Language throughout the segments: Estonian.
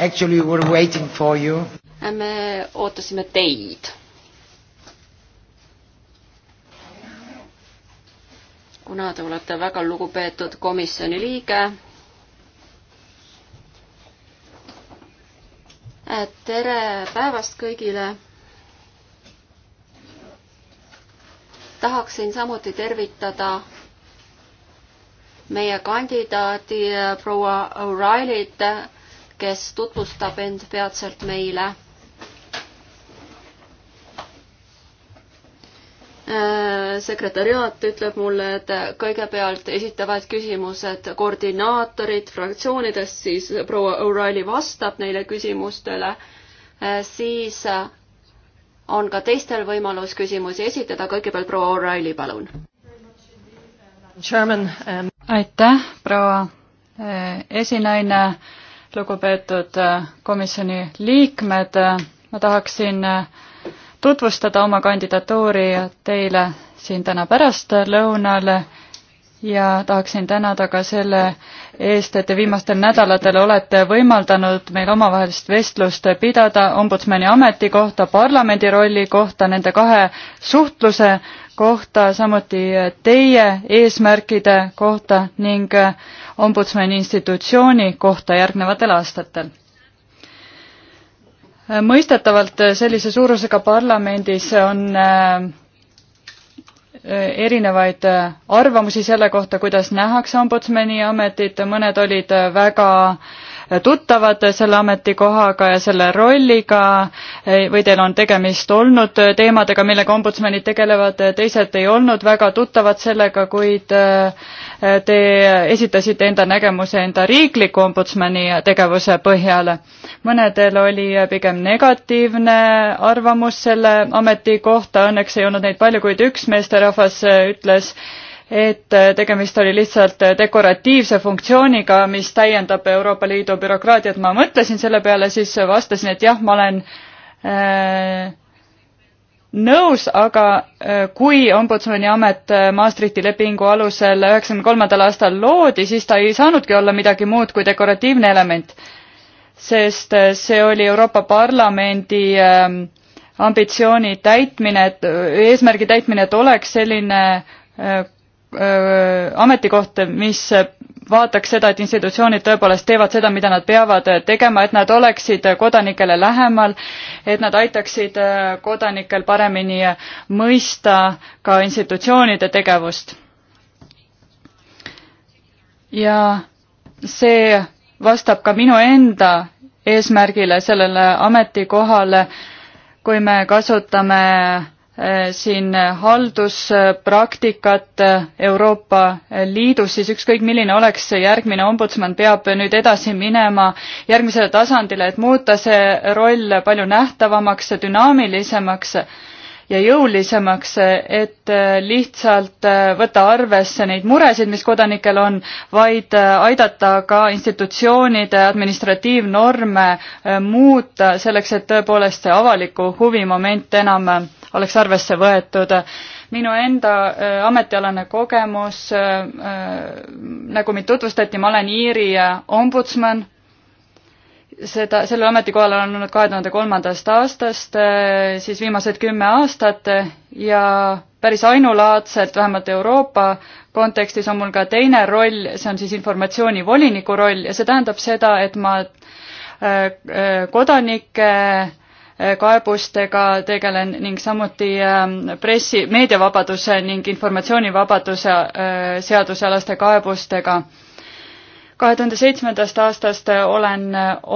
Actually we were waiting for you. me ootasime teid. kuna te olete väga lugupeetud komisjoni liige. tere päevast kõigile. tahaksin samuti tervitada meie kandidaati proua O'Reillyt kes tutvustab end peatselt meile. Äh, sekretäriaat ütleb mulle, et kõigepealt esitavad küsimused koordinaatorid fraktsioonidest, siis proua O'Reilly vastab neile küsimustele, äh, siis on ka teistel võimalus küsimusi esitada, kõigepealt proua O'Reilly, palun. Um, aitäh, proua äh, esinaine lugupeetud äh, komisjoni liikmed, äh, ma tahaksin äh, tutvustada oma kandidatuuri teile siin täna pärastlõunal ja tahaksin tänada ka selle eest, et te viimastel nädalatel olete võimaldanud meil omavahelist vestlust pidada ombudsmani ameti kohta, parlamendi rolli kohta, nende kahe suhtluse kohta, samuti teie eesmärkide kohta ning ombudsmani institutsiooni kohta järgnevatel aastatel. mõistetavalt sellise suurusega parlamendis on äh, erinevaid äh, arvamusi selle kohta, kuidas nähakse ombudsmani ametit, mõned olid väga äh, tuttavad selle ametikohaga ja selle rolliga või teil on tegemist olnud teemadega, millega ombudsmanid tegelevad, teised ei olnud väga tuttavad sellega, kuid äh, te esitasite enda nägemuse enda riikliku ombudsmani tegevuse põhjal. mõnedel oli pigem negatiivne arvamus selle ameti kohta, õnneks ei olnud neid palju, kuid üks meesterahvas ütles, et äh, tegemist oli lihtsalt äh, dekoratiivse funktsiooniga, mis täiendab Euroopa Liidu bürokraatiat. ma mõtlesin selle peale, siis vastasin, et jah, ma olen äh, nõus, aga äh, kui ombudsmani amet Maastrichti lepingu alusel üheksakümne kolmandal aastal loodi, siis ta ei saanudki olla midagi muud kui dekoratiivne element, sest see oli Euroopa Parlamendi ähm, ambitsiooni täitmine, et eesmärgi täitmine, et oleks selline ametikoht, mis vaataks seda, et institutsioonid tõepoolest teevad seda, mida nad peavad tegema, et nad oleksid kodanikele lähemal, et nad aitaksid kodanikel paremini mõista ka institutsioonide tegevust. ja see vastab ka minu enda eesmärgile sellele ametikohale, kui me kasutame Äh, siin halduspraktikat äh, Euroopa Liidus, siis ükskõik, milline oleks järgmine ombudsman, peab nüüd edasi minema järgmisele tasandile, et muuta see roll palju nähtavamaks, dünaamilisemaks ja jõulisemaks, et äh, lihtsalt äh, võtta arvesse neid muresid, mis kodanikel on, vaid äh, aidata ka institutsioonide administratiivnorme muuta selleks, et tõepoolest see avaliku huvi moment enam oleks arvesse võetud minu enda ametialane kogemus, nagu mind tutvustati, ma olen Iiri ombudsman seda, sellel ametikohal olen olnud kahe tuhande kolmandast aastast, eh, siis viimased kümme aastat eh, ja päris ainulaadselt, vähemalt Euroopa kontekstis on mul ka teine roll, see on siis informatsioonivoliniku roll ja see tähendab seda, et ma eh, kodanike kaebustega tegelen ning samuti pressi, meediavabaduse ning informatsioonivabaduse seadusealaste kaebustega kahe tuhande seitsmendast aastast olen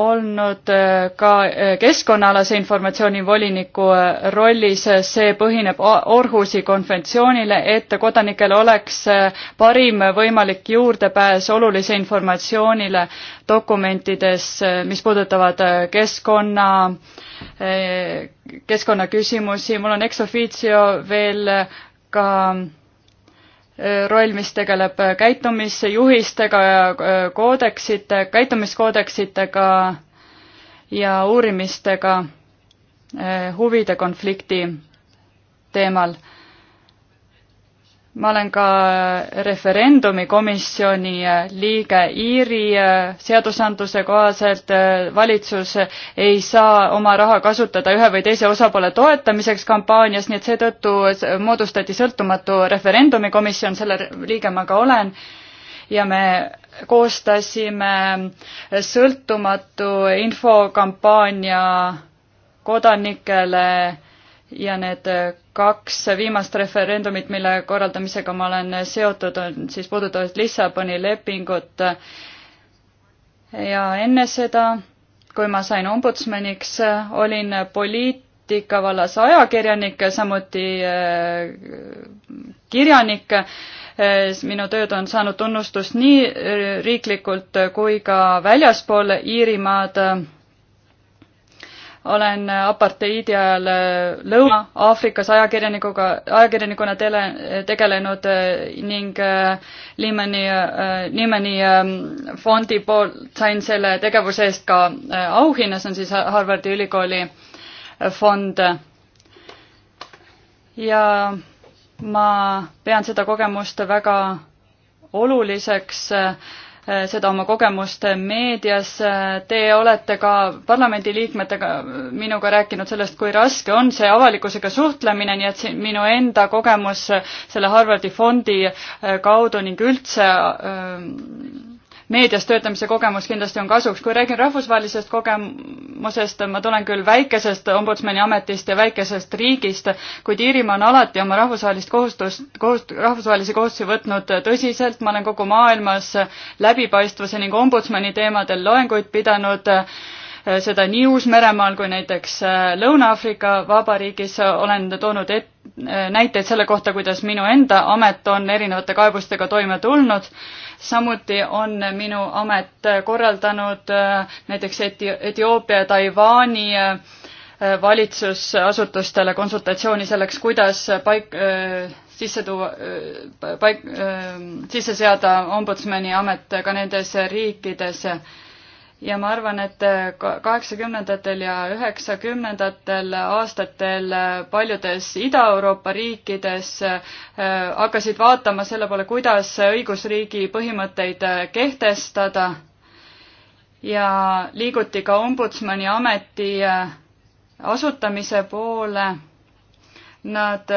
olnud äh, ka äh, keskkonnaalase informatsiooni voliniku äh, rollis, see põhineb Orhusi konventsioonile, et kodanikel oleks parim võimalik juurdepääs olulise informatsioonile dokumentides, mis puudutavad keskkonna, keskkonnaküsimusi, mul on ex officio veel ka Äh, roll, mis tegeleb äh, käitumisjuhistega ja äh, koodeksite, käitumiskoodeksitega ja uurimistega huvide konflikti teemal ma olen ka referendumikomisjoni liige Iiri äh, seadusandluse kohaselt äh, valitsus ei saa oma raha kasutada ühe või teise osapoole toetamiseks kampaanias, nii et seetõttu moodustati sõltumatu referendumikomisjon, selle liige ma ka olen, ja me koostasime sõltumatu infokampaania kodanikele ja need kaks viimast referendumit, mille korraldamisega ma olen seotud, on siis puudutavad Lissaboni lepingut. ja enne seda, kui ma sain ombudsmaniks, olin poliitika vallas ajakirjanik, samuti äh, kirjanik äh, minu tööd on saanud tunnustust nii riiklikult kui ka väljaspool Iirimaad olen aparteidi ajal äh, Lõuna-Aafrikas ajakirjanikuga, ajakirjanikuna tele, tegelenud äh, ning äh, Lehmani, Lehmani ähm, fondi poolt sain selle tegevuse eest ka auhinna, see on siis Harvardi ülikooli fond. ja ma pean seda kogemust väga oluliseks äh, Äh, seda oma kogemust meedias. Te olete ka parlamendiliikmetega, minuga rääkinud sellest, kui raske on see avalikkusega suhtlemine, nii et siin minu enda kogemus selle Harvardi fondi äh, kaudu ning üldse äh, meedias töötamise kogemus kindlasti on kasuks. kui räägin rahvusvahelisest kogemusest, ma tulen küll väikesest ombudsmani ametist ja väikesest riigist, kuid Iirimaa on alati oma rahvusvahelist kohustust, kohust-, rahvusvahelisi kohustusi võtnud tõsiselt, ma olen kogu maailmas läbipaistvuse ning ombudsmani teemadel loenguid pidanud seda nii Uus-Meremaal kui näiteks Lõuna-Aafrika Vabariigis olen toonud et-, näiteid selle kohta, kuidas minu enda amet on erinevate kaebustega toime tulnud samuti on minu amet korraldanud äh, näiteks Eti-, Etioopia ja Taiwan'i äh, valitsusasutustele konsultatsiooni selleks, kuidas paik-, äh, sisse tuua, paik-, sisse seada ombudsmani amet ka nendes riikides ja ma arvan, et äh, kaheksakümnendatel ja üheksakümnendatel aastatel äh, paljudes Ida-Euroopa riikides äh, hakkasid vaatama selle poole, kuidas õigusriigi põhimõtteid kehtestada ja liiguti ka ombudsmani ameti asutamise poole. Nad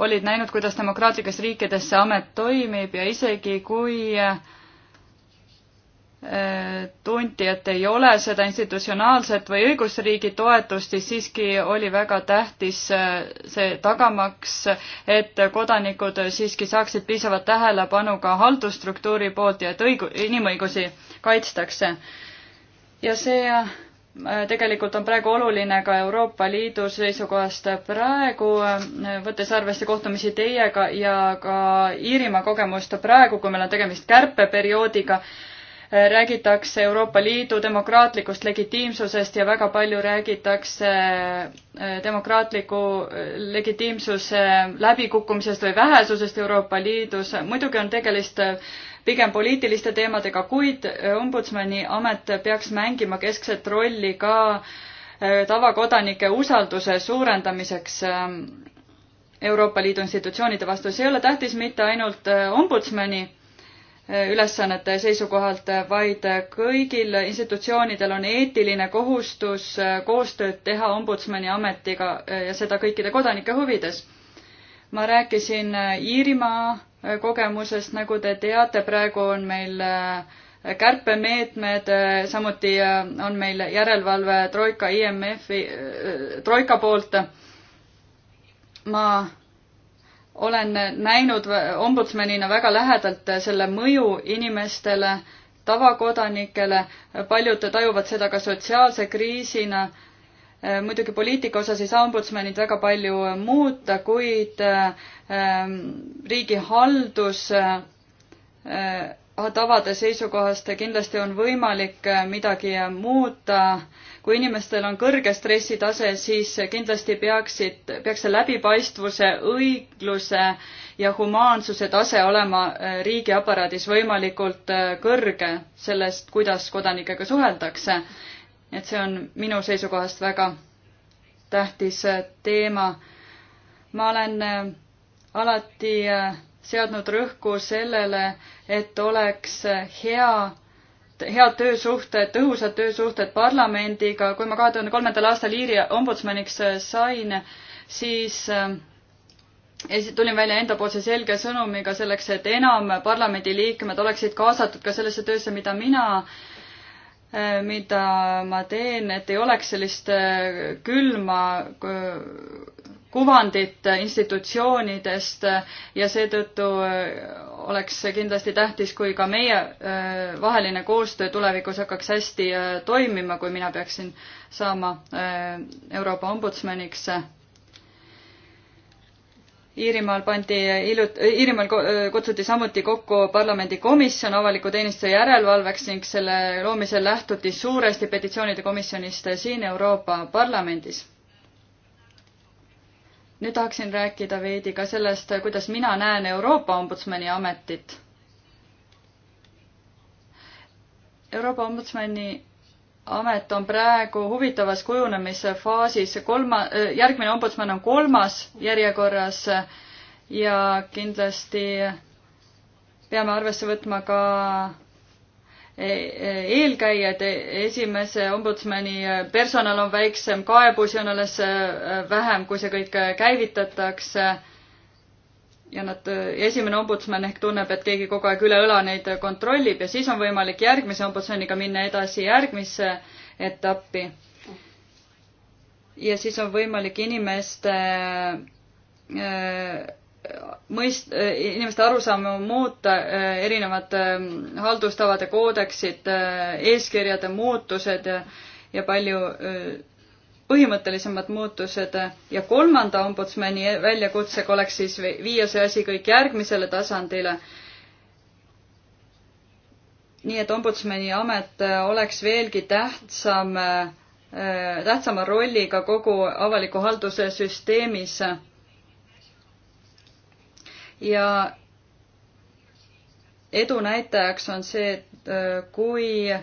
olid näinud, kuidas demokraatlikes riikides see amet toimib ja isegi kui äh, tunti, et ei ole seda institutsionaalset või õigusriigi toetust, siis siiski oli väga tähtis äh, see tagamaks, et kodanikud siiski saaksid piisavat tähelepanu ka haldusstruktuuri poolt ja et õigu-, inimõigusi kaitstakse. ja see äh, tegelikult on praegu oluline ka Euroopa Liidu seisukohast praegu, äh, võttes arvesse kohtumisi teiega ja ka Iirimaa kogemust praegu, kui meil on tegemist kärpeperioodiga räägitakse Euroopa Liidu demokraatlikust legitiimsusest ja väga palju räägitakse äh, demokraatliku äh, legitiimsuse läbikukkumisest või vähesusest Euroopa Liidus. muidugi on tegelist äh, pigem poliitiliste teemadega, kuid ombudsmani amet peaks mängima keskset rolli ka tavakodanike usalduse suurendamiseks ähm, Euroopa Liidu institutsioonide vastu. see ei ole tähtis mitte ainult ombudsmani ülesannete seisukohalt, vaid kõigil institutsioonidel on eetiline kohustus koostööd teha ombudsmani ametiga ja seda kõikide kodanike huvides. ma rääkisin Iirimaa kogemusest, nagu te teate, praegu on meil kärpemeetmed, samuti on meil järelevalve Troika IMF-i, Troika poolt. ma olen näinud ombudsmanina väga lähedalt selle mõju inimestele, tavakodanikele, paljud tajuvad seda ka sotsiaalse kriisina. muidugi poliitika osas ei saa ombudsmanid väga palju muuta, kuid ehm, riigihaldus ehm, tavade seisukohast kindlasti on võimalik äh, midagi äh, muuta. kui inimestel on kõrge stressitase, siis äh, kindlasti peaksid, peaks see läbipaistvuse, õigluse ja humaansuse tase olema riigiaparaadis võimalikult kõrge sellest, kuidas kodanikega suheldakse. et see on minu seisukohast väga tähtis teema. ma olen alati seadnud rõhku sellele, et oleks hea, head töösuhted, tõhusad töösuhted parlamendiga. kui ma kahe tuhande kolmandal aastal Iiri ombudsmaniks sain, siis ja eh, siis tulin välja endapoolse selge sõnumiga selleks, et enam parlamendiliikmed oleksid kaasatud ka sellesse töösse, mida mina, eh, mida ma teen, et ei oleks sellist eh, külma kuvandit institutsioonidest ja seetõttu äh, oleks kindlasti tähtis, kui ka meie äh, vaheline koostöö tulevikus hakkaks hästi äh, toimima, kui mina peaksin saama Euroopa ombudsmaniks. Iirimaal pandi hiljut-, Iirimaal kutsuti samuti kokku parlamendikomisjon avaliku teenistuse järelevalveks ning selle loomisel lähtuti suuresti petitsioonide komisjonist siin Euroopa Parlamendis nüüd tahaksin rääkida veidi ka sellest, kuidas mina näen Euroopa Ombudsmani ametit. Euroopa Ombudsmani amet on praegu huvitavas kujunemise faasis, kolma, järgmine ombudsman on kolmas järjekorras ja kindlasti peame arvesse võtma ka eelkäijad, esimese ombudsmani personal on väiksem, kaebusi on alles äh, vähem, kui see kõik äh, käivitatakse. ja nad, äh, esimene ombudsman ehk tunneb, et keegi kogu aeg üle õla neid kontrollib ja siis on võimalik järgmise ombudsmaniga minna edasi järgmisse etappi. ja siis on võimalik inimeste mõist-, inimeste arusaamu muuta, äh, erinevate ähm, haldustavade koodeksid, äh, eeskirjade muutused ja, ja palju äh, põhimõttelisemad muutused ja kolmanda ombudsmani väljakutsega oleks siis viia see asi kõik järgmisele tasandile. nii et ombudsmani amet oleks veelgi tähtsam, tähtsama rolliga kogu avaliku halduse süsteemis ja edu näitajaks on see, et äh, kui äh,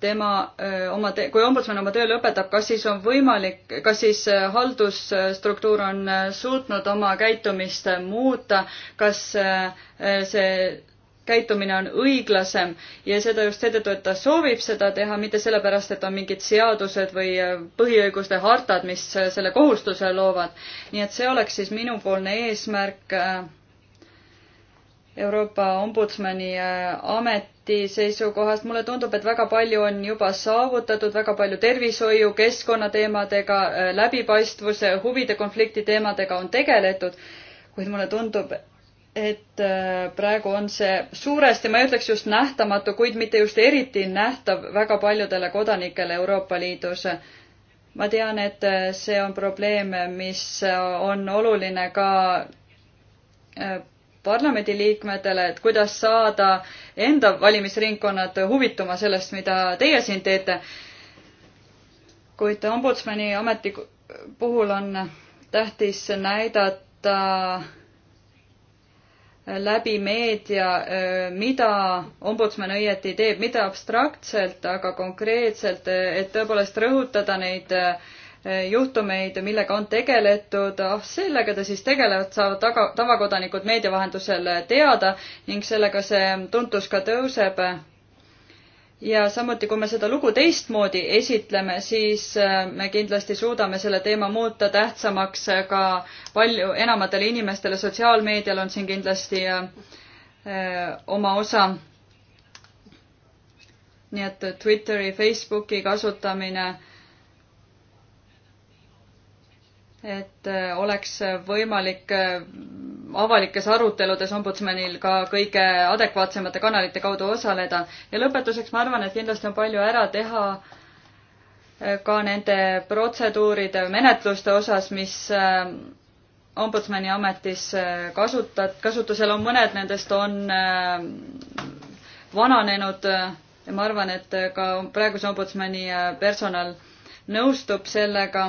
tema äh, oma, kui ombudsman oma töö lõpetab, kas siis on võimalik, kas siis haldusstruktuur on suutnud oma käitumist muuta, kas see käitumine on õiglasem ja seda just seetõttu, et ta soovib seda teha, mitte sellepärast, et on mingid seadused või põhiõiguste hartad, mis selle kohustuse loovad. nii et see oleks siis minupoolne eesmärk äh, Euroopa Ombudsmani äh, ameti seisukohast. mulle tundub, et väga palju on juba saavutatud, väga palju tervishoiu, keskkonnateemadega, äh, läbipaistvuse, huvide konflikti teemadega on tegeletud, kuid mulle tundub, et äh, praegu on see suuresti, ma ei ütleks just nähtamatu, kuid mitte just eriti nähtav väga paljudele kodanikele Euroopa Liidus ma tean, et see on probleem, mis on oluline ka parlamendiliikmetele, et kuidas saada enda valimisringkonnad huvituma sellest, mida teie siin teete. kuid ombudsmani ameti puhul on tähtis näidata läbi meedia, mida ombudsman õieti teeb, mitte abstraktselt, aga konkreetselt, et tõepoolest rõhutada neid äh, juhtumeid, millega on tegeletud, ah sellega ta siis tegelevad, saavad taga, tavakodanikud meedia vahendusel teada ning sellega see tuntus ka tõuseb. ja samuti, kui me seda lugu teistmoodi esitleme, siis äh, me kindlasti suudame selle teema muuta tähtsamaks ka palju enamatele inimestele, sotsiaalmeedial on siin kindlasti äh, äh, oma osa. nii et Twitteri, Facebooki kasutamine et äh, oleks võimalik äh, avalikes aruteludes ombudsmanil ka kõige adekvaatsemate kanalite kaudu osaleda. ja lõpetuseks ma arvan, et kindlasti on palju ära teha äh, ka nende protseduuride, menetluste osas, mis ombudsmani ametis kasutad, kasutusel on, mõned nendest on vananenud ja ma arvan, et ka praeguse ombudsmani personal nõustub sellega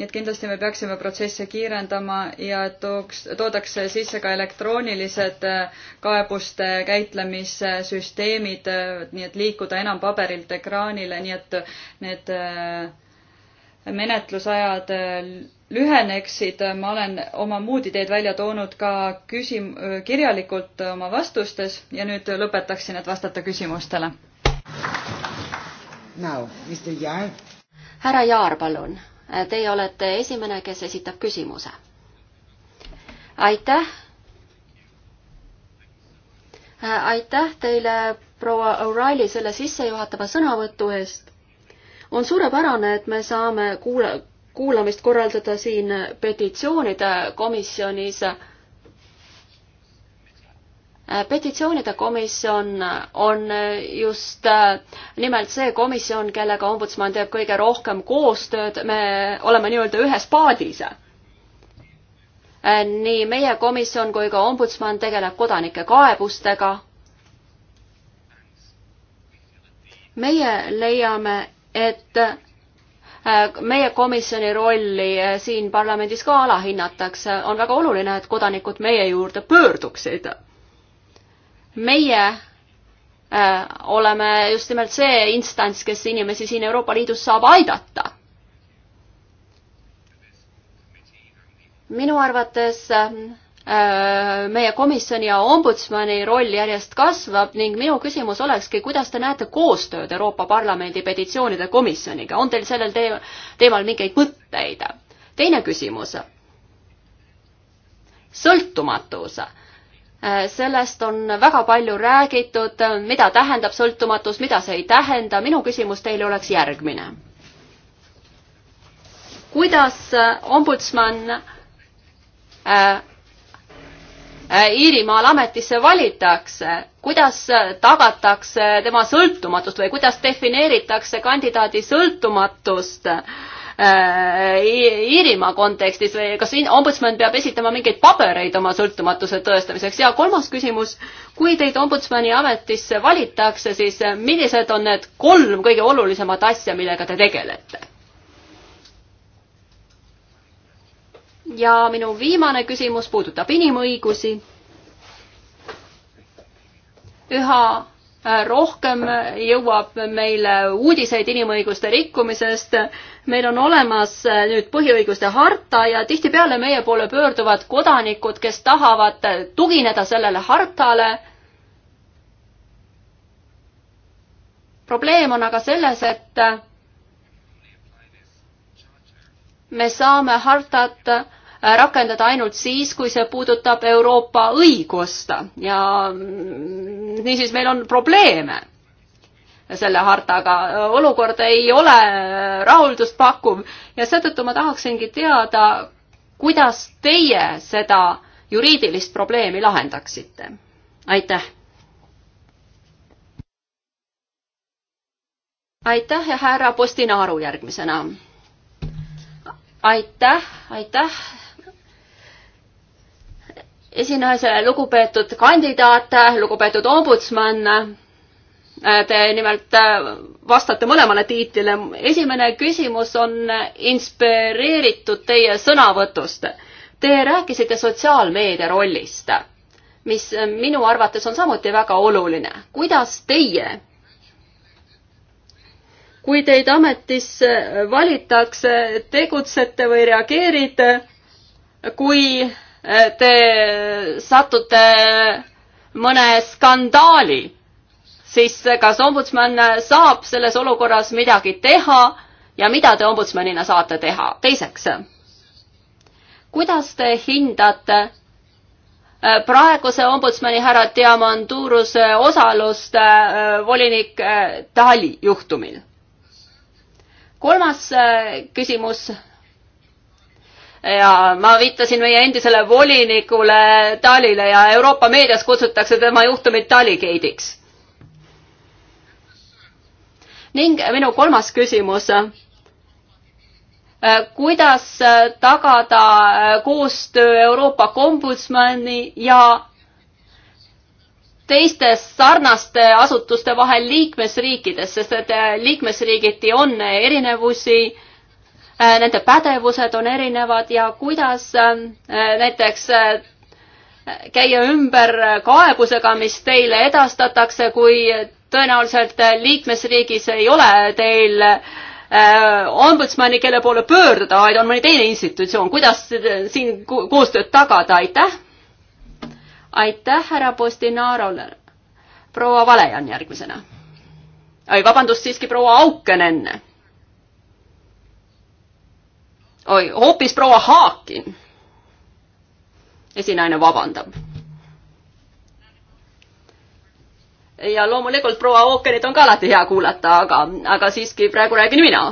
nii et kindlasti me peaksime protsesse kiirendama ja tooks, toodakse sisse ka elektroonilised äh, kaebuste käitlemissüsteemid, äh, nii et liikuda enam paberilt ekraanile, nii et need äh, menetlusajad lüheneksid, ma olen oma muud ideed välja toonud ka küsim-, kirjalikult oma vastustes ja nüüd lõpetaksin, et vastata küsimustele. härra Jaar, palun Teie olete esimene, kes esitab küsimuse. aitäh. aitäh teile, proua O'Reilly, selle sissejuhatava sõnavõtu eest. on suurepärane, et me saame kuula-, kuulamist korraldada siin petitsioonide komisjonis Äh, petitsioonide komisjon on äh, just äh, nimelt see komisjon, kellega ombudsman teeb kõige rohkem koostööd, me oleme nii-öelda ühes paadis. nii meie komisjon kui ka ombudsman tegeleb kodanike kaebustega. meie leiame, et meie komisjoni rolli siin parlamendis ka alahinnatakse, on väga oluline, et kodanikud meie juurde pöörduksid meie äh, oleme just nimelt see instants, kes inimesi siin Euroopa Liidus saab aidata. minu arvates äh, meie komisjoni ja ombudsmani roll järjest kasvab ning minu küsimus olekski, kuidas te näete koostööd Euroopa Parlamendi petitsioonide komisjoniga, on teil sellel te teemal mingeid mõtteid? teine küsimus. sõltumatus Äh, sellest on väga palju räägitud, mida tähendab sõltumatus, mida see ei tähenda. minu küsimus teile oleks järgmine. kuidas äh, ombudsman äh, Iirimaal ametisse valitakse, kuidas tagatakse tema sõltumatust või kuidas defineeritakse kandidaadi sõltumatust äh, Äh, Iirimaa kontekstis või kas ombudsman peab esitama mingeid pabereid oma sõltumatuse tõestamiseks? ja kolmas küsimus, kui teid ombudsmani ametisse valitakse, siis millised on need kolm kõige olulisemat asja, millega te tegelete? ja minu viimane küsimus puudutab inimõigusi. üha rohkem jõuab meile uudiseid inimõiguste rikkumisest. meil on olemas nüüd põhiõiguste harta ja tihtipeale meie poole pöörduvad kodanikud, kes tahavad tugineda sellele hartale. probleem on aga selles, et me saame hartat rakendada ainult siis, kui see puudutab Euroopa õigust ja niisiis meil on probleeme selle hartaga. olukord ei ole rahuldust pakkuv ja seetõttu ma tahaksingi teada, kuidas teie seda juriidilist probleemi lahendaksite? aitäh. aitäh ja härra Postinaru järgmisena aitäh, aitäh esinaise, lugupeetud kandidaat, lugupeetud ombudsman. Te nimelt äh, vastate mõlemale tiitlile. esimene küsimus on inspireeritud teie sõnavõtust. Te rääkisite sotsiaalmeedia rollist, mis minu arvates on samuti väga oluline. kuidas teie kui teid ametisse valitakse, tegutsete või reageerite, kui te satute mõne skandaali, siis kas ombudsman saab selles olukorras midagi teha ja mida te ombudsmanina saate teha? teiseks, kuidas te hindate äh, praeguse ombudsmani härra Diamanturuse äh, osalust äh, volinik Tali juhtumil? kolmas küsimus ja ma viitasin meie endisele volinikule Talile ja Euroopa meedias kutsutakse tema juhtumit Taligeidiks. ning minu kolmas küsimus. Äh, kuidas äh, tagada äh, koostöö Euroopa kombudsmani ja teiste sarnaste asutuste vahel liikmesriikides, sest et liikmesriigiti on erinevusi Äh, nende pädevused on erinevad ja kuidas äh, näiteks äh, käia ümber kaebusega, mis teile edastatakse, kui tõenäoliselt liikmesriigis ei ole teil ombudsmani, kelle poole pöörduda, vaid on mõni teine institutsioon. kuidas siin koostööd tagada? aitäh. aitäh härra Postinaarole. proua Valejan järgmisena. oi, vabandust, siiski proua Auken enne oi, hoopis proua Haakin. esinaine vabandab. ja loomulikult proua Ookenit on ka alati hea kuulata, aga, aga siiski praegu räägin mina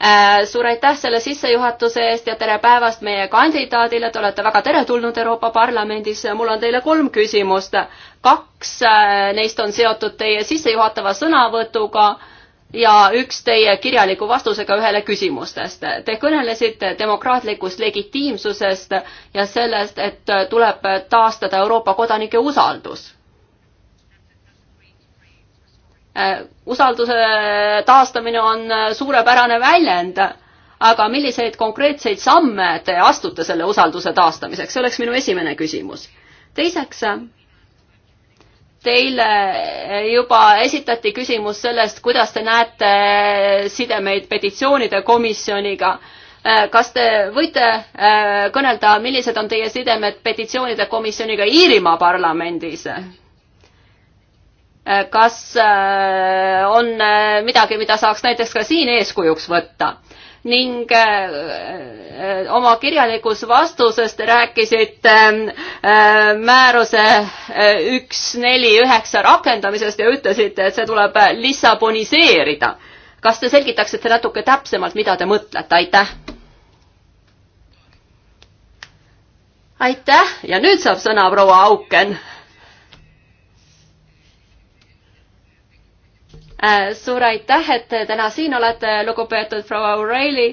äh, suur aitäh selle sissejuhatuse eest ja tere päevast meie kandidaadile, te olete väga teretulnud Euroopa Parlamendis. mul on teile kolm küsimust. kaks äh, neist on seotud teie sissejuhatava sõnavõtuga ja üks teie kirjaliku vastusega ühele küsimustest. Te kõnelesite demokraatlikust legitiimsusest ja sellest, et tuleb taastada Euroopa kodanike usaldus. usalduse taastamine on suurepärane väljend, aga milliseid konkreetseid samme te astute selle usalduse taastamiseks, see oleks minu esimene küsimus. teiseks Teile juba esitati küsimus sellest, kuidas te näete sidemeid petitsioonide komisjoniga. Äh, kas te võite äh, kõnelda, millised on teie sidemed petitsioonide komisjoniga Iirimaa parlamendis? Äh, kas on midagi, mida saaks näiteks ka siin eeskujuks võtta? ning äh, äh, oma kirjalikus vastuses te rääkisite ähm, äh, määruse üks neli üheksa rakendamisest ja ütlesite, et see tuleb lissaboniseerida. kas te selgitaksite natuke täpsemalt, mida te mõtlete, aitäh? aitäh ja nüüd saab sõna proua Auken Äh, suur aitäh, et te täna siin olete, lugupeetud proua O'Reilly.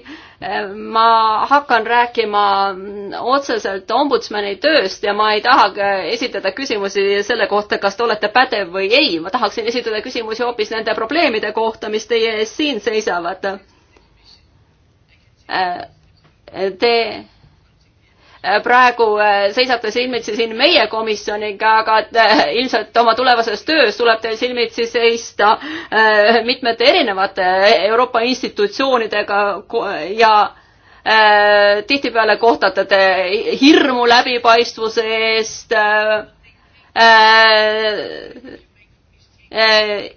Äh, ma hakkan rääkima mm, otseselt ombudsmani tööst ja ma ei taha äh, esitada küsimusi selle kohta, kas te olete pädev või ei. ma tahaksin esitada küsimusi hoopis nende probleemide kohta, mis teie ees siin seisavad. Te Äh, praegu äh, seisate silmitsi siin meie komisjoniga, aga äh, ilmselt oma tulevases töös tuleb teil silmitsi seista mitmete erinevate Euroopa institutsioonidega ja tihtipeale kohtate te hirmu läbipaistvuse eest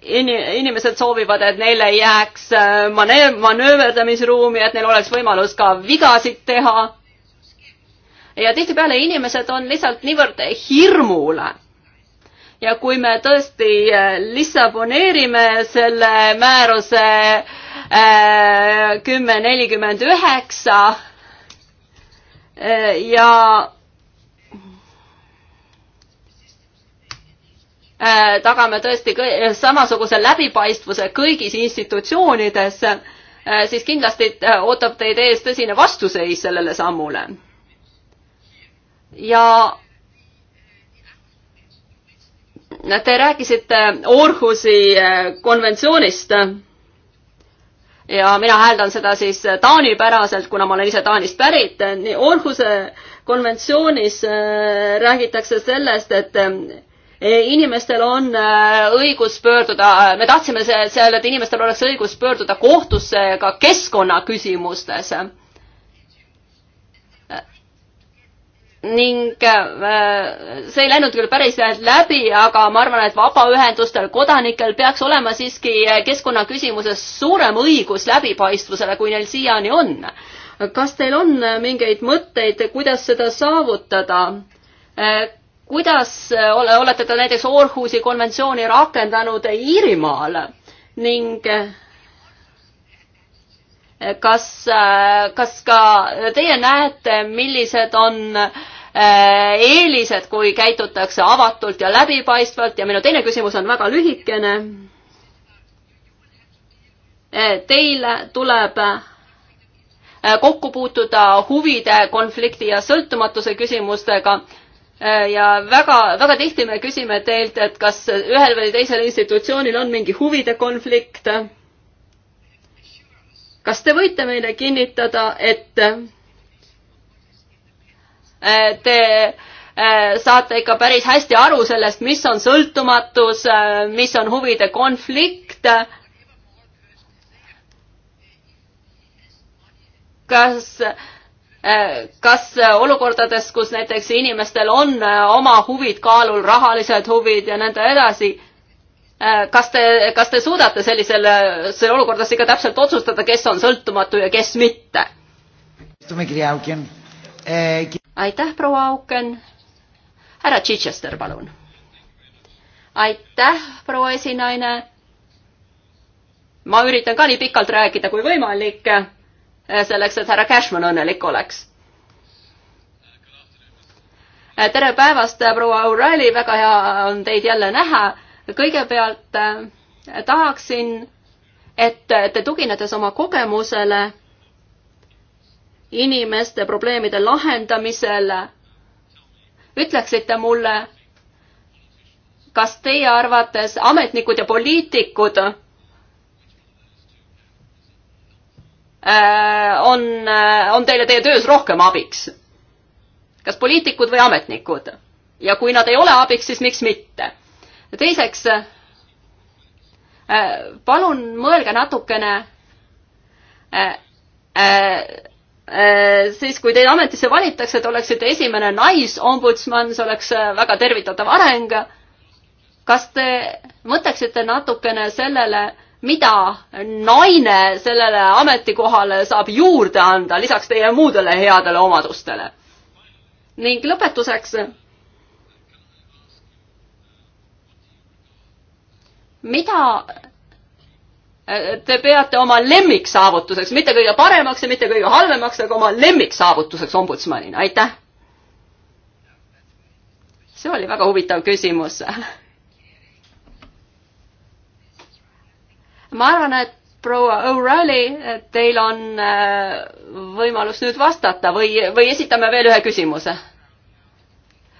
in-, inimesed soovivad, et neile jääks manöö-, manööverdamisruumi, et neil oleks võimalus ka vigasid teha ja tihtipeale inimesed on lihtsalt niivõrd hirmul. ja kui me tõesti eh, lissaboneerime selle määruse eh, kümme nelikümmend üheksa eh, ja tagame tõesti samasuguse läbipaistvuse kõigis institutsioonides, siis kindlasti ootab teid ees tõsine vastuseis sellele sammule ja te rääkisite Orhusi eh, konventsioonist ja mina hääldan seda siis taanipäraselt, kuna ma olen ise Taanist pärit, nii Orhuse konventsioonis eh, räägitakse sellest, et eh, inimestel on õigus pöörduda, me tahtsime seal, et inimestel oleks õigus pöörduda kohtusse ka keskkonnaküsimustes ning äh, see ei läinud küll päris läbi, aga ma arvan, et vabaühendustel, kodanikel peaks olema siiski keskkonnaküsimuses suurem õigus läbipaistvusele, kui neil siiani on. kas teil on mingeid mõtteid, kuidas seda saavutada? Äh, kuidas olete te näiteks Orhusi konventsiooni rakendanud Iirimaal ning äh, kas, kas ka teie näete, millised on äh, Äh, eelised, kui käitutakse avatult ja läbipaistvalt ja minu teine küsimus on väga lühikene. Äh, teil tuleb äh, kokku puutuda huvide konflikti ja sõltumatuse küsimustega ja väga, väga tihti me küsime teilt, et kas ühel või teisel institutsioonil on mingi huvide konflikt. kas te võite meile kinnitada, et Eh, te eh, saate ikka päris hästi aru sellest, mis on sõltumatus, eh, mis on huvide konflikt. kas, kas olukordades, kus näiteks inimestel on oma huvid kaalul, rahalised huvid ja nõnda edasi, kas te, kas te suudate sellisel, selle olukordas ikka täpselt otsustada, kes on sõltumatu ja kes mitte? istume kirja, Auken aitäh, proua Auken. härra Chichester, palun. aitäh, proua esinaine. ma üritan ka nii pikalt rääkida kui võimalik, eh, selleks et härra Cashman õnnelik oleks. Eh, tere päevast, proua O'Reilly, väga hea on teid jälle näha. kõigepealt eh, tahaksin, et te tuginedes oma kogemusele inimeste probleemide lahendamisel. ütleksite mulle, kas teie arvates ametnikud ja poliitikud äh, on, äh, on teile teie töös rohkem abiks? kas poliitikud või ametnikud? ja kui nad ei ole abiks, siis miks mitte? teiseks, äh, palun mõelge natukene Äh, siis, kui teid ametisse valitakse, te oleksite esimene naisombudsman, see oleks äh, väga tervitatav areng. kas te mõtleksite natukene sellele, mida naine sellele ametikohale saab juurde anda, lisaks teie muudele headele omadustele? ning lõpetuseks. mida Te peate oma lemmiksaavutuseks, mitte kõige paremaks ja mitte kõige halvemaks, aga oma lemmiksaavutuseks ombudsmanina, aitäh! see oli väga huvitav küsimus. ma arvan, et proua O'Reilly, teil on äh, võimalus nüüd vastata või, või esitame veel ühe küsimuse?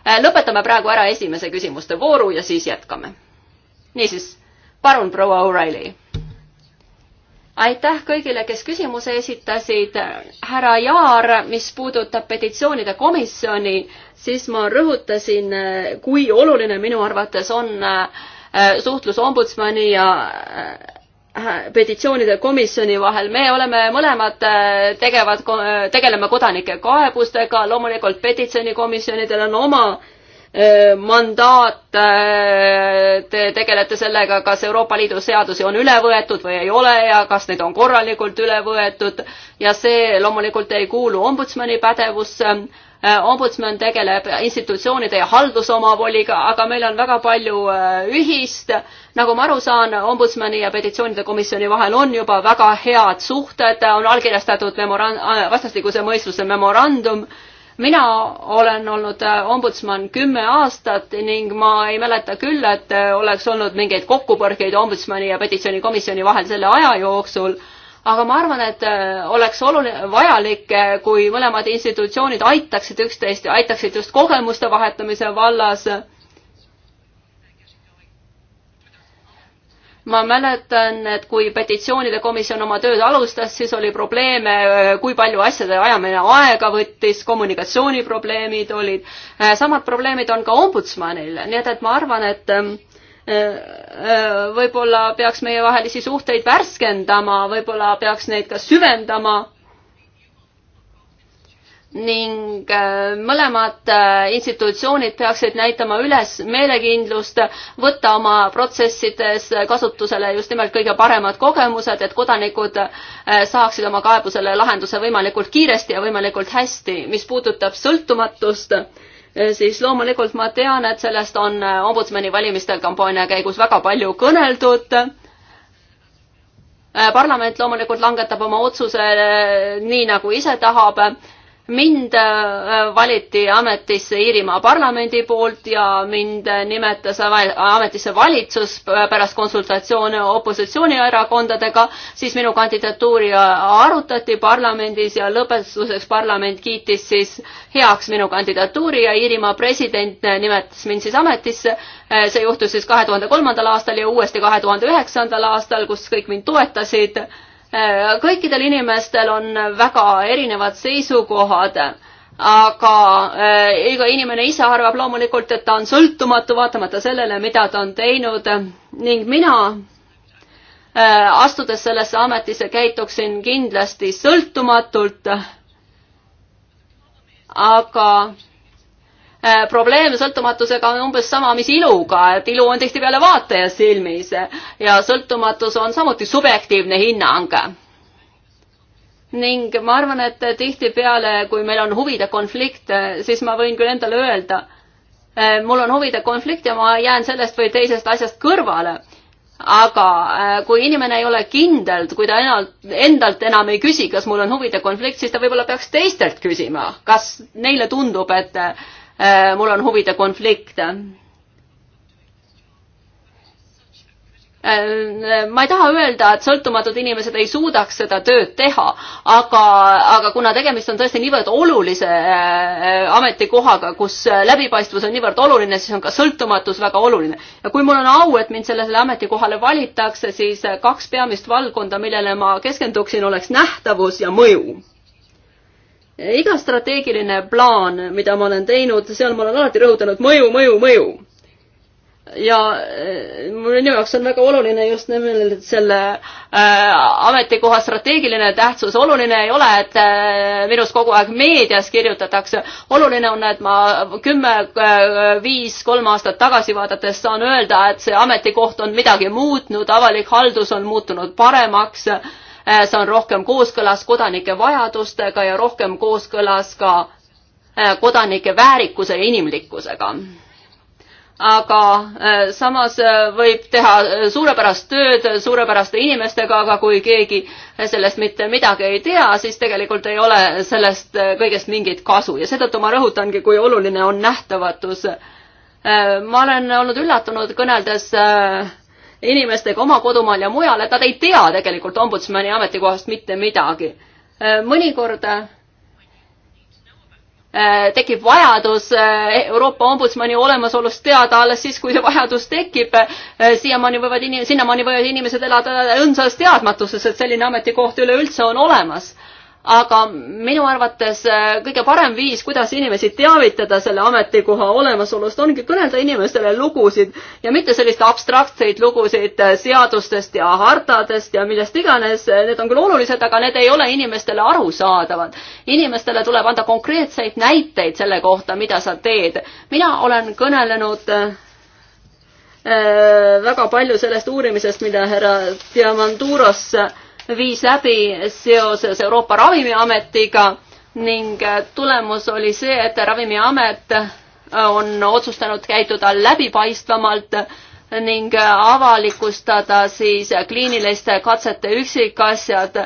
Äh, lõpetame praegu ära esimese küsimuste vooru ja siis jätkame. niisiis, palun, proua O'Reilly aitäh kõigile, kes küsimuse esitasid. härra Jaar, mis puudutab petitsioonide komisjoni, siis ma rõhutasin, kui oluline minu arvates on äh, suhtlus ombudsmani ja äh, petitsioonide komisjoni vahel, me oleme mõlemad äh, tegevad, tegeleme kodanike kaebustega, loomulikult petitsioonikomisjonidel on oma äh, Äh, mandaat, äh, te tegelete sellega, kas Euroopa Liidu seadusi on üle võetud või ei ole ja kas neid on korralikult üle võetud ja see loomulikult ei kuulu ombudsmani pädevusse. Äh, ombudsman tegeleb institutsioonide ja haldusomavoliga, aga meil on väga palju ühist. nagu ma aru saan, ombudsmani ja petitsioonide komisjoni vahel on juba väga head suhted, on allkirjastatud memorand-, vastastikuse mõistuse memorandum mina olen olnud äh, ombudsman kümme aastat ning ma ei mäleta küll, et äh, oleks olnud mingeid kokkupõrkeid ombudsmani ja petitsioonikomisjoni vahel selle aja jooksul aga ma arvan, et äh, oleks oluline, vajalik, kui mõlemad institutsioonid aitaksid üksteist ja aitaksid just kogemuste vahetamise vallas äh, ma mäletan, et kui petitsioonide komisjon oma tööd alustas, siis oli probleeme, kui palju asjade ajamine aega võttis, kommunikatsiooniprobleemid olid. samad probleemid on ka ombudsmanil, nii et, et ma arvan, et äh, äh, võib-olla peaks meievahelisi suhteid värskendama, võib-olla peaks neid ka süvendama ning äh, mõlemad äh, institutsioonid peaksid näitama üles meelekindlust, võtta oma protsessides kasutusele just nimelt kõige paremad kogemused, et kodanikud äh, saaksid oma kaebusele lahenduse võimalikult kiiresti ja võimalikult hästi. mis puudutab sõltumatust, siis loomulikult ma tean, et sellest on ombudsmani valimistel kampaania käigus väga palju kõneldud parlament loomulikult langetab oma otsuse nii, nagu ise tahab mind äh, valiti ametisse Iirimaa parlamendi poolt ja mind nimetas ametisse valitsus pärast konsultatsioone opositsioonierakondadega, siis minu kandidatuuri äh, arutati parlamendis ja lõpetuseks parlament kiitis siis heaks minu kandidatuuri ja Iirimaa president äh, nimetas mind siis ametisse. see juhtus siis kahe tuhande kolmandal aastal ja uuesti kahe tuhande üheksandal aastal, kus kõik mind toetasid Äh, kõikidel inimestel on väga erinevad seisukohad, aga äh, iga inimene ise arvab loomulikult, et ta on sõltumatu, vaatamata sellele, mida ta on teinud ning mina äh, astudes sellesse ametisse, käituksin kindlasti sõltumatult. aga Äh, probleem sõltumatusega on umbes sama, mis iluga, et ilu on tihtipeale vaataja silmis ja sõltumatus on samuti subjektiivne hinnang. ning ma arvan, et tihtipeale, kui meil on huvide konflikt, siis ma võin küll endale öelda, äh, mul on huvide konflikt ja ma jään sellest või teisest asjast kõrvale aga äh, kui inimene ei ole kindel, kui ta enalt, endalt enam ei küsi, kas mul on huvide konflikt, siis ta võib-olla peaks teistelt küsima, kas neile tundub, et Äh, mul on huvide konflikt. Äh, ma ei taha öelda, et sõltumatud inimesed ei suudaks seda tööd teha, aga, aga kuna tegemist on tõesti niivõrd olulise äh, ametikohaga, kus läbipaistvus on niivõrd oluline, siis on ka sõltumatus väga oluline. ja kui mul on au, et mind sellele ametikohale valitakse, siis kaks peamist valdkonda, millele ma keskenduksin, oleks nähtavus ja mõju iga strateegiline plaan, mida ma olen teinud, seal ma olen alati rõhutanud mõju, mõju, mõju. ja eh, minu jaoks on väga oluline just nimelt selle äh, ametikoha strateegiline tähtsus. oluline ei ole, et äh, eh, minust kogu aeg meedias kirjutatakse. oluline on, et ma kümme äh,, viis, kolm aastat tagasi vaadates saan öelda, et see ametikoht on midagi muutnud, avalik haldus on muutunud paremaks äh, Eh, see on rohkem kooskõlas kodanike vajadustega ja rohkem kooskõlas ka eh, kodanike väärikuse ja inimlikkusega. aga eh, samas võib teha suurepärast tööd suurepäraste inimestega, aga kui keegi sellest mitte midagi ei tea, siis tegelikult ei ole sellest kõigest mingit kasu ja seetõttu ma rõhutangi, kui oluline on nähtavatus. ma olen olnud üllatunud kõneldes äh, inimestega oma kodumaal ja mujal, et nad ei tea tegelikult ombudsmani ametikohast mitte midagi. Äh, mõnikord äh, tekib vajadus äh, Euroopa ombudsmani olemasolust teada alles siis, kui see vajadus tekib. siiamaani võivad inim-, sinnamaani võivad inimesed elada õndsas teadmatuses, et selline ametikoht üleüldse on olemas aga minu arvates äh, kõige parem viis, kuidas inimesi teavitada selle ametikoha olemasolust, ongi kõnelda inimestele lugusid ja mitte selliseid abstraktseid lugusid äh, seadustest ja hartadest ja millest iganes. Äh, need on küll olulised, aga need ei ole inimestele arusaadavad. inimestele tuleb anda konkreetseid näiteid selle kohta, mida sa teed. mina olen kõnelenud väga palju sellest uurimisest, mida härra Diamanduros viis läbi seoses Euroopa Ravimiametiga ning tulemus oli see, et Ravimiamet on otsustanud käituda läbipaistvamalt ning avalikustada siis kliiniliste katsete üksikasjad,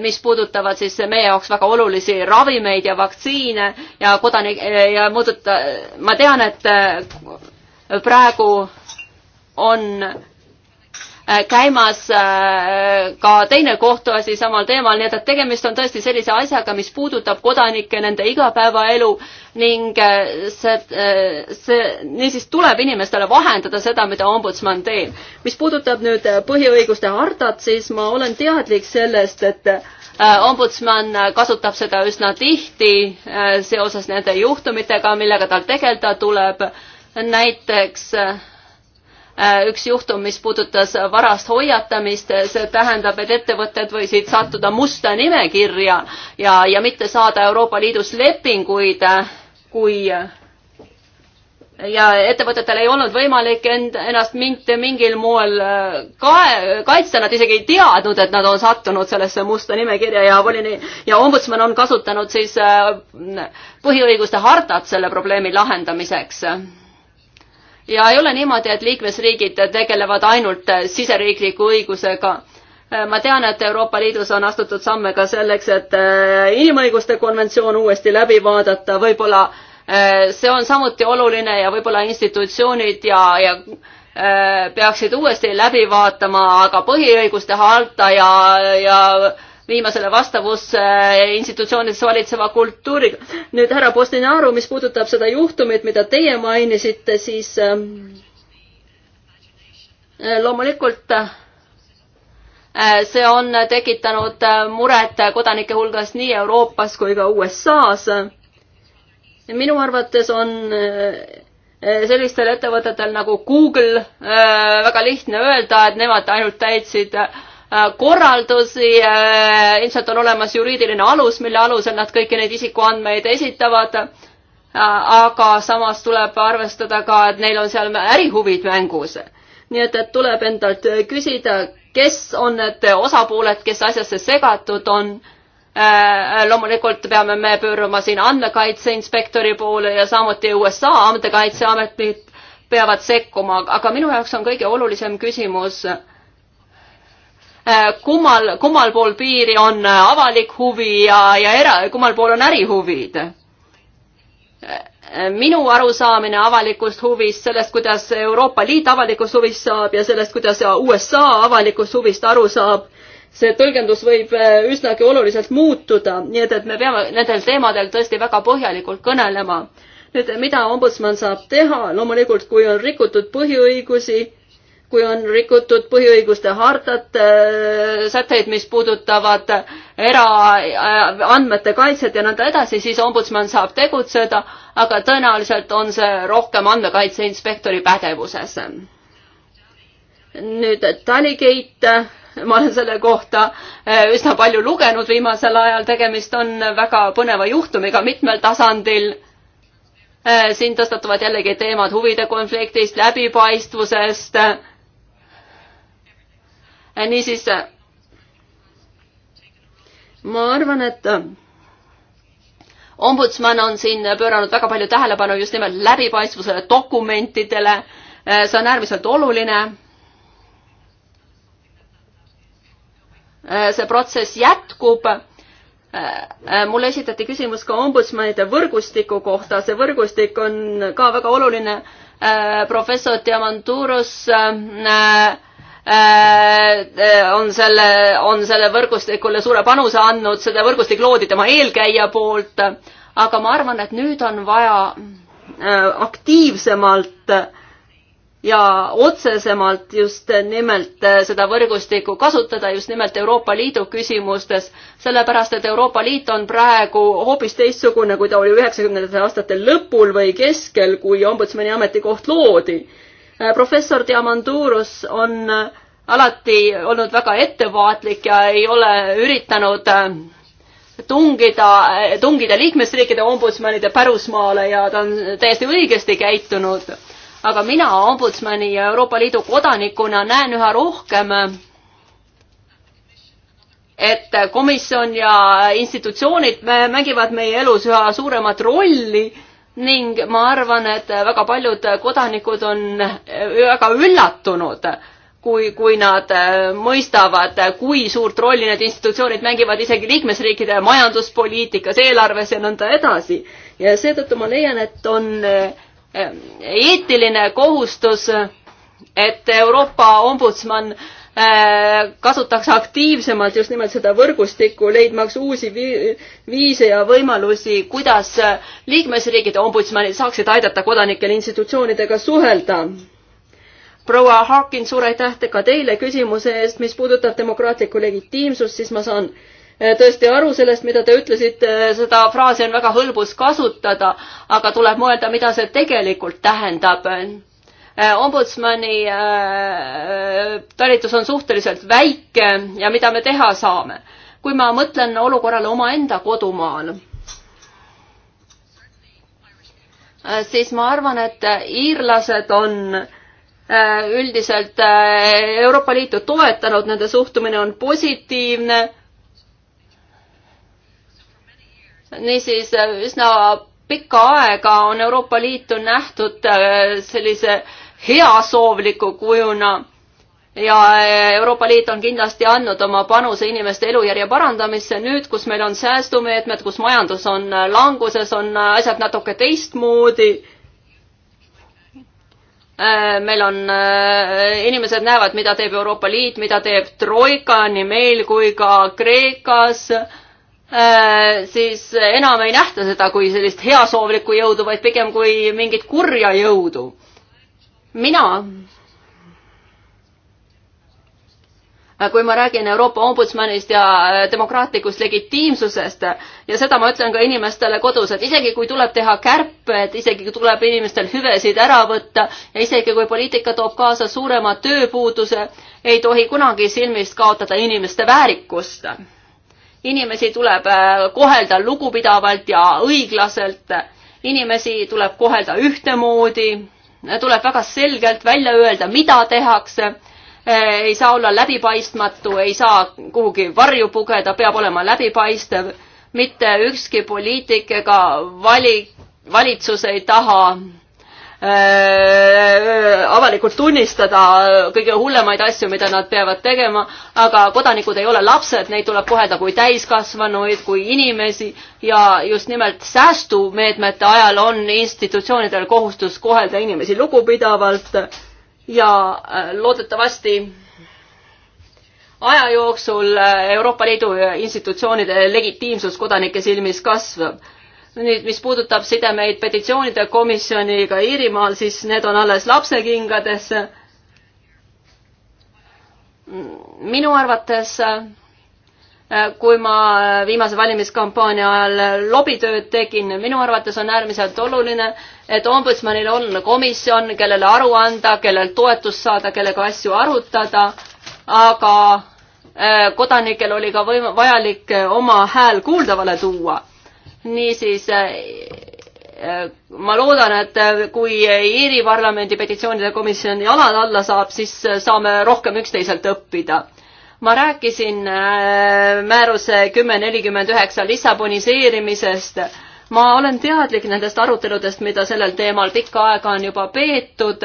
mis puudutavad siis meie jaoks väga olulisi ravimeid ja vaktsiine ja kodanik- ja muuduta-, ma tean, et praegu on Äh, käimas äh, ka teine kohtuasi samal teemal, nii et, et tegemist on tõesti sellise asjaga, mis puudutab kodanikke, nende igapäevaelu ning äh, see, see, niisiis tuleb inimestele vahendada seda, mida ombudsman teeb. mis puudutab nüüd põhiõiguste hartat, siis ma olen teadlik sellest, et ombudsman kasutab seda üsna tihti seoses nende juhtumitega, millega tal tegeleda tuleb. näiteks Äh, üks juhtum, mis puudutas varast hoiatamist, see tähendab, et ettevõtted võisid sattuda musta nimekirja ja, ja mitte saada Euroopa Liidus lepinguid, kui ja ettevõtetel ei olnud võimalik end, ennast mitte mingil moel äh, kae-, kaitsta, nad isegi ei teadnud, et nad on sattunud sellesse musta nimekirja ja volini- ja ombudsman on kasutanud siis äh, põhiõiguste hartat selle probleemi lahendamiseks ja ei ole niimoodi, et liikmesriigid tegelevad ainult siseriikliku õigusega äh, ma tean, et Euroopa Liidus on astutud samme ka selleks, et äh, inimõiguste konventsioon uuesti läbi vaadata, võib-olla äh, see on samuti oluline ja võib-olla institutsioonid ja, ja peaksid uuesti läbi vaatama, aga põhiõiguste harta ja, ja viima selle vastavusse institutsioonides valitseva kultuuriga. nüüd härra Postinaru, mis puudutab seda juhtumit, mida teie mainisite, siis ähm, loomulikult äh, see on tekitanud muret kodanike hulgas nii Euroopas kui ka USA-s. minu arvates on äh, sellistel ettevõtetel nagu Google äh, väga lihtne öelda, et nemad ainult täitsid Äh, korraldusi, äh, ilmselt on olemas juriidiline alus, mille alusel nad kõiki neid isikuandmeid esitavad, äh, aga samas tuleb arvestada ka, et neil on seal ärihuvid mängus. nii et, et tuleb endalt küsida, kes on need osapooled, kes asjasse segatud on loomulikult peame me pöörama siin andmekaitse inspektori poole ja samuti USA andmekaitseametid peavad sekkuma, aga minu jaoks on kõige olulisem küsimus äh, Äh, kummal, kummal pool piiri on äh, avalik huvi ja, ja era, kummal pool on ärihuvid. Äh, minu arusaamine avalikust huvist, sellest, kuidas Euroopa Liit avalikust huvist saab ja sellest, kuidas USA avalikust huvist aru saab, see tõlgendus võib üsnagi oluliselt muutuda, nii et, et me peame nendel teemadel tõesti väga põhjalikult kõnelema. nüüd, mida ombudsman saab teha, loomulikult, kui on rikutud põhiõigusi kui on rikutud põhiõiguste hartat, äh, sätteid, mis puudutavad eraandmete kaitset ja nõnda edasi, siis ombudsman saab tegutseda, aga tõenäoliselt on see rohkem andmekaitse inspektori pädevuses. nüüd Taligate, ma olen selle kohta äh, üsna palju lugenud viimasel ajal, tegemist on väga põneva juhtumiga mitmel tasandil äh, siin tõstatuvad jällegi teemad huvide konfliktist, läbipaistvusest äh,, Äh, niisiis äh, ma arvan, et äh, ombudsman on siin pööranud väga palju tähelepanu just nimelt läbipaistvusele, dokumentidele. see on äärmiselt oluline. see protsess jätkub. mulle esitati küsimus ka ombudsmanide võrgustiku kohta. see võrgustik on ka väga oluline. professor Diamanturos äh, Äh, äh, on selle, on selle võrgustikule suure panuse andnud, seda võrgustik loodi tema eelkäija poolt, aga ma arvan, et nüüd on vaja äh, aktiivsemalt ja otsesemalt just nimelt seda võrgustikku kasutada just nimelt Euroopa Liidu küsimustes, sellepärast et Euroopa Liit on praegu hoopis teistsugune, kui ta oli üheksakümnendate aastate lõpul või keskel, kui ombudsmani ametikoht loodi Eh, professor Diamandouros on eh, alati olnud väga ettevaatlik ja ei ole üritanud eh, tungida, tungida liikmesriikide ombudsmanide pärusmaale ja ta on täiesti õigesti käitunud. aga mina ombudsmani ja Euroopa Liidu kodanikuna näen üha rohkem, et komisjon ja institutsioonid mängivad meie elus üha suuremat rolli ning ma arvan, et väga paljud kodanikud on väga üllatunud, kui, kui nad mõistavad, kui suurt rolli need institutsioonid mängivad isegi liikmesriikide majanduspoliitikas, eelarves ja nõnda edasi. ja seetõttu ma leian, et on eh, eetiline kohustus, et Euroopa ombudsman äh, Äh, kasutaks aktiivsemalt just nimelt seda võrgustikku, leidmaks uusi viise ja võimalusi, kuidas äh, liikmesriigid ombudsmanid saaksid aidata kodanikel institutsioonidega suhelda. proua Harkin, suur aitäh ka teile küsimuse eest, mis puudutab demokraatlikku legitiimsust, siis ma saan äh, tõesti aru sellest, mida te ütlesite, seda fraasi on väga hõlbus kasutada, aga tuleb mõelda, mida see tegelikult tähendab Äh, ombudsmani äh, äh, talitus on suhteliselt väike ja mida me teha saame? kui ma mõtlen olukorrale omaenda kodumaal, siis ma arvan, et iirlased on üldiselt Euroopa Liitu toetanud, nende suhtumine on positiivne. niisiis üsna pikka aega on Euroopa Liitu nähtud sellise äh, heasoovliku kujuna ja Euroopa Liit on kindlasti andnud oma panuse inimeste elujärje parandamisse. nüüd, kus meil on säästumeetmed, kus majandus on languses, on asjad natuke teistmoodi. meil on, inimesed näevad, mida teeb Euroopa Liit, mida teeb Troika nii meil kui ka Kreekas. siis enam ei nähta seda kui sellist heasoovlikku jõudu, vaid pigem kui mingit kurja jõudu mina äh, kui ma räägin Euroopa ombudsmanist ja äh, demokraatlikust legitiimsusest ja seda ma ütlen ka inimestele kodus, et isegi kui tuleb teha kärped, isegi kui tuleb inimestel hüvesid ära võtta ja isegi kui poliitika toob kaasa suurema tööpuuduse, ei tohi kunagi silmist kaotada inimeste väärikust. inimesi tuleb äh, kohelda lugupidavalt ja õiglaselt, inimesi tuleb kohelda ühtemoodi tuleb väga selgelt välja öelda, mida tehakse, eh, ei saa olla läbipaistmatu, ei saa kuhugi varju pugeda, peab olema läbipaistev, mitte ükski poliitik ega vali, valitsus ei taha Äh, avalikult tunnistada kõige hullemaid asju, mida nad peavad tegema, aga kodanikud ei ole lapsed, neid tuleb kohelda kui täiskasvanuid, kui inimesi ja just nimelt säästumeetmete ajal on institutsioonidel kohustus kohelda inimesi lugupidavalt ja äh, loodetavasti aja jooksul äh, Euroopa Liidu institutsioonide legitiimsus kodanike silmis kasvab nüüd, mis puudutab sidemeid petitsioonide komisjoniga Iirimaal, siis need on alles lapsekingades. minu arvates, kui ma viimase valimiskampaania ajal lobitööd tegin, minu arvates on äärmiselt oluline, et ombudsmanil on komisjon, kellele aru anda, kellelt toetust saada, kellega asju arutada, aga eh, kodanikel oli ka võim-, vajalik oma hääl kuuldavale tuua niisiis ma loodan, et kui Iiri parlamendi petitsioonide komisjon jalad alla saab, siis saame rohkem üksteiselt õppida. ma rääkisin äh, määruse kümme nelikümmend üheksa lissaboniseerimisest. ma olen teadlik nendest aruteludest, mida sellel teemal pikka aega on juba peetud.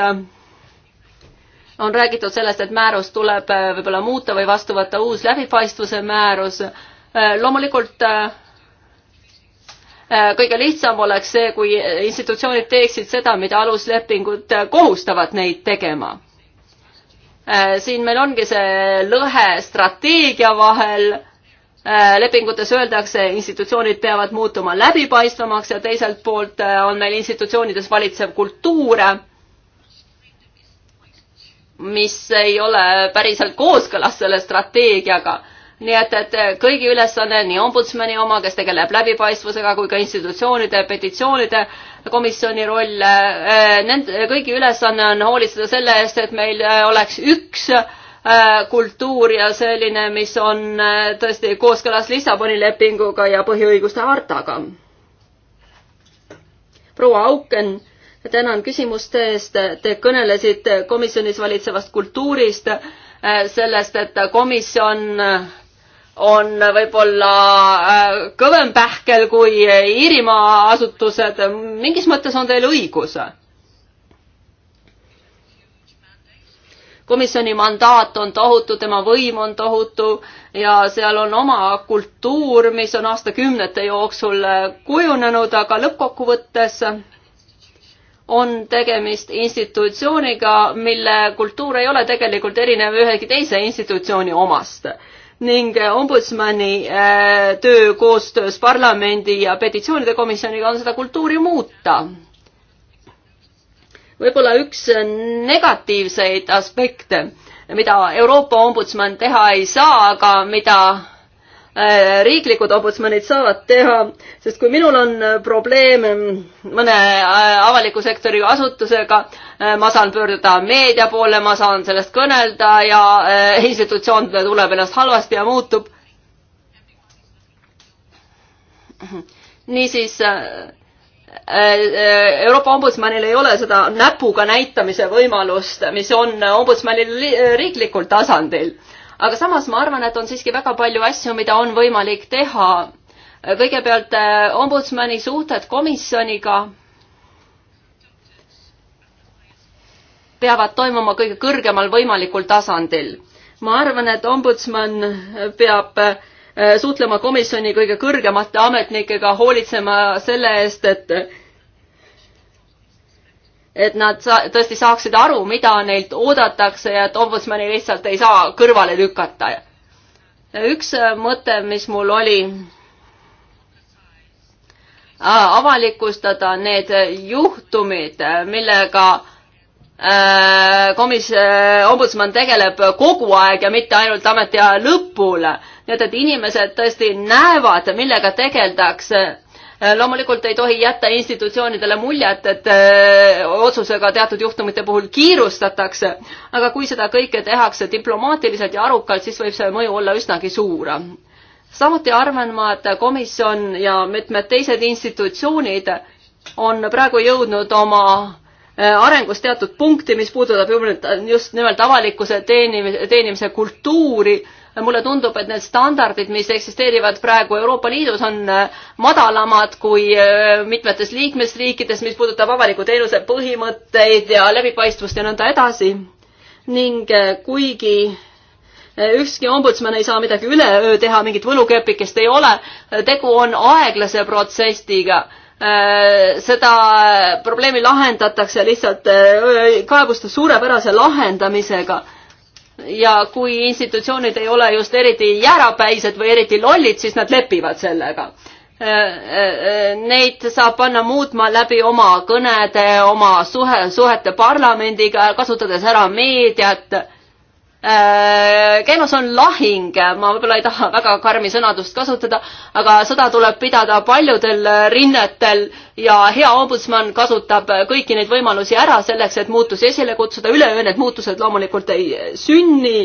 on räägitud sellest, et määrus tuleb äh, võib-olla muuta või vastu võtta uus läbipaistvuse määrus. Äh, loomulikult Äh, kõige lihtsam oleks see, kui institutsioonid teeksid seda, mida aluslepingud kohustavad neid tegema. Äh, siin meil ongi see lõhe strateegia vahel äh, lepingutes öeldakse, institutsioonid peavad muutuma läbipaistvamaks ja teiselt poolt on meil institutsioonides valitsev kultuur, mis ei ole päriselt kooskõlas selle strateegiaga nii et, et äh, kõigi ülesanne, nii ombudsmani oma, kes tegeleb läbipaistvusega, kui ka institutsioonide, petitsioonide komisjoni roll, äh, äh, nende, kõigi ülesanne on hoolitseda selle eest, et meil oleks üks kultuur ja selline, mis on tõesti kooskõlas Lissaboni lepinguga ja põhiõiguste hartaga. proua Auken tänan küsimuste eest. Te kõnelesite komisjonis valitsevast kultuurist, sellest, et komisjon on võib-olla äh, kõvem pähkel kui Iirimaa asutused, mingis mõttes on teil õigus. komisjoni mandaat on tohutu, tema võim on tohutu ja seal on oma kultuur, mis on aastakümnete jooksul äh, kujunenud, aga lõppkokkuvõttes on tegemist institutsiooniga, mille kultuur ei ole tegelikult erinev ühegi teise institutsiooni omast ning äh, ombudsmani äh, töö koostöös parlamendi ja petitsioonide komisjoniga on seda kultuuri muuta. võib-olla üks negatiivseid aspekte, mida Euroopa ombudsman teha ei saa, aga mida äh, riiklikud ombudsmanid saavad teha, sest kui minul on probleem mõne avaliku sektori asutusega, Äh, ma saan pöörduda meedia poole, ma saan sellest kõnelda ja äh, institutsioon tuleb ennast halvasti ja muutub. niisiis äh, Euroopa ombudsmanil ei ole seda näpuga näitamise võimalust, mis on ombudsmanil riiklikul tasandil. aga samas ma arvan, et on siiski väga palju asju, mida on võimalik teha. kõigepealt ombudsmani suhted komisjoniga peavad toimuma kõige kõrgemal võimalikul tasandil. ma arvan, et ombudsman peab äh, suhtlema komisjoni kõige kõrgemate ametnikega, hoolitsema selle eest, et et nad sa-, tõesti saaksid aru, mida neilt oodatakse ja et ombudsmani lihtsalt ei saa kõrvale lükata. üks mõte, mis mul oli, äh, avalikustada need juhtumid, millega Äh, komis-, äh, ombudsman tegeleb kogu aeg ja mitte ainult ametiaja lõpul. nii et, et inimesed tõesti näevad, millega tegeldakse. Äh, loomulikult ei tohi jätta institutsioonidele muljet, et otsusega teatud juhtumite puhul kiirustatakse, aga kui seda kõike tehakse diplomaatiliselt ja arukalt, siis võib see mõju olla üsnagi suur samuti arvan ma, et komisjon ja mitmed teised institutsioonid on praegu jõudnud oma Äh, arengus teatud punkti, mis puudutab just nimelt avalikkuse teenimise, teenimise kultuuri. mulle tundub, et need standardid, mis eksisteerivad praegu Euroopa Liidus, on äh, madalamad kui äh, mitmetes liikmesriikides, mis puudutab avaliku teenuse põhimõtteid ja läbipaistvust ja nõnda edasi. ning kuigi ükski ombudsman ei saa midagi üleöö teha, mingit võlukepikest ei ole, tegu on aeglase protsessiga Äh, seda probleemi lahendatakse lihtsalt äh, kaebuste suurepärase lahendamisega. ja kui institutsioonid ei ole just eriti jäärapäised või eriti lollid, siis nad lepivad sellega. Äh, neid saab panna muutma läbi oma kõnede, oma suhe, suhete parlamendiga, kasutades ära meediat Äh, käimas on lahing, ma võib-olla ei taha väga karmi sõnadust kasutada, aga sõda tuleb pidada paljudel rinnetel ja hea ombudsman kasutab kõiki neid võimalusi ära selleks, et muutusi esile kutsuda, üleöö need muutused loomulikult ei sünni.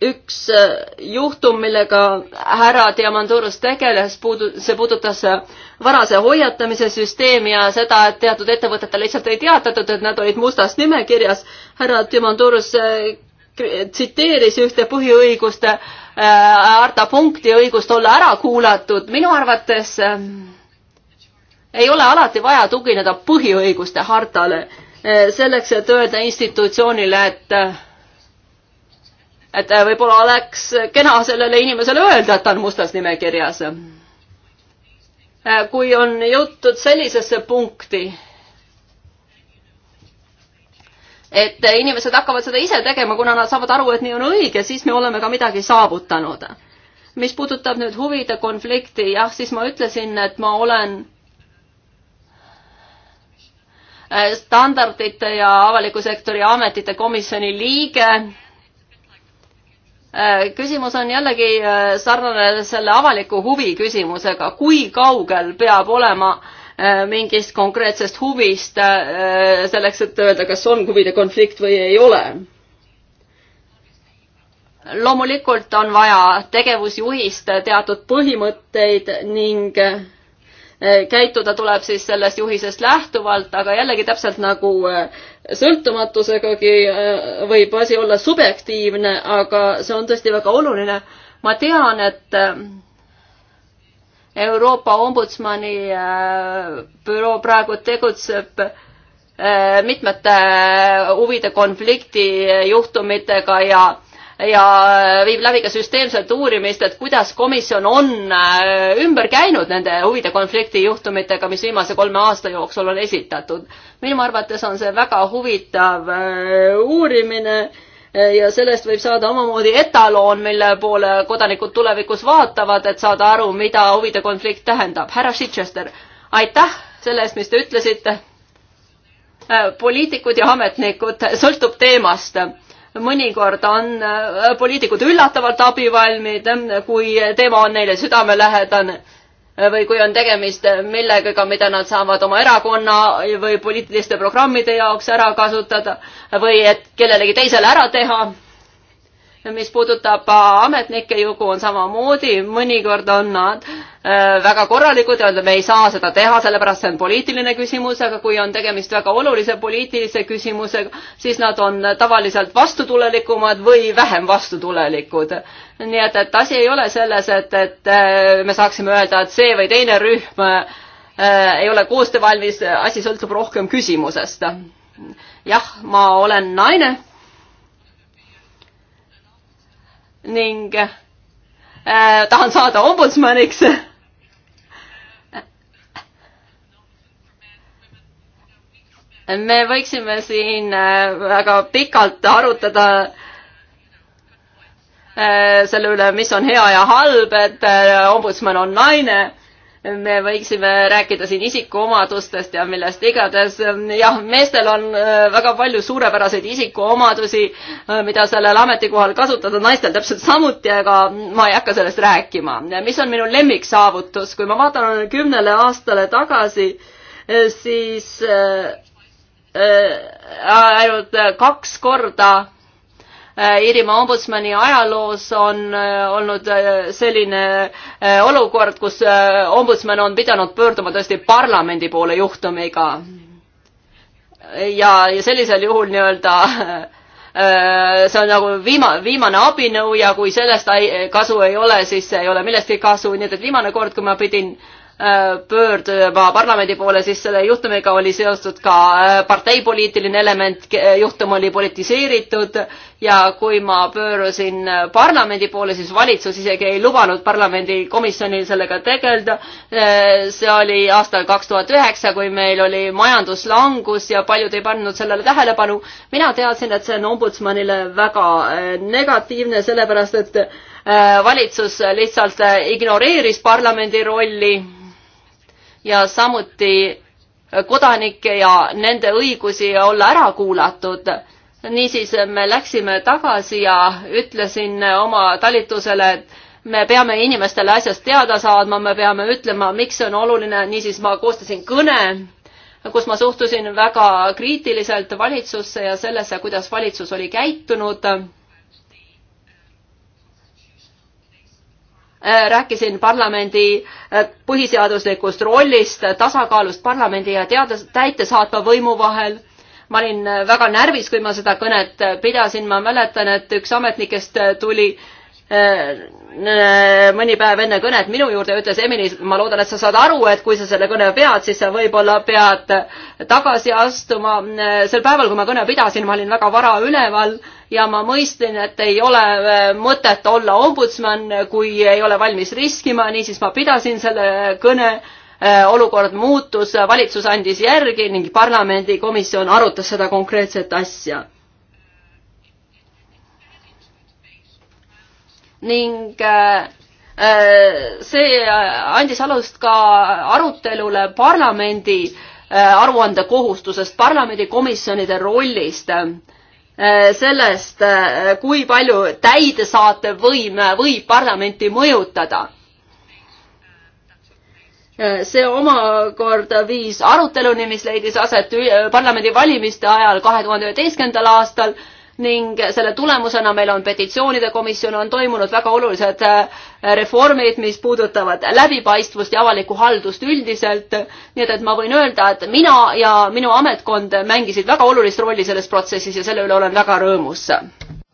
üks äh, juhtum, millega härra Diamandouros tegeles, puudu-, see puudutas äh, varase hoiatamise süsteemi ja seda, et teatud ettevõtetele lihtsalt ei teatatud, et nad olid mustas nimekirjas. härra Timandurus äh, tsiteeris ühte põhiõiguste äh, harta punkti õigust olla ära kuulatud. minu arvates äh, ei ole alati vaja tugineda põhiõiguste hartale selleks, et öelda institutsioonile, et et võib-olla oleks kena sellele inimesele öelda, et ta on mustas nimekirjas Äh, kui on jõutud sellisesse punkti, et inimesed hakkavad seda ise tegema, kuna nad saavad aru, et nii on õige, siis me oleme ka midagi saavutanud. mis puudutab nüüd huvide konflikti, jah, siis ma ütlesin, et ma olen äh, standardite ja avaliku sektori ametite komisjoni liige Äh, küsimus on jällegi äh, sarnane selle avaliku huvi küsimusega, kui kaugel peab olema äh, mingist konkreetsest huvist selleks, et öelda, kas on huvide konflikt või ei ole. loomulikult on vaja tegevusjuhist teatud põhimõtteid ning käituda tuleb siis sellest juhisest lähtuvalt, aga jällegi täpselt nagu äh, sõltumatusegagi äh, võib asi olla subjektiivne, aga see on tõesti väga oluline. ma tean, et äh, Euroopa Ombudsmani äh, büroo praegu tegutseb mitmete huvide konflikti juhtumitega ja ja äh, viib läbi ka süsteemset uurimist, et kuidas komisjon on äh, ümber käinud nende huvide konflikti juhtumitega, mis viimase kolme aasta jooksul on esitatud. minu arvates on see väga huvitav äh, uurimine ja sellest võib saada omamoodi etaloon, mille poole kodanikud tulevikus vaatavad, et saada aru, mida huvide konflikt tähendab. härra Chichester, aitäh selle eest, mis te ütlesite. poliitikud ja ametnikud, sõltub teemast mõnikord on äh, poliitikud üllatavalt abivalmid, kui teema on neile südamelähedane või kui on tegemist millegagi, mida nad saavad oma erakonna või poliitiliste programmide jaoks ära kasutada või et kellelegi teisele ära teha mis puudutab äh, ametnikke, jugu on samamoodi, mõnikord on nad äh, väga korralikud ja öelda, me ei saa seda teha, sellepärast see on poliitiline küsimus, aga kui on tegemist väga olulise poliitilise küsimusega, siis nad on tavaliselt vastutulelikumad või vähem vastutulelikud. nii et, et asi ei ole selles, et, et äh, me saaksime öelda, et see või teine rühm äh, ei ole koostöövalmis, asi sõltub rohkem küsimusest. jah, ma olen naine ning äh, tahan saada ombudsmaniks me võiksime siin äh, väga pikalt arutada äh, selle üle, mis on hea ja halb, et äh, ombudsman on naine me võiksime rääkida siin isikuomadustest ja millest igatahes. jah, meestel on äh, väga palju suurepäraseid isikuomadusi, äh, mida sellel ametikohal kasutada, naistel täpselt samuti, aga ma ei hakka sellest rääkima. mis on minu lemmiksaavutus, kui ma vaatan kümnele aastale tagasi, äh, siis äh, ainult kaks korda Äh, Iirimaa ombudsmani ajaloos on äh, olnud äh, selline olukord, kus ombudsman on pidanud pöörduma tõesti parlamendi poole juhtumiga. ja, ja sellisel juhul nii-öelda see on nagu viima-, viimane abinõu ja kui sellest kasu ei ole, siis ei ole millestki kasu, nii et, et viimane kord, kui ma pidin äh, pöörduma parlamendi poole, siis selle juhtumiga oli seotud ka äh, parteipoliitiline element, juhtum oli politiseeritud ja kui ma pöörusin parlamendi poole, siis valitsus isegi ei lubanud parlamendikomisjonil sellega tegeleda. Äh, see oli aastal kaks tuhat üheksa, kui meil oli majanduslangus ja paljud ei pannud sellele tähelepanu. mina teadsin, et see on ombudsmanile väga äh, negatiivne, sellepärast et valitsus lihtsalt ignoreeris parlamendi rolli ja samuti kodanikke ja nende õigusi olla ära kuulatud. niisiis me läksime tagasi ja ütlesin oma talitusele, et me peame inimestele asjast teada saadma, me peame ütlema, miks see on oluline, niisiis ma koostasin kõne, kus ma suhtusin väga kriitiliselt valitsusse ja sellesse, kuidas valitsus oli käitunud Äh, rääkisin parlamendi äh, põhiseaduslikust rollist, äh, tasakaalust parlamendi ja teades, täitesaatva võimu vahel. ma olin väga närvis, kui ma seda kõnet pidasin, ma mäletan, et üks ametnikest tuli äh, Äh, äh, mõni päev enne kõnet minu juurde ja ütles, Emily, ma loodan, et sa saad aru, et kui sa selle kõne pead, siis sa võib-olla pead tagasi astuma. Äh, sel päeval, kui ma kõne pidasin, ma olin väga vara üleval ja ma mõistsin, et ei ole mõtet olla ombudsman, kui ei ole valmis riskima, niisiis ma pidasin selle kõne. olukord muutus, valitsus andis järgi ning parlamendikomisjon arutas seda konkreetset asja ning äh, äh, see andis alust ka arutelule parlamendi äh, aruandekohustusest, parlamendikomisjonide rollist, sellest, kui palju täidesaatev võim võib parlamenti mõjutada see omakorda viis aruteluni, mis leidis aset parlamendivalimiste ajal kahe tuhande üheteistkümnendal aastal ning selle tulemusena meil on petitsioonide komisjon, on toimunud väga olulised äh, reformid, mis puudutavad läbipaistvust ja avalikku haldust üldiselt. nii et, et ma võin öelda, et mina ja minu ametkond mängisid väga olulist rolli selles protsessis ja selle üle olen väga rõõmus.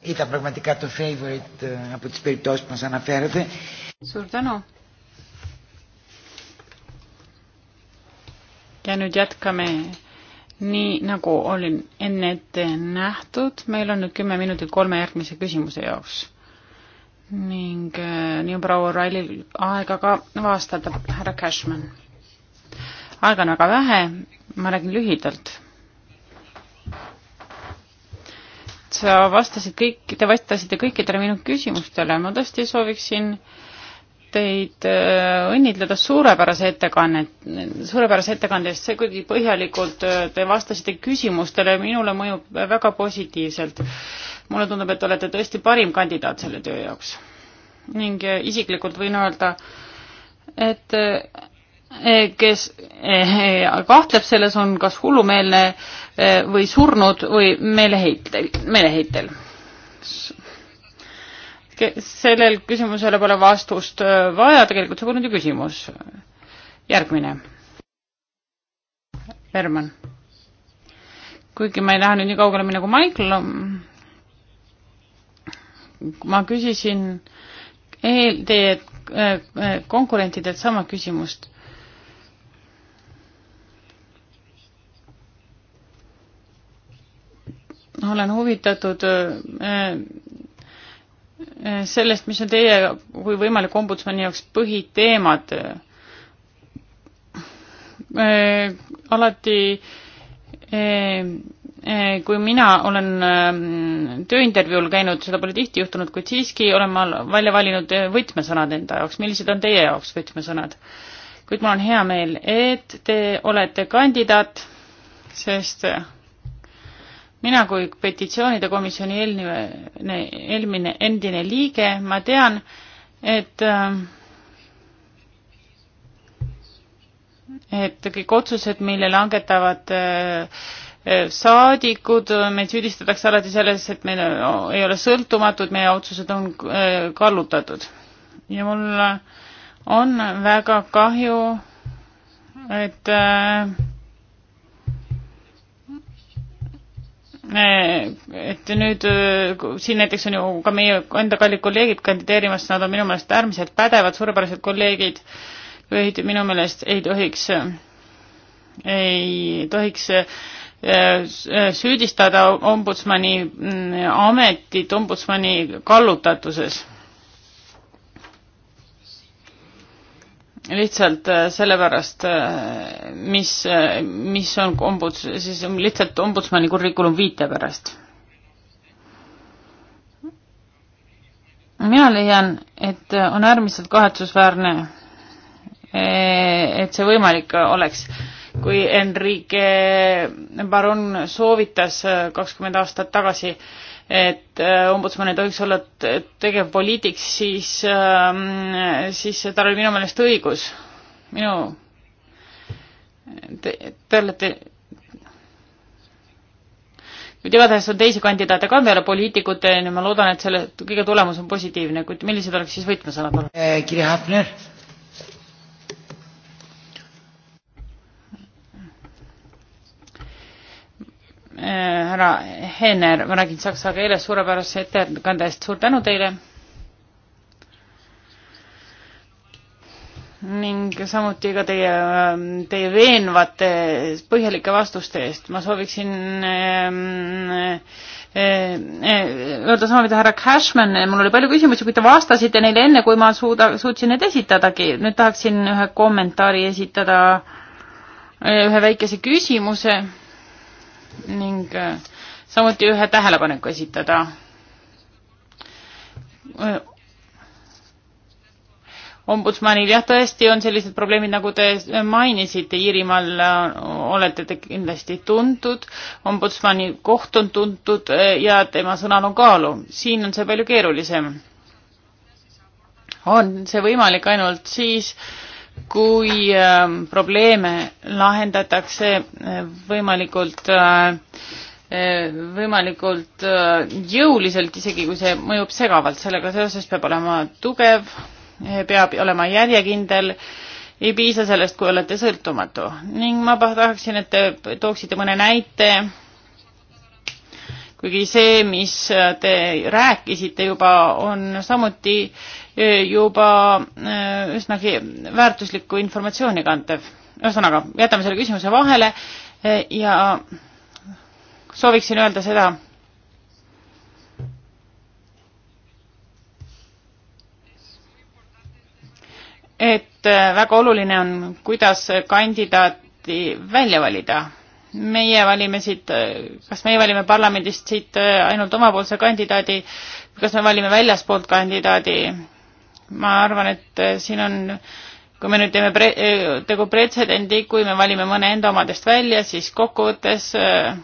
Ήταν πραγματικά το favorite από τις περιπτώσεις που μας αναφέρετε. Suur tänu. ja nüüd jätkame nii nagu olin enne ette nähtud, meil on nüüd kümme minutit kolme järgmise küsimuse jaoks. ning äh, nii on proua Railil aega ka vastata, härra Cashman. aega on väga vähe, ma räägin lühidalt. sa vastasid kõik, te vastasite kõikidele minu küsimustele, ma tõesti sooviksin äh, teid äh, õnnitleda suurepärase ettekannet, suurepärase ettekande eest, see kuigi põhjalikult äh, te vastasite küsimustele, minule mõjub väga positiivselt. mulle tundub, et olete tõesti parim kandidaat selle töö jaoks. ning äh, isiklikult võin öelda, et kes kahtleb selles, on kas hullumeelne või surnud või meeleheitel, meeleheitel sellel küsimusele pole vastust äh, vaja, tegelikult see polnud ju küsimus. järgmine. Herman. kuigi ma ei taha nüüd nii kaugele minna kui Michael, ma küsisin eel-, teie äh, äh, konkurentidelt sama küsimust olen huvitatud sellest, mis on teie kui võimaliku ombudsmani jaoks põhiteemad. Äh, alati äh, äh, kui mina olen tööintervjuul käinud, seda pole tihti juhtunud, kuid siiski olen ma välja valinud võtmesõnad enda jaoks, millised on teie jaoks võtmesõnad? kuid mul on hea meel, et te olete kandidaat, sest mina kui petitsioonide komisjoni eelmine, eelmine endine liige, ma tean, et äh, et kõik otsused, mille langetavad äh, äh, saadikud, meid süüdistatakse alati selles, et me ei ole sõltumatud, meie otsused on kallutatud. ja mul on väga kahju, et äh, Eh, et nüüd eh, siin näiteks on ju ka meie enda kallid kolleegid kandideerimas, nad on minu meelest äärmiselt pädevad, suurepärased kolleegid, kuid minu meelest ei tohiks, eh, ei tohiks süüdistada ombudsmani mm, ametit ombudsmani kallutatuses lihtsalt äh, sellepärast, äh, mis, äh, mis on ombuds-, siis lihtsalt ombudsmani kurrikulum viite pärast. mina leian, et on äärmiselt kahetsusväärne, et see võimalik oleks. kui Enrique Baron soovitas kakskümmend aastat tagasi et äh, ombudsman ei tohiks olla tegevpoliitik, siis, ähm, siis tal oli minu meelest õigus. minu, te, te olete, kuid igatahes on teisi kandidaate ka peale poliitikute ja ma loodan, et selle kõige tulemus on positiivne, kuid millised oleks siis võtmesõnad olnud? Äh, Kirja Hafner Äh, härra Henner, ma räägin saksa keeles suurepärase ettekande eest, suur tänu teile. ning samuti ka teie, ähm, teie veenvate põhjalike vastuste eest, ma sooviksin ähm, äh, äh, öelda sama, mida härra Cashman, mul oli palju küsimusi, kuid te vastasite neile enne, kui ma suuda, suutsin need esitadagi. nüüd tahaksin ühe kommentaari esitada, äh, ühe väikese küsimuse ning äh, samuti ühe tähelepaneku esitada. Äh, ombudsmanil jah, tõesti on sellised probleemid, nagu te mainisite, Iirimaal äh, olete te kindlasti tuntud, ombudsmani koht on tuntud ja tema sõnal on kaalu. siin on see palju keerulisem. on see võimalik ainult siis, kui ähm, probleeme lahendatakse äh, võimalikult äh, äh, võimalikult jõuliselt, isegi kui see mõjub segavalt, sellega seoses peab olema tugev, peab olema järjekindel, ei piisa sellest, kui olete sõltumatu ning ma tahaksin, et te tooksite mõne näite, kuigi see, mis te rääkisite juba, on samuti juba äh, üsnagi väärtuslikku informatsiooni kandev. ühesõnaga, jätame selle küsimuse vahele äh, ja sooviksin öelda seda, et äh, väga oluline on, kuidas kandidaati välja valida. meie valime siit, kas meie valime parlamendist siit ainult omapoolse kandidaadi, kas me valime väljaspoolt kandidaadi ma arvan, et äh, siin on, kui me nüüd teeme pre-, äh, tegu pretsedendi, kui me valime mõne enda omadest välja, siis kokkuvõttes äh,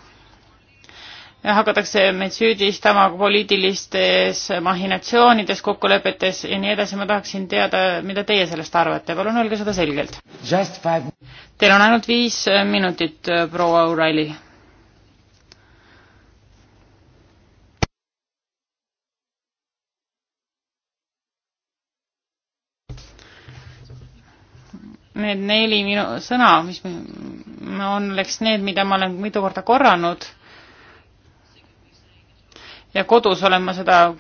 hakatakse meid süüdistama poliitilistes mahhinatsioonides, kokkulepetes ja nii edasi, ma tahaksin teada, mida teie sellest arvate, palun öelge seda selgelt. Five... Teil on ainult viis minutit, proua O'Reilly need neli minu sõna, mis on, oleks need, mida ma olen mitu korda korranud. ja kodus olen ma seda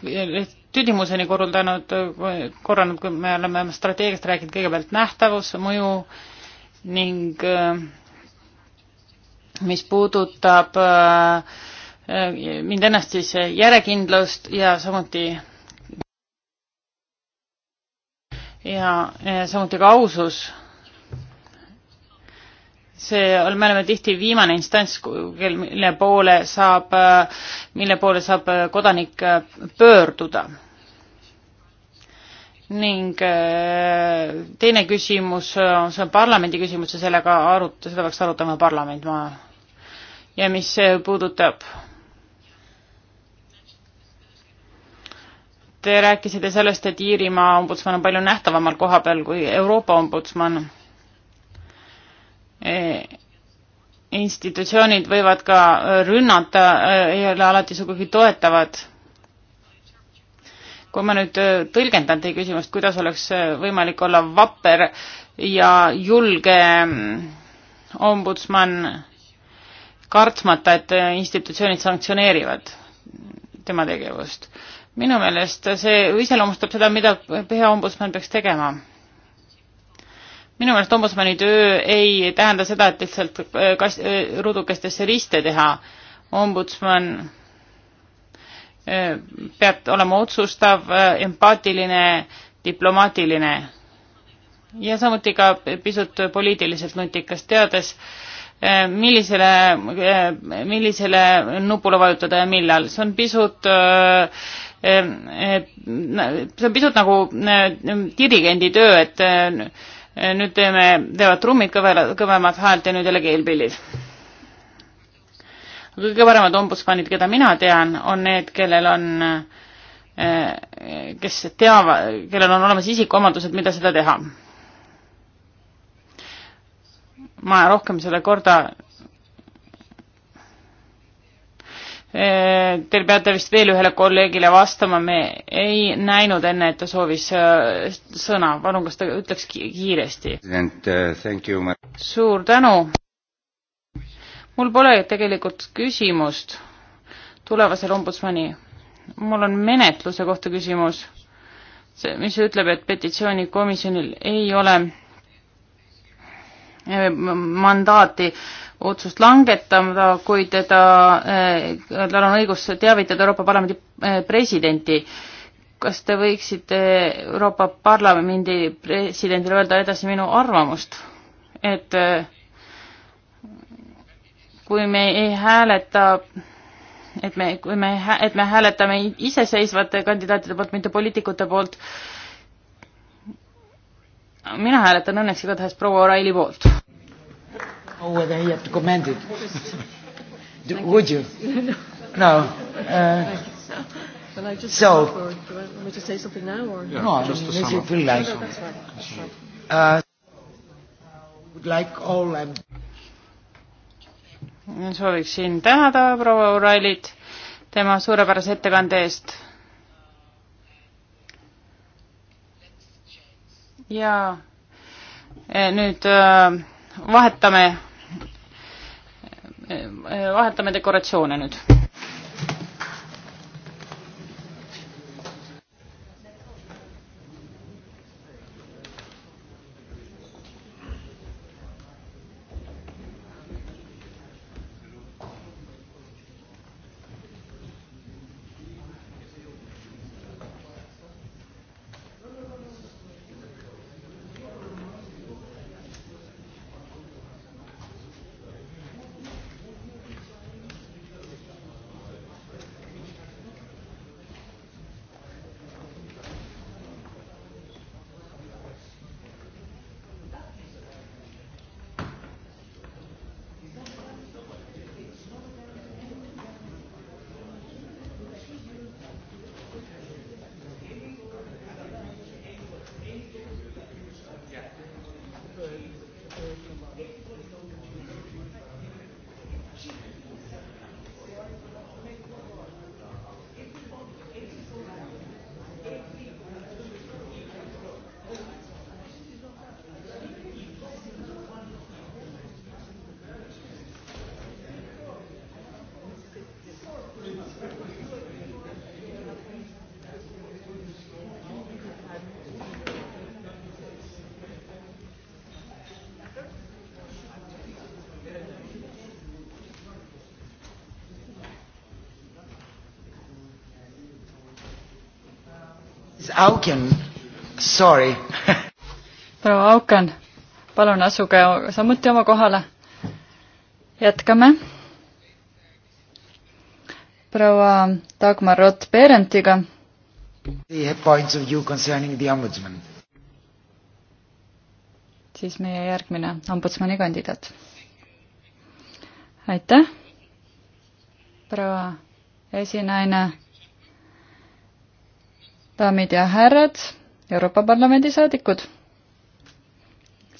tüdimuseni korraldanud, korranud, kui me oleme strateegiast rääkinud, kõigepealt nähtavus, mõju ning äh, mis puudutab äh, mind ennast, siis järjekindlust ja samuti ja samuti ka ausus see on, me oleme tihti viimane instants, mille poole saab, mille poole saab kodanik pöörduda. ning teine küsimus, see on parlamendi küsimus ja sellega arut-, seda peaks arutama parlament, ma ja mis puudutab Te rääkisite sellest, et Iirimaa ombudsman on palju nähtavamal koha peal kui Euroopa ombudsman Eh, institutsioonid võivad ka eh, rünnata, eh, ei ole alati sugugi toetavad. kui ma nüüd tõlgendan teie küsimust, kuidas oleks võimalik olla vapper ja julge mm, ombudsman, kartmata, et institutsioonid sanktsioneerivad tema tegevust. minu meelest see iseloomustab seda, mida PEA ombudsman peaks tegema minu meelest ombudsmani töö ei tähenda seda, et lihtsalt äh, kas-, äh, ruudukestesse riste teha. ombudsman äh, peab olema otsustav, empaatiline, diplomaatiline ja samuti ka pisut poliitiliselt nutikas, teades, millisele, millisele nupule vajutada ja millal, see on pisut see on pisut nagu dirigendi töö, et Eh, nüüd teeme, teevad trummid kõvela, kõvemat häält ja nüüd jälle keelpillid. kõige paremad ombudsmanid, keda mina tean, on need, kellel on, eh, kes teavad, kellel on olemas isikuomadused, mida seda teha. ma rohkem selle korda Eh, teil peate vist veel ühele kolleegile vastama, me ei näinud enne, et ta soovis eh, sõna, palun, kas ta ütleks kiiresti? Eh, suur tänu. mul pole tegelikult küsimust tulevasele ombudsmani, mul on menetluse kohta küsimus, mis ütleb, et petitsioonikomisjonil ei ole mandaati äh, otsust langetada, kuid ta, eh, tal on õigus teavitada Euroopa Parlamendi eh, presidenti. kas te võiksite Euroopa Parlamendi presidendile öelda edasi minu arvamust, et eh, kui me ei hääleta et me, kui me, et me hääletame iseseisvate kandidaatide poolt, mitte poliitikute poolt. mina hääletan õnneks igatahes proua Raili poolt know oh, whether you have to comment it. Do, would you? no. Uh, Can I just so, up, or do I want me to say something now? Or? Yeah, no, just I mean, to sum up. Feel like. No, no, that's right. That's right. Uh, would like all and... sooviksin tänada proua Urailit tema suurepärase ettekande eest. ja eh, nüüd äh, vahetame vahetame dekoratsioone nüüd. Auken, sorry. proua Auken, palun asuge samuti oma kohale. jätkame. proua Dagmar Rott-Berentiga. The points of view concerning the ombudsman. siis meie järgmine ombudsmani kandidaat. aitäh, proua esinaine daamid ja härrad, Euroopa Parlamendi saadikud.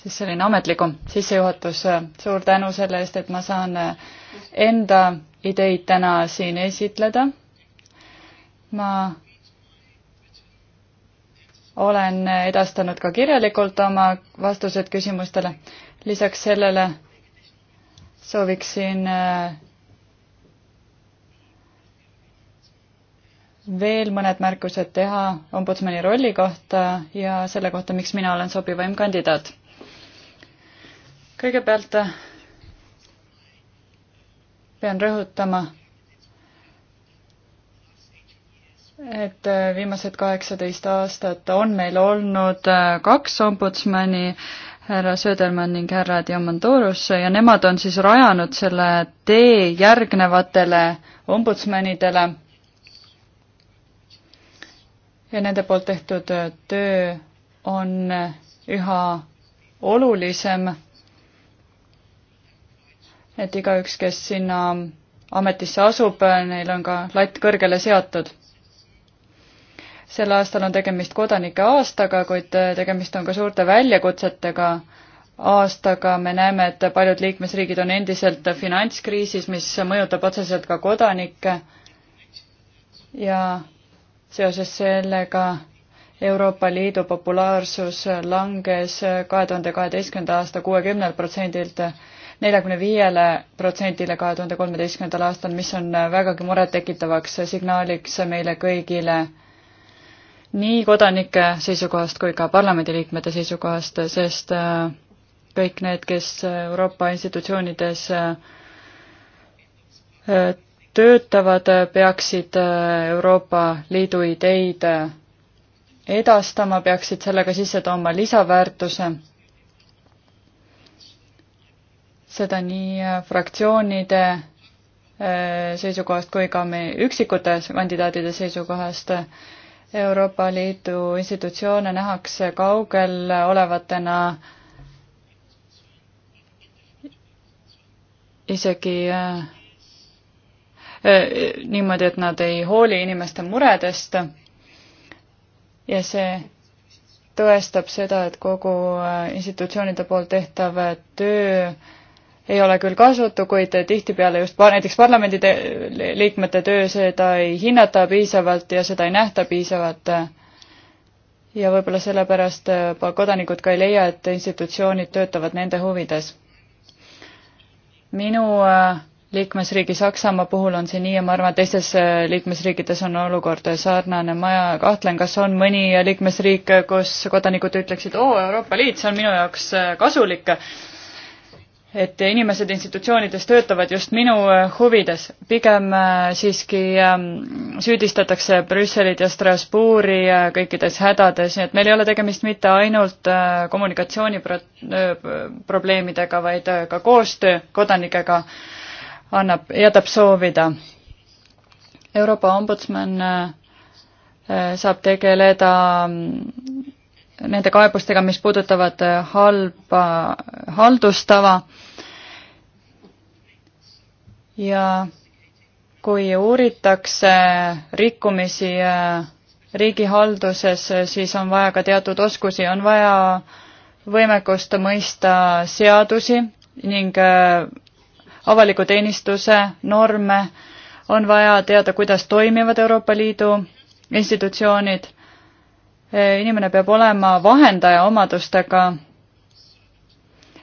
siis selline ametlikum sissejuhatus, suur tänu selle eest, et ma saan enda ideid täna siin esitleda. ma olen edastanud ka kirjalikult oma vastused küsimustele. lisaks sellele sooviksin äh, veel mõned märkused teha ombudsmani rolli kohta ja selle kohta, miks mina olen sobivaim kandidaat. kõigepealt äh, pean rõhutama, et äh, viimased kaheksateist aastat on meil olnud äh, kaks ombudsmani, härra Söderman ning härra Diamandouros ja nemad on siis rajanud selle tee järgnevatele ombudsmanidele ja nende poolt tehtud äh, töö on äh, üha olulisem, et igaüks, kes sinna ametisse asub, äh, neil on ka latt kõrgele seatud. sel aastal on tegemist kodanike aastaga, kuid tegemist on ka suurte väljakutsetega aastaga me näeme, et paljud liikmesriigid on endiselt finantskriisis, mis mõjutab otseselt ka kodanikke ja seoses sellega Euroopa Liidu populaarsus langes kahe tuhande kaheteistkümnenda aasta kuuekümnelt protsendilt neljakümne viiele protsendile kahe tuhande kolmeteistkümnendal aastal, mis on vägagi murettekitavaks signaaliks meile kõigile nii kodanike seisukohast kui ka parlamendiliikmete seisukohast, sest äh, kõik need, kes Euroopa institutsioonides äh, töötavad, peaksid äh, Euroopa Liidu ideid äh, edastama, peaksid sellega sisse tooma lisaväärtuse. seda nii äh, fraktsioonide seisukohast kui ka meie üksikute kandidaatide seisukohast. Euroopa Liidu institutsioone nähakse kaugel olevatena isegi äh, niimoodi, et nad ei hooli inimeste muredest. ja see tõestab seda, et kogu institutsioonide poolt tehtav töö ei ole küll kasutu, kuid tihtipeale just näiteks parlamendi liikmete töö, seda ei hinnata piisavalt ja seda ei nähta piisavalt. ja võib-olla sellepärast kodanikud ka ei leia, et institutsioonid töötavad nende huvides. minu äh, liikmesriigi Saksamaa puhul on see nii ja ma arvan, et teistes äh, liikmesriikides on olukord sarnane. ma kahtlen, kas on mõni liikmesriik, kus kodanikud ütleksid, oo, Euroopa Liit, see on minu jaoks äh, kasulik. et inimesed institutsioonides töötavad just minu äh, huvides. pigem siiski ähm, süüdistatakse Brüsselit ja Strasbourgi kõikides hädades, nii et meil ei ole tegemist mitte ainult kommunikatsiooni pro-, probleemidega, vaid ka koostöö kodanikega annab, jätab soovida. Euroopa ombudsman äh, äh, saab tegeleda mm, nende kaebustega, mis puudutavad äh, halba haldustava ja kui uuritakse rikkumisi riigihalduses, siis on vaja ka teatud oskusi, on vaja võimekust mõista seadusi ning avaliku teenistuse norme, on vaja teada, kuidas toimivad Euroopa Liidu institutsioonid. inimene peab olema vahendaja omadustega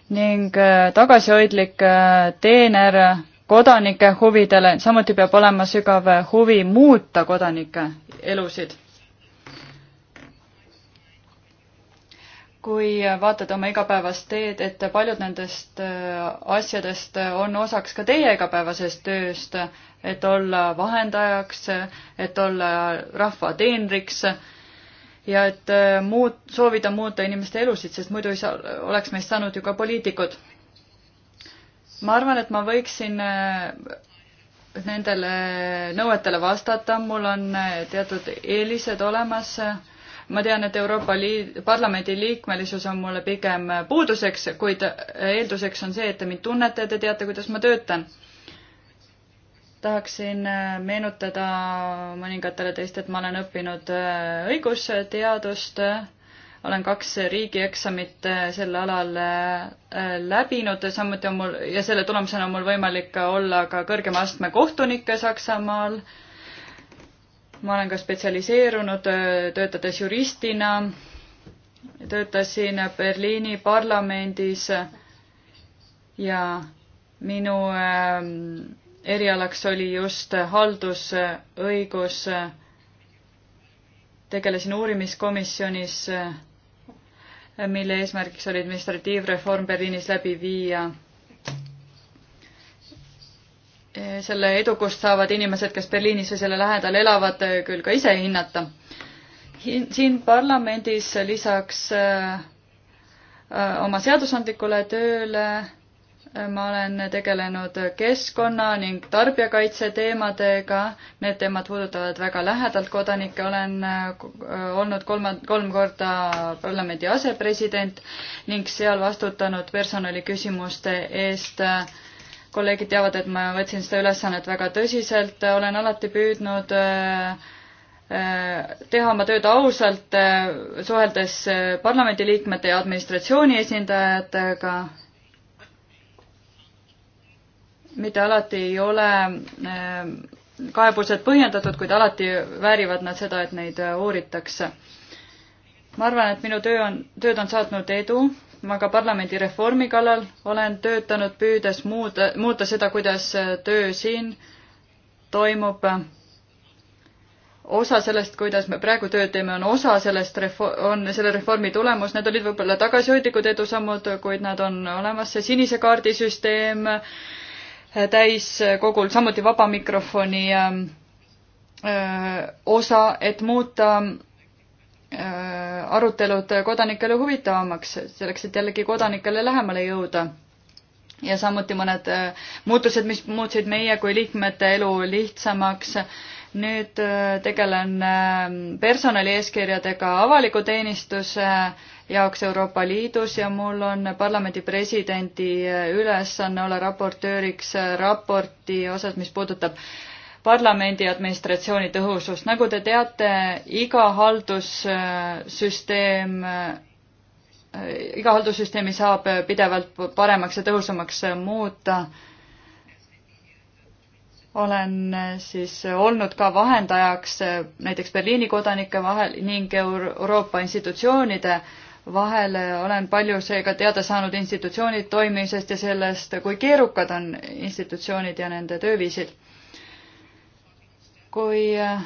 ning eh, tagasihoidlik eh, teener kodanike huvidele, samuti peab olema sügav huvi muuta kodanike elusid kui vaatate oma igapäevast teed, et paljud nendest äh, asjadest on osaks ka teie igapäevasest tööst, et olla vahendajaks, et olla rahva teenriks ja et äh, muut-, soovida muuta inimeste elusid, sest muidu ei saa, oleks meist saanud ju ka poliitikud. ma arvan, et ma võiksin äh, nendele nõuetele vastata, mul on teatud eelised olemas ma tean, et Euroopa Liid-, parlamendi liikmelisus on mulle pigem puuduseks, kuid eelduseks on see, et te mind tunnete ja te teate, kuidas ma töötan. tahaksin äh, meenutada mõningatele teist, et ma olen õppinud äh, õigusteadust, olen kaks riigieksamit äh, sel alal läbinud, samuti on mul, ja selle tulemusena on mul võimalik olla ka kõrgema astme kohtunik Saksamaal ma olen ka spetsialiseerunud, töötades juristina, töötasin Berliini parlamendis ja minu erialaks oli just haldusõigus. tegelesin uurimiskomisjonis, mille eesmärgiks oli administratiivreform Berliinis läbi viia Eh, selle edukust saavad inimesed, kes Berliinis või selle lähedal elavad, eh, küll ka ise hinnata. siin parlamendis lisaks eh, oma seadusandlikule tööle ma olen tegelenud keskkonna ning tarbijakaitse teemadega, need teemad puudutavad väga lähedalt kodanikke, olen olnud kolma, kolm korda parlamendi asepresident ning seal vastutanud personaliküsimuste eest äh, kolleegid teavad, et ma võtsin seda ülesannet väga tõsiselt, olen alati püüdnud äh, äh, teha oma tööd ausalt, äh, suheldes parlamendiliikmete ja administratsiooni esindajatega. mitte alati ei ole kaebused põhjendatud, kuid alati väärivad nad seda, et neid uuritakse. ma arvan, et minu töö on, tööd on saatnud edu ma ka parlamendi reformi kallal olen töötanud, püüdes muuda, muuta seda, kuidas äh, töö siin toimub. osa sellest, kuidas me praegu tööd teeme, on osa sellest refo-, on selle reformi tulemus, need olid võib-olla tagasihoidlikud edusammud, kuid nad on olemas, see sinise kaardi süsteem äh, täiskogul, samuti vaba mikrofoni ähm, äh, osa, et muuta Äh, arutelud kodanikele huvitavamaks, selleks, et jällegi kodanikele lähemale jõuda. ja samuti mõned äh, muutused, mis muutsid meie kui liikmete elu lihtsamaks. nüüd äh, tegelen personalieeskirjadega avaliku teenistuse jaoks Euroopa Liidus ja mul on parlamendi presidendi ülesanne olla raportööriks raporti osas, mis puudutab äh, parlamendi administratsiooni tõhusust. nagu te teate, iga haldussüsteem, iga haldussüsteemi saab pidevalt paremaks ja tõhusamaks muuta. olen siis olnud ka vahendajaks näiteks Berliini kodanike vahel ning Euroopa institutsioonide vahel olen palju seega teada saanud institutsioonid toimimisest ja sellest, kui keerukad on institutsioonid ja nende tööviisid kui äh,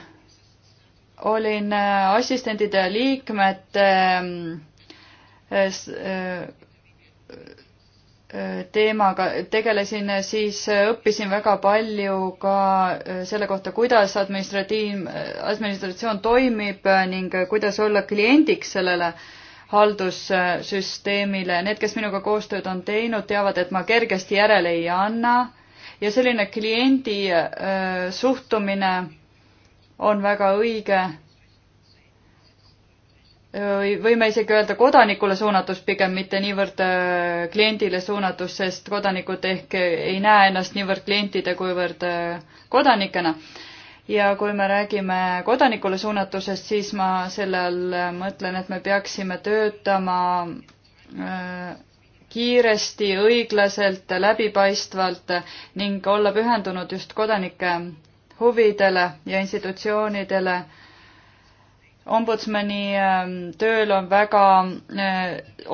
olin äh, assistentide liikmete ähm, äh, teemaga tegelesin, siis õppisin väga palju ka selle kohta, kuidas administratiiv, administratsioon toimib ning kuidas olla kliendiks sellele haldussüsteemile. Need, kes minuga koostööd on teinud, teavad, et ma kergesti järele ei anna ja selline kliendi äh, suhtumine on väga õige või võime isegi öelda kodanikule suunatus pigem, mitte niivõrd äh, kliendile suunatus, sest kodanikud ehk ei näe ennast niivõrd klientide, kuivõrd äh, kodanikena. ja kui me räägime kodanikule suunatusest, siis ma selle all mõtlen, et me peaksime töötama kiiresti, õiglaselt, läbipaistvalt ning olla pühendunud just kodanike huvidele ja institutsioonidele. ombudsmani ähm, tööl on väga äh,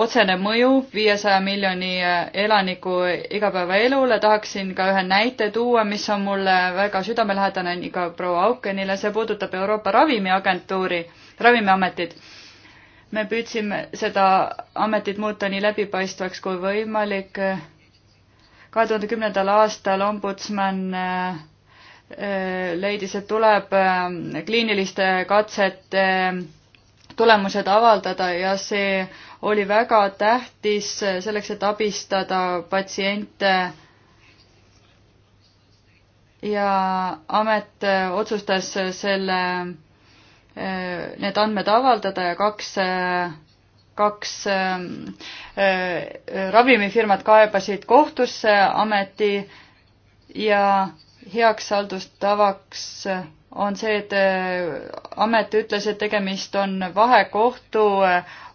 otsene mõju viiesaja miljoni äh, elaniku igapäevaelule, tahaksin ka ühe näite tuua, mis on mulle väga südamelähedane, nii ka proua Aukenile, see puudutab Euroopa Ravimiagentuuri, Ravimiametit me püüdsime seda ametit muuta nii läbipaistvaks kui võimalik. kahe tuhande kümnendal aastal ombudsman äh, leidis, et tuleb äh, kliiniliste katsete äh, tulemused avaldada ja see oli väga tähtis selleks, et abistada patsiente ja amet otsustas selle Äh, need andmed avaldada ja kaks äh, kaks ähm, äh, ravimifirmat kaebasid kohtusse ameti ja heaks haldustavaks on see, et amet ütles, et tegemist on vahekohtu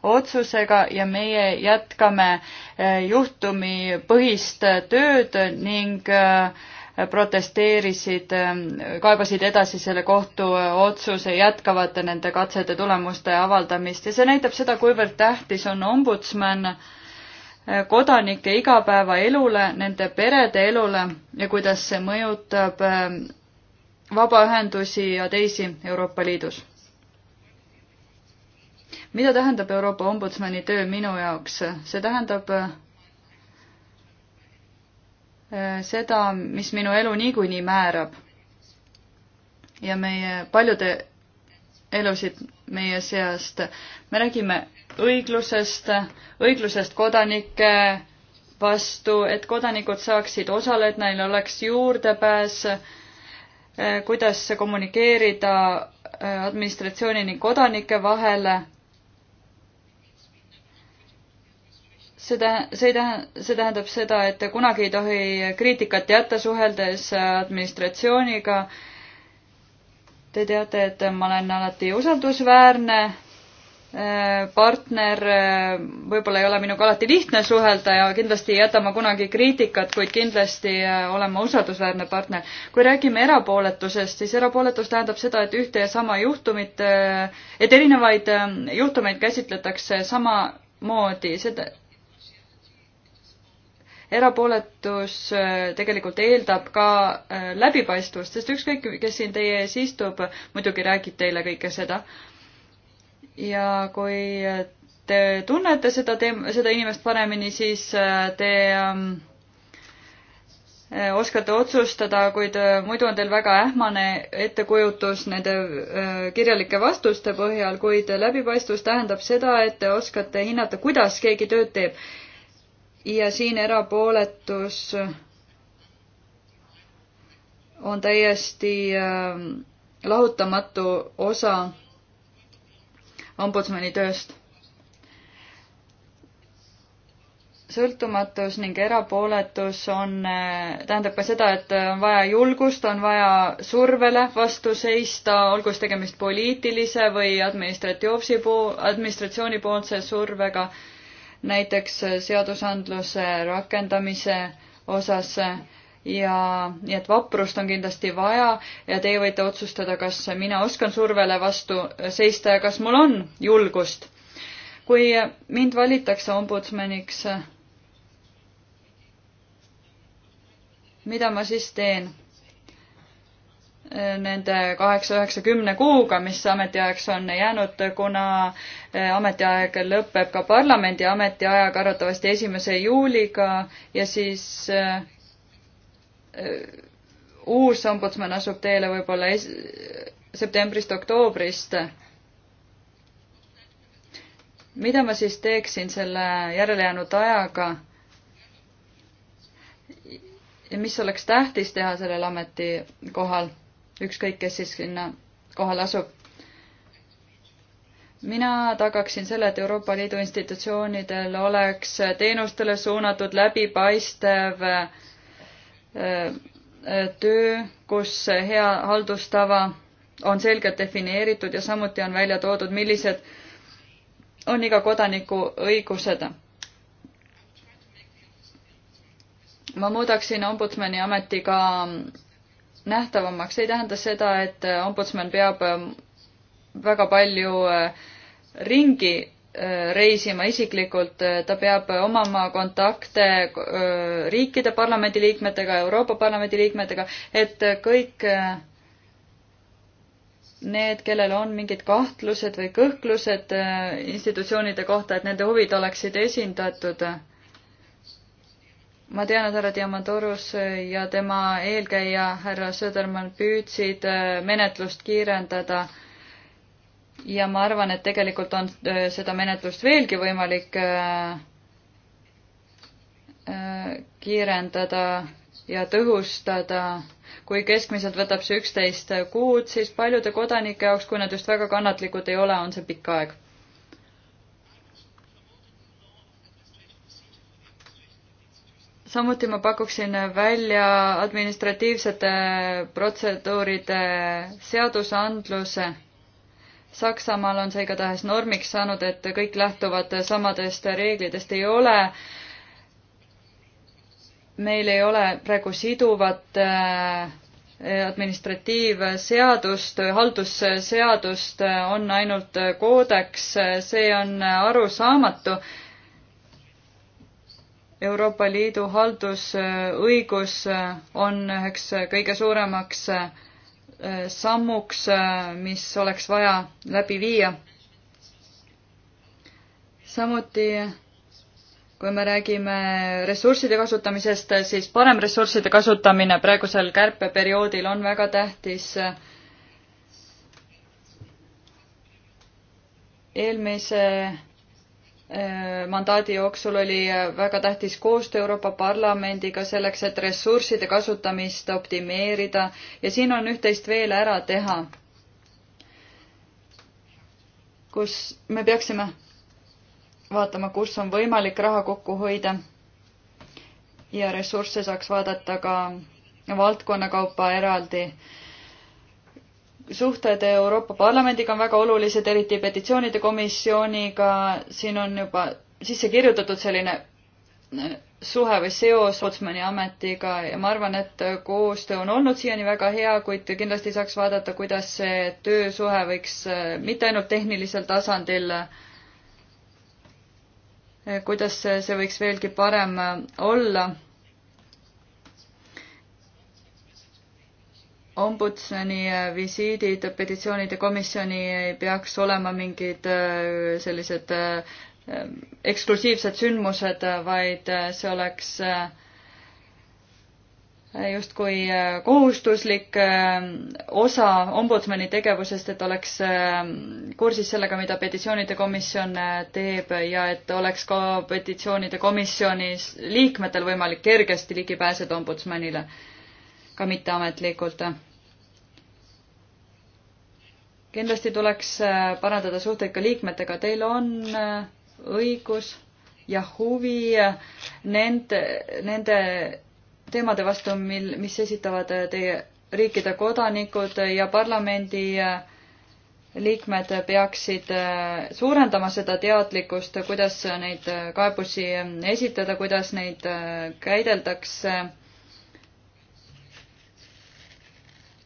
otsusega ja meie jätkame juhtumipõhist tööd ning äh, protesteerisid, ähm, kaebasid edasi selle kohtuotsuse, äh, jätkavad nende katsete tulemuste avaldamist ja see näitab seda, kuivõrd tähtis on ombudsman äh, kodanike igapäevaelule, nende perede elule ja kuidas see mõjutab ähm, vabaühendusi ja teisi Euroopa Liidus. mida tähendab Euroopa Ombudsmani töö minu jaoks? see tähendab äh, Äh, seda, mis minu elu niikuinii määrab. ja meie paljude elusid meie seast. me räägime õiglusest, õiglusest kodanike vastu, et kodanikud saaksid osaleda, neil oleks juurdepääs, äh, kuidas kommunikeerida äh, administratsiooni ning kodanike vahele see tä-, see ei tähe-, see tähendab seda, et kunagi ei tohi kriitikat jätta suheldes administratsiooniga. Te teate, et ma olen alati usaldusväärne äh, partner, äh, võib-olla ei ole minuga alati lihtne suhelda ja kindlasti ei jäta ma kunagi kriitikat, kuid kindlasti äh, olen ma usaldusväärne partner. kui räägime erapooletusest, siis erapooletus tähendab seda, et ühte ja sama juhtumit, et erinevaid juhtumeid käsitletakse sama moodi, seda, erapooletus äh, tegelikult eeldab ka äh, läbipaistvust, sest ükskõik, kes siin teie ees istub, muidugi räägib teile kõike seda. ja kui te tunnete seda teem-, seda inimest paremini, siis äh, te ähm, oskate otsustada, kuid muidu on teil väga ähmane ettekujutus nende kirjalike vastuste põhjal, kuid läbipaistvus tähendab seda, et te oskate hinnata, kuidas keegi tööd teeb ja siin erapooletus on täiesti ähm, lahutamatu osa ombudsmani tööst. sõltumatus ning erapooletus on, äh, tähendab ka seda, et on vaja julgust, on vaja survele vastu seista, olgu siis tegemist poliitilise või administratiivse, administratsiooni poolse survega äh, näiteks seadusandluse rakendamise osas ja nii et vaprust on kindlasti vaja ja teie võite otsustada, kas mina oskan survele vastu seista ja kas mul on julgust. kui mind valitakse ombudsmaniks, mida ma siis teen? nende kaheksa, üheksa, kümne kuuga, mis ametiajaks on jäänud, kuna eh, ametiaeg lõpeb ka parlamendi ametiajaga arvatavasti esimese juuliga ja siis eh, eh, uus ombudsman asub teele võib-olla es-, septembrist-oktoobrist. mida ma siis teeksin selle järelejäänud ajaga? ja mis oleks tähtis teha sellel ametikohal? ükskõik, kes siis sinna kohale asub. mina tagaksin selle, et Euroopa Liidu institutsioonidel oleks teenustele suunatud läbipaistev äh, äh, töö, kus hea haldustava on selgelt defineeritud ja samuti on välja toodud, millised on iga kodaniku õigused. ma muudaksin ombudsmani ameti ka nähtavamaks, ei tähenda seda, et äh, ombudsman peab ähm, väga palju äh, ringi äh, reisima isiklikult, ta peab omama kontakte riikide parlamendi liikmetega, Euroopa Parlamendi liikmetega, et kõik need, kellel on mingid kahtlused või kõhklused institutsioonide kohta, et nende huvid oleksid esindatud ma tean, et härra Diamandorus ja tema eelkäija härra Söderman püüdsid äh, menetlust kiirendada ja ma arvan, et tegelikult on äh, seda menetlust veelgi võimalik äh, kiirendada ja tõhustada. kui keskmiselt võtab see üksteist kuud, siis paljude kodanike jaoks, kui nad just väga kannatlikud ei ole, on see pikk aeg samuti ma pakuksin välja administratiivsete protseduuride seadusandluse. Saksamaal on see igatahes normiks saanud, et kõik lähtuvad samadest reeglidest, ei ole meil ei ole praegu siduvat äh, administratiivseadust, haldusseadust, on ainult koodeks, see on arusaamatu Euroopa Liidu haldusõigus äh, on üheks äh, kõige suuremaks äh, sammuks, mis oleks vaja läbi viia. samuti kui me räägime ressursside kasutamisest, siis parem ressursside kasutamine praegusel kärpeperioodil on väga tähtis. eelmise Äh, mandaadi jooksul oli äh, väga tähtis koostöö Euroopa Parlamendiga selleks, et ressursside kasutamist optimeerida ja siin on üht-teist veel ära teha, kus me peaksime vaatama, kus on võimalik raha kokku hoida ja ressursse saaks vaadata ka valdkonna kaupa eraldi suhted Euroopa Parlamendiga on väga olulised, eriti petitsioonide komisjoniga, siin on juba sisse kirjutatud selline äh, suhe või seos Otsmani ametiga ja ma arvan, et koostöö on olnud siiani väga hea, kuid kindlasti saaks vaadata, kuidas see töösuhe võiks äh, mitte ainult tehnilisel tasandil, äh, kuidas see võiks veelgi parem olla ombudsmani äh, visiidid petitsioonide komisjoni ei peaks olema mingid äh, sellised äh, eksklusiivsed sündmused, vaid see oleks justkui kohustuslik osa ombudsmani tegevusest, et oleks kursis sellega, mida petitsioonide komisjon teeb ja et oleks ka petitsioonide komisjonis liikmetel võimalik kergesti ligi pääseda ombudsmanile ka mitteametlikult. kindlasti tuleks äh, parandada suhteid ka liikmetega, teil on äh, õigus ja huvi äh, nende, nende teemade vastu, mil, mis esitavad teie riikide kodanikud ja parlamendi liikmed peaksid suurendama seda teadlikkust, kuidas neid kaebusi esitada, kuidas neid käideldakse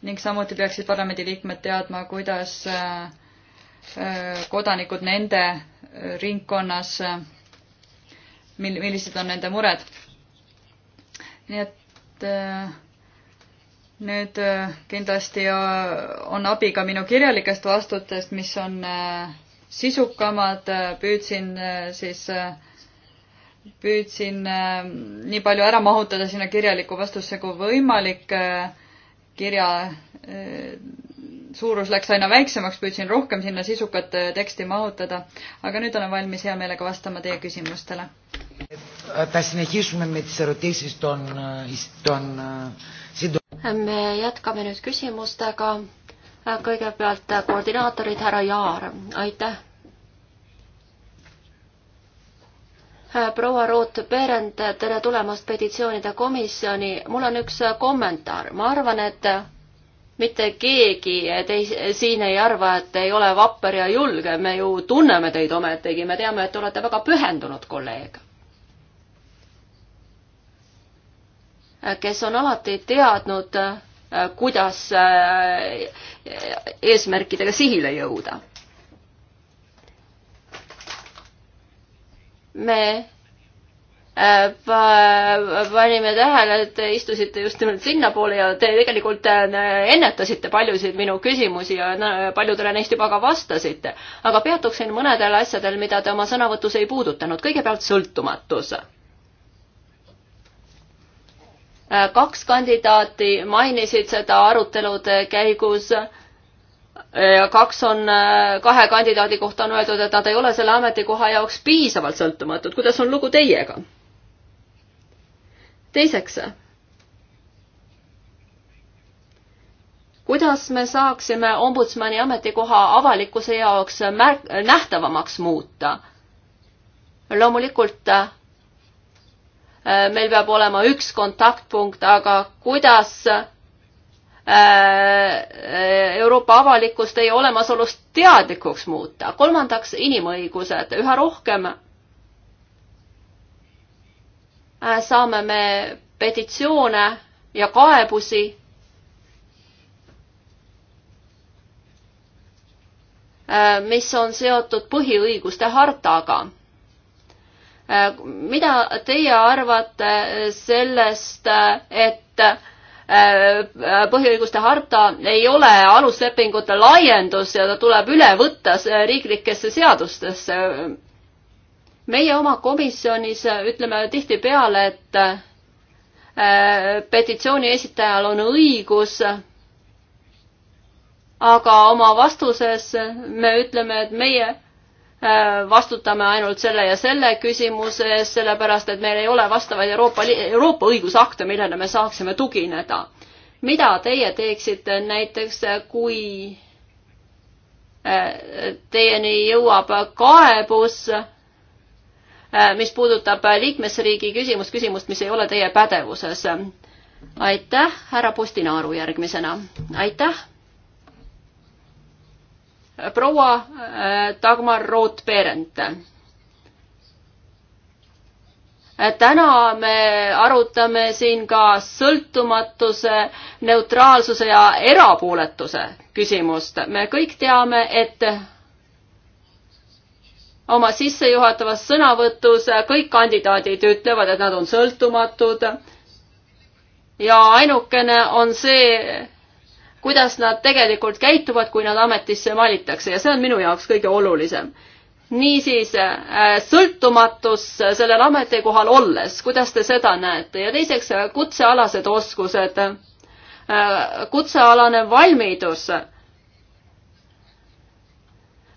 ning samuti peaksid parlamendiliikmed teadma, kuidas äh, äh, kodanikud nende äh, ringkonnas, mil-, millised on nende mured. nii et nüüd kindlasti on abi ka minu kirjalikest vastutest, mis on sisukamad, püüdsin siis püüdsin nii palju ära mahutada sinna kirjalikku vastusse kui võimalik kirja eh, suurus läks aina väiksemaks, püüdsin rohkem sinna sisukat eh, teksti mahutada, aga nüüd olen valmis hea meelega vastama teie küsimustele. Äh, äh, äh, me jätkame nüüd küsimustega. kõigepealt koordinaatorid, härra Jaar, aitäh Äh, proua Ruut Berend, tere tulemast petitsioonide komisjoni. mul on üks äh, kommentaar. ma arvan, et äh, mitte keegi teis, siin ei arva, et ei ole vapper ja julge. me ju tunneme teid ometigi, me teame, et te olete väga pühendunud kolleeg. kes on alati teadnud, kuidas eesmärkidega sihile jõuda me äh, panime tähele, et te istusite just nimelt sinnapoole ja te tegelikult äh, ennetasite paljusid minu küsimusi ja paljudele neist juba ka vastasite. aga peatuksin mõnedel asjadel, mida te oma sõnavõtus ei puudutanud. kõigepealt sõltumatus. Äh, kaks kandidaati mainisid seda arutelude käigus kaks on, äh, kahe kandidaadi kohta on öeldud, et nad ei ole selle ametikoha jaoks piisavalt sõltumatud. kuidas on lugu teiega? teiseks, kuidas me saaksime ombudsmani ametikoha avalikkuse jaoks märk-, nähtavamaks muuta? loomulikult äh, meil peab olema üks kontaktpunkt, aga kuidas Äh, Euroopa avalikkust teie olemasolust teadlikuks muuta. kolmandaks, inimõigused. üha rohkem äh, saame me petitsioone ja kaebusi äh, mis on seotud põhiõiguste hartaga. mida teie arvate sellest, et Äh, põhiõiguste harta ei ole aluslepingute laiendus ja ta tuleb üle võtta riiklikesse seadustesse. meie oma komisjonis ütleme tihtipeale, et äh, petitsiooni esitajal on õigus, aga oma vastuses me ütleme, et meie Äh, vastutame ainult selle ja selle küsimuse eest, sellepärast et meil ei ole vastavaid Euroopa, Euroopa õigusakte, millele me saaksime tugineda. mida teie teeksite näiteks, kui äh, teieni jõuab kaebus, äh, mis puudutab liikmesriigi küsimust, küsimust, mis ei ole teie pädevuses? aitäh, härra Postinaaru järgmisena. aitäh proua äh, Dagmar Roth-Berend. Äh, täna me arutame siin ka sõltumatuse, neutraalsuse ja erapooletuse küsimust. me kõik teame, et oma sissejuhatavas sõnavõtus kõik kandidaadid ütlevad, et nad on sõltumatud ja ainukene on see, kuidas nad tegelikult käituvad, kui nad ametisse valitakse ja see on minu jaoks kõige olulisem. niisiis äh, sõltumatus sellel ametikohal olles, kuidas te seda näete ja teiseks äh, kutsealased oskused, äh, kutsealane valmidus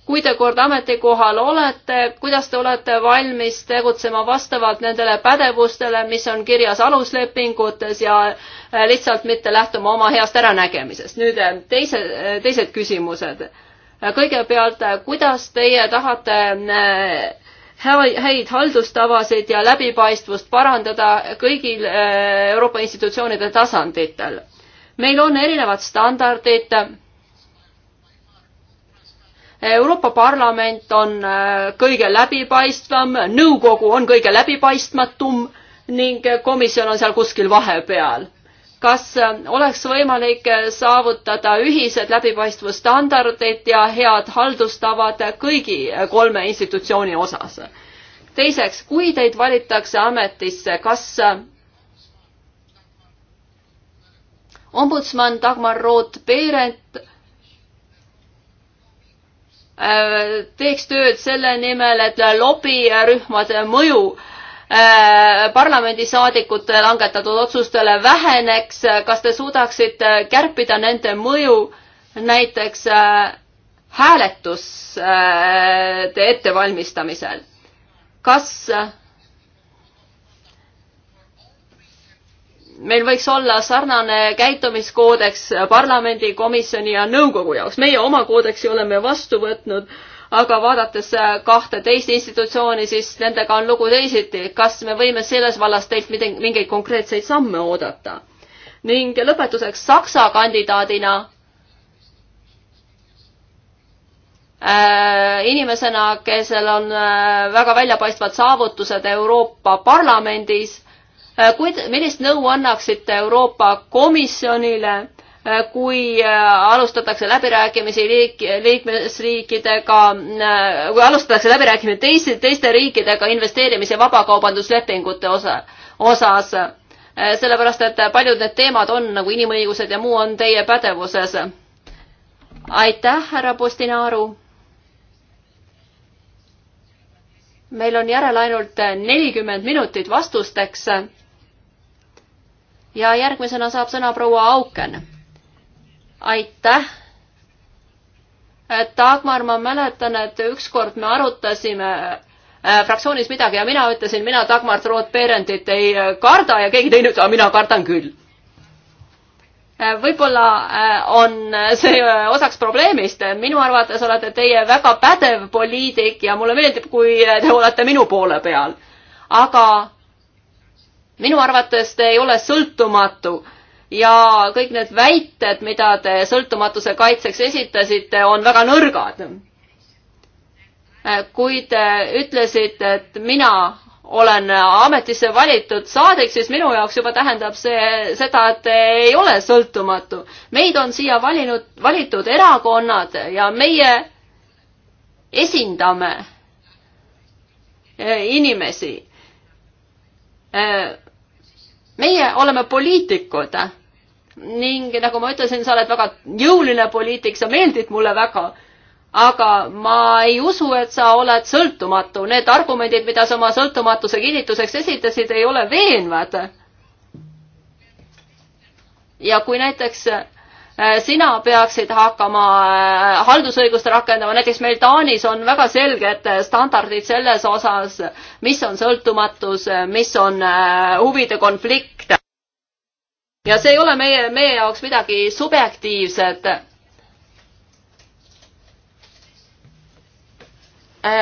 kui te kord ametikohal olete, kuidas te olete valmis tegutsema vastavalt nendele pädevustele, mis on kirjas aluslepingutes ja äh, lihtsalt mitte lähtuma oma heast äranägemisest. nüüd äh, teise, äh, teised küsimused. kõigepealt, kuidas teie tahate häid haldustavasid ja läbipaistvust parandada kõigil Euroopa institutsioonide tasanditel? meil on erinevad standardid Euroopa Parlament on äh, kõige läbipaistvam, nõukogu on kõige läbipaistmatum ning komisjon on seal kuskil vahepeal. kas äh, oleks võimalik äh, saavutada ühised läbipaistvusstandardid ja head haldustavad kõigi kolme institutsiooni osas? teiseks, kui teid valitakse ametisse, kas ombudsman Dagmar Roth-Beeret Äh, teeks tööd selle nimel, et lobirühmade mõju äh, parlamendisaadikute langetatud otsustele väheneks, kas te suudaksite kärpida nende mõju näiteks äh, hääletuste ettevalmistamisel? kas meil võiks olla sarnane käitumiskoodeks parlamendi, komisjoni ja nõukogu jaoks. meie oma koodeksi oleme vastu võtnud, aga vaadates kahte teist institutsiooni, siis nendega on lugu teisiti. kas me võime selles vallas teilt mingeid konkreetseid samme oodata? ning lõpetuseks Saksa kandidaadina äh, inimesena, kesel on äh, väga väljapaistvad saavutused Euroopa Parlamendis Äh, kuid millist nõu annaksite Euroopa Komisjonile, äh, kui äh, alustatakse läbirääkimisi liik, liikmesriikidega, kui alustatakse läbirääkimisi teiste, teiste riikidega investeerimis- ja vabakaubanduslepingute osa, osas, sellepärast et paljud need teemad on nagu inimõigused ja muu on teie pädevuses. aitäh, härra Postinaaru. meil on järel ainult nelikümmend minutit vastusteks ja järgmisena saab sõna proua Auken. aitäh. Dagmar, ma mäletan, et ükskord me arutasime äh, fraktsioonis midagi ja mina ütlesin, mina Dagmar Roth-Berendit ei äh, karda ja keegi teine ütles, aga mina kardan küll. Äh, võib-olla on see osaks probleemist, minu arvates olete teie väga pädev poliitik ja mulle meeldib, kui te olete minu poole peal. aga minu arvates te ei ole sõltumatu ja kõik need väited, mida te sõltumatuse kaitseks esitasite, on väga nõrgad. kui te ütlesite, et mina olen ametisse valitud saadik, siis minu jaoks juba tähendab see seda, et te ei ole sõltumatu. meid on siia valinud, valitud erakonnad ja meie esindame inimesi meie oleme poliitikud ning nagu ma ütlesin, sa oled väga jõuline poliitik, sa meeldid mulle väga, aga ma ei usu, et sa oled sõltumatu. Need argumendid, mida sa oma sõltumatuse kinnituseks esitasid, ei ole veenvad. ja kui näiteks Äh, sina peaksid hakkama äh, haldusõigust rakendama, näiteks meil Taanis on väga selged äh, standardid selles osas, mis on sõltumatus, mis on huvide konflikt. ja see ei ole meie, meie jaoks midagi subjektiivset.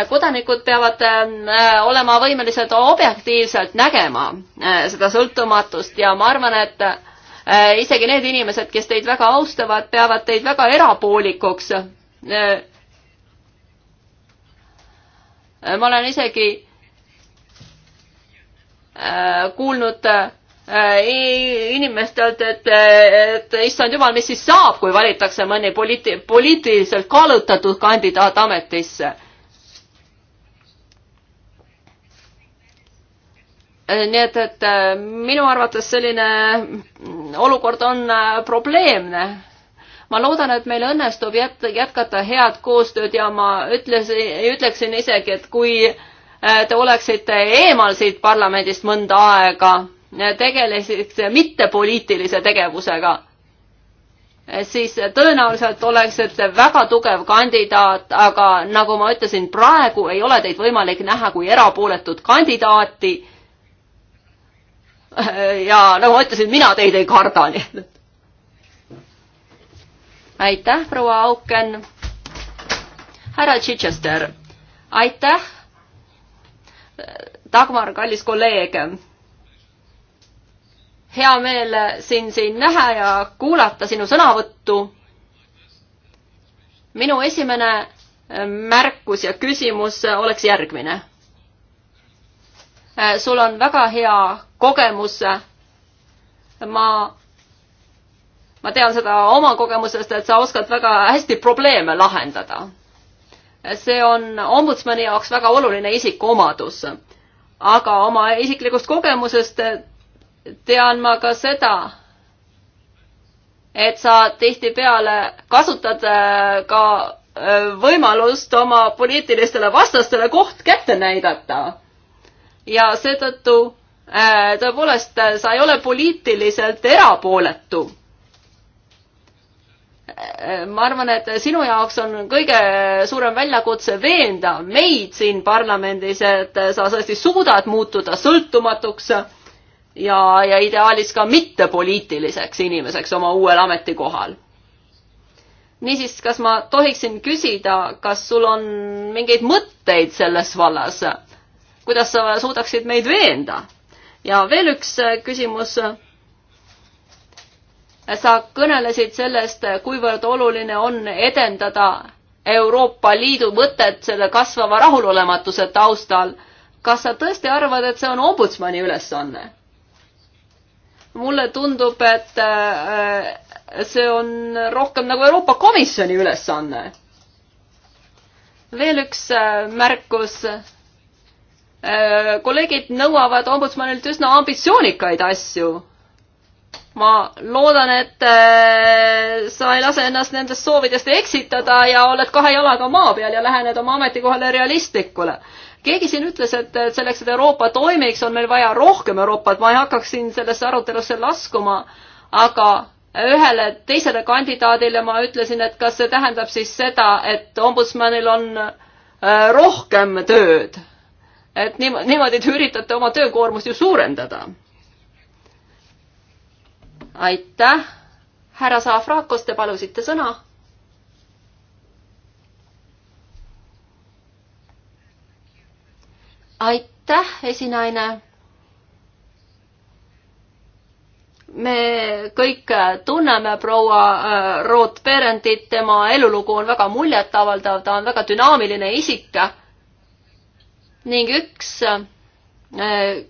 kodanikud peavad olema võimelised objektiivselt nägema seda sõltumatust ja ma arvan, et Äh, isegi need inimesed, kes teid väga austavad, peavad teid väga erapoolikuks. Äh, ma olen isegi äh, kuulnud e-, inimestelt, et, et issand jumal, mis siis saab, kui valitakse mõni poliiti-, poliitiliselt kallutatud kandidaat ametisse. nii et, et minu arvates selline olukord on äh, probleemne. ma loodan, et meil õnnestub jät-, jätkata head koostööd ja ma ütlesin, ütleksin isegi, et kui äh, te oleksite eemal siit parlamendist mõnda aega, äh, tegelesite mittepoliitilise tegevusega, siis tõenäoliselt oleksite väga tugev kandidaat, aga nagu ma ütlesin, praegu ei ole teid võimalik näha kui erapooletut kandidaati ja nagu ma ütlesin, mina teid ei karda, nii et. aitäh, proua Auken. härra Chichester, aitäh. Dagmar, kallis kolleeg. hea meel sind siin näha ja kuulata sinu sõnavõttu. minu esimene eh, märkus ja küsimus oleks järgmine. Eh, sul on väga hea kogemus. ma, ma tean seda oma kogemusest, et sa oskad väga hästi probleeme lahendada. see on ombudsmani jaoks väga oluline isikuomadus. aga oma isiklikust kogemusest tean ma ka seda, et sa tihtipeale kasutad äh, ka äh, võimalust oma poliitilistele vastastele koht kätte näidata. ja seetõttu Äh, tõepoolest, äh, sa ei ole poliitiliselt erapooletu. Äh, ma arvan, et sinu jaoks on kõige suurem väljakutse veenda meid siin parlamendis, et sa tõesti suudad muutuda sõltumatuks ja, ja ideaalis ka mittepoliitiliseks inimeseks oma uuel ametikohal niisiis, kas ma tohiksin küsida, kas sul on mingeid mõtteid selles vallas? kuidas sa suudaksid meid veenda? ja veel üks äh, küsimus. sa kõnelesid sellest, äh, kuivõrd oluline on edendada Euroopa Liidu mõtet selle kasvava rahulolematuse taustal. kas sa tõesti arvad, et see on ombudsmani ülesanne? mulle tundub, et äh, see on rohkem nagu Euroopa Komisjoni ülesanne. veel üks märkus Äh, kolleegid nõuavad ombudsmanilt üsna ambitsioonikaid asju. ma loodan, et äh, sa ei lase ennast nendest soovidest eksitada ja oled kahe jalaga maa peal ja lähened oma ametikohale realistlikule. keegi siin ütles, et selleks, et Euroopa toimiks, on meil vaja rohkem Euroopat, ma ei hakkaks siin sellesse arutelusse laskuma, aga ühele teisele kandidaadile ma ütlesin, et kas see tähendab siis seda, et ombudsmanil on äh, rohkem tööd et niimoodi te üritate oma töökoormust ju suurendada. aitäh, härra Saafrakos, te palusite sõna. aitäh, esinaine. me kõik tunneme proua äh, Roth-Berendit, tema elulugu on väga muljetavaldav, ta on väga dünaamiline isik ning üks äh,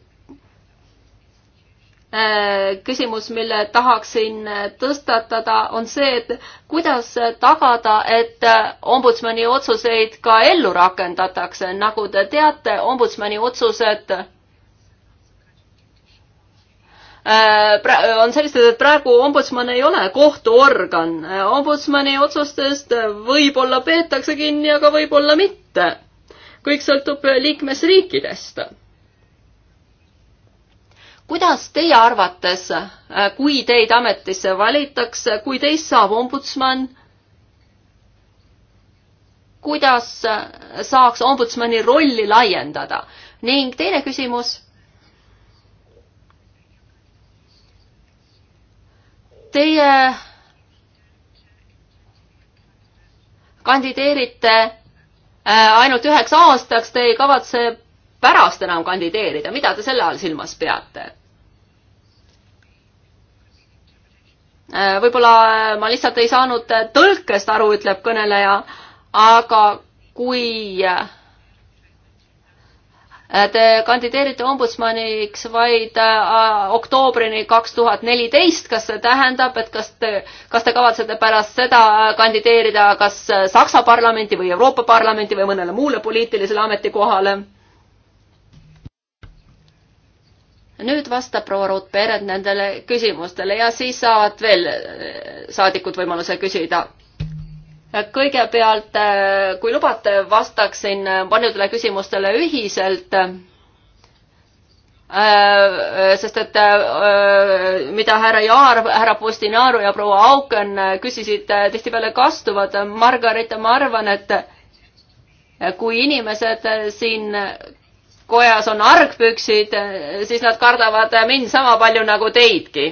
äh, küsimus, mille tahaksin tõstatada, on see, et kuidas tagada, et ombudsmani otsuseid ka ellu rakendatakse, nagu te teate, ombudsmani otsused äh, on sellised, et praegu ombudsman ei ole kohtuorgan. ombudsmani otsustest võib-olla peetakse kinni, aga võib-olla mitte kõik sõltub äh, liikmesriikidest. kuidas teie arvates, äh, kui teid ametisse valitakse, kui teist saab ombudsman, kuidas äh, saaks ombudsmani rolli laiendada ning teine küsimus teie kandideerite Äh, ainult üheks aastaks, te ei kavatse pärast enam kandideerida, mida te selle all silmas peate? Äh, võib-olla äh, ma lihtsalt ei saanud tõlkest aru, ütleb kõneleja, aga kui äh, Äh, te kandideerite ombudsmaniks vaid äh, oktoobrini kaks tuhat neliteist, kas see tähendab, et kas te, kas te kavatsete pärast seda äh, kandideerida kas Saksa parlamenti või Euroopa parlamenti või mõnele muule poliitilisele ametikohale? nüüd vastab proua Ruut Peret nendele küsimustele ja siis saavad veel saadikud võimaluse küsida kõigepealt, äh, kui lubate, vastaksin äh, paljudele küsimustele ühiselt. Äh, sest et mida härra Jaar, härra Postinaru ja proua Auken küsisid, tihtipeale kastuvad. Margaret, ma arvan, et kui inimesed siin kojas on argpüksid, siis nad kardavad mind sama palju nagu teidki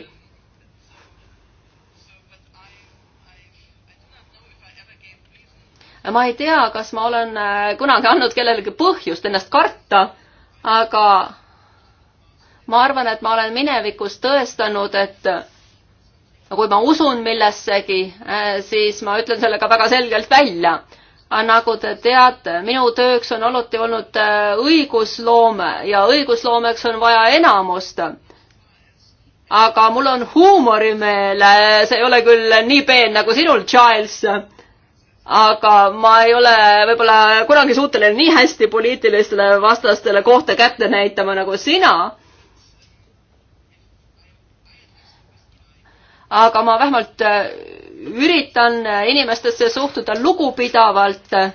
ma ei tea, kas ma olen äh, kunagi andnud kellelegi põhjust ennast karta, aga ma arvan, et ma olen minevikus tõestanud, et kui ma usun millessegi, äh, siis ma ütlen selle ka väga selgelt välja. nagu te teate, minu tööks on alati olnud äh, õigusloome ja õigusloomeks on vaja enamust aga mul on huumorimeel, see ei ole küll nii peen nagu sinul, Giles aga ma ei ole võib-olla kunagi suuteline nii hästi poliitilistele vastastele kohta kätte näitama nagu sina. aga ma vähemalt äh, üritan äh, inimestesse suhtuda lugupidavalt äh,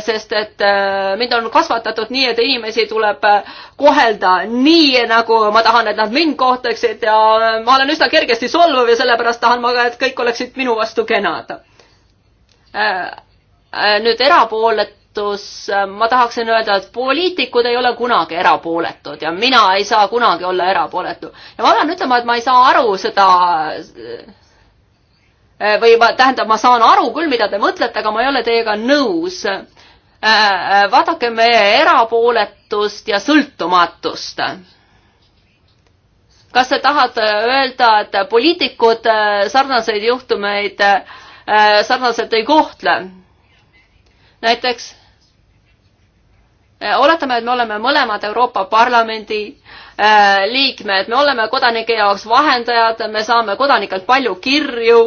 sest et äh, mind on kasvatatud nii, et inimesi tuleb äh, kohelda nii, nagu ma tahan, et nad mind kohtaksid ja äh, ma olen üsna kergesti solvuv ja sellepärast tahan ma ka, et kõik oleksid minu vastu kenad. nüüd erapooletus, ma tahaksin öelda, et poliitikud ei ole kunagi erapooletud ja mina ei saa kunagi olla erapooletu ja ma pean ütlema, et ma ei saa aru seda Äh, või ma, tähendab, ma saan aru küll, mida te mõtlete, aga ma ei ole teiega nõus. Äh, äh, vaadake meie erapooletust ja sõltumatust. kas te tahate öelda, et poliitikud sarnaseid juhtumeid sarnaselt ei kohtle? näiteks oletame, et me oleme mõlemad Euroopa Parlamendi liikmed, me oleme kodanike jaoks vahendajad, me saame kodanikelt palju kirju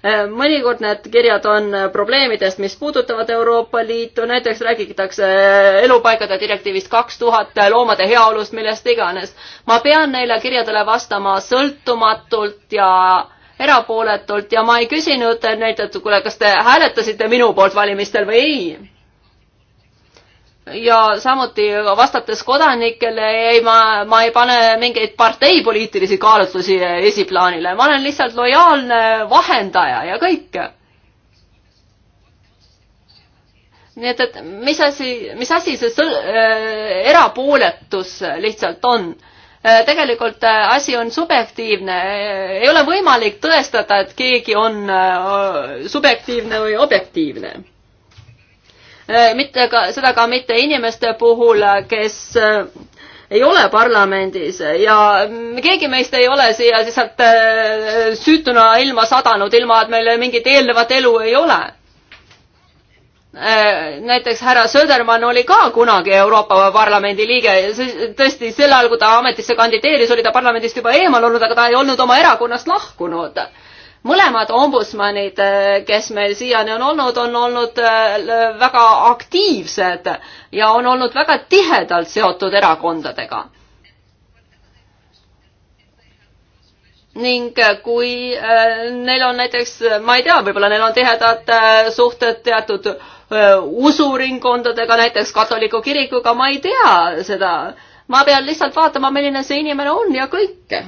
Äh, mõnikord need kirjad on äh, probleemidest, mis puudutavad Euroopa Liitu, näiteks räägitakse äh, elupaikade direktiivist kaks tuhat, loomade heaolust, millest iganes. ma pean neile kirjadele vastama sõltumatult ja erapooletult ja ma ei küsinud neilt, et kuule, kas te hääletasite minu poolt valimistel või ei ja samuti vastates kodanikele, ei ma, ma ei pane mingeid parteipoliitilisi kaalutlusi esiplaanile, ma olen lihtsalt lojaalne vahendaja ja kõik. nii et, et mis asi, mis asi see äh, erapooletus lihtsalt on? Äh, tegelikult äh, asi on subjektiivne, ei ole võimalik tõestada, et keegi on äh, subjektiivne või objektiivne Äh, mitte ka, seda ka mitte inimeste puhul, kes äh, ei ole parlamendis ja keegi meist ei ole siia lihtsalt äh, süütuna ilma sadanud, ilma et meil mingit eelnevat elu ei ole. näiteks härra Söderman oli ka kunagi Euroopa Parlamendi liige, tõesti sel ajal, kui ta ametisse kandideeris, oli ta parlamendist juba eemal olnud, aga ta ei olnud oma erakonnast lahkunud mõlemad ombusmanid, eh, kes meil siiani on olnud, on olnud eh, väga aktiivsed ja on olnud väga tihedalt seotud erakondadega. ning eh, kui neil on näiteks, ma ei tea, võib-olla neil on tihedad suhted teatud usuringkondadega, näiteks katoliku kirikuga, ma ei tea seda. ma pean lihtsalt vaatama, milline see inimene on ja kõike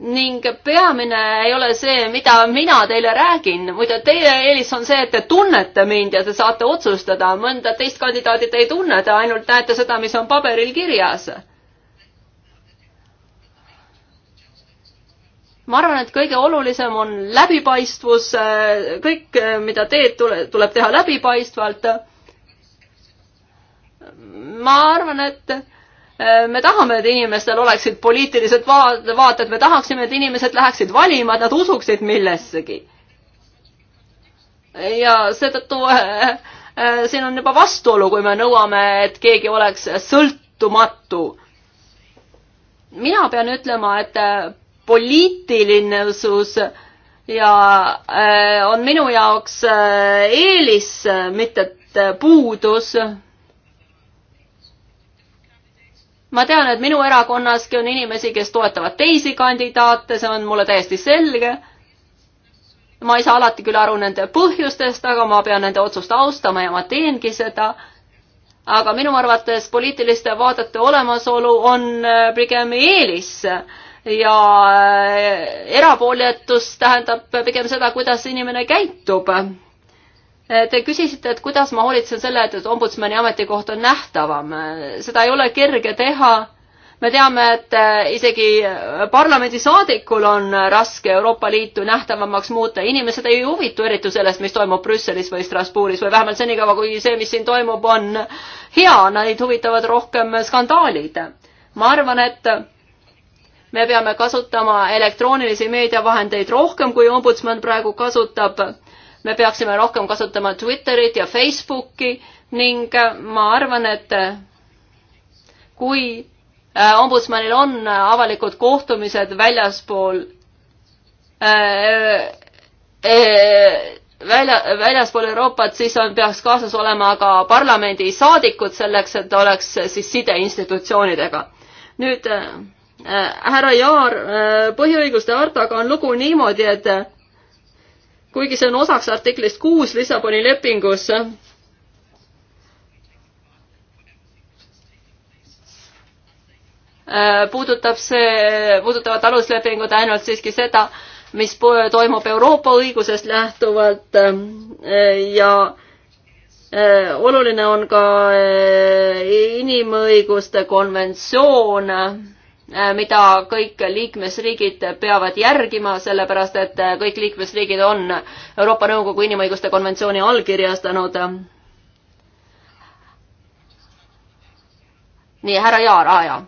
ning peamine ei ole see, mida mina teile räägin, muide teie eelis on see, et te tunnete mind ja te saate otsustada, mõnda teist kandidaadit ei tunne, te ainult näete seda, mis on paberil kirjas. ma arvan, et kõige olulisem on läbipaistvus, kõik, mida teed, tuleb teha läbipaistvalt. ma arvan, et Äh, me tahame, et inimestel oleksid poliitilised vaated, me tahaksime, et inimesed läheksid valima, et nad usuksid millessegi. ja seetõttu äh, äh, siin on juba vastuolu, kui me nõuame, et keegi oleks sõltumatu. mina pean ütlema, et äh, poliitilinsus ja äh, on minu jaoks äh, eelis, mitte puudus ma tean, et minu erakonnaski on inimesi, kes toetavad teisi kandidaate, see on mulle täiesti selge. ma ei saa alati küll aru nende põhjustest, aga ma pean nende otsust austama ja ma teengi seda. aga minu arvates poliitiliste vaadete olemasolu on äh, pigem eelis ja äh, erapooletus tähendab pigem seda, kuidas inimene käitub Te küsisite, et kuidas ma hoolitsen selle, et ombudsmani ametikoht on nähtavam. seda ei ole kerge teha me teame, et äh, isegi parlamendisaadikul on raske Euroopa Liitu nähtavamaks muuta, inimesed ei huvitu eriti sellest, mis toimub Brüsselis või Strasbourgis või vähemalt senikaua, kui see, mis siin toimub, on hea, neid huvitavad rohkem skandaalid. ma arvan, et me peame kasutama elektroonilisi meediavahendeid rohkem, kui ombudsman praegu kasutab me peaksime rohkem kasutama Twitterit ja Facebooki ning äh, ma arvan, et äh, kui äh, ombudsmanil on avalikud kohtumised väljaspool välja, väljaspool Euroopat, siis on, peaks kaasas olema ka parlamendisaadikud selleks, et oleks siis side institutsioonidega. nüüd härra Jaar, põhiõiguste hartaga on lugu niimoodi, et kuigi see on osaks artiklist kuus Lissaboni lepingus, äh, puudutab see, puudutavad aluslepingud ainult siiski seda, mis toimub Euroopa õigusest lähtuvalt äh, ja äh, oluline on ka inimõiguste konventsioon Äh, mida kõik liikmesriigid peavad järgima, sellepärast et äh, kõik liikmesriigid on Euroopa Nõukogu inimõiguste konventsiooni allkirjastanud. nii, härra Jaar, aa jaa.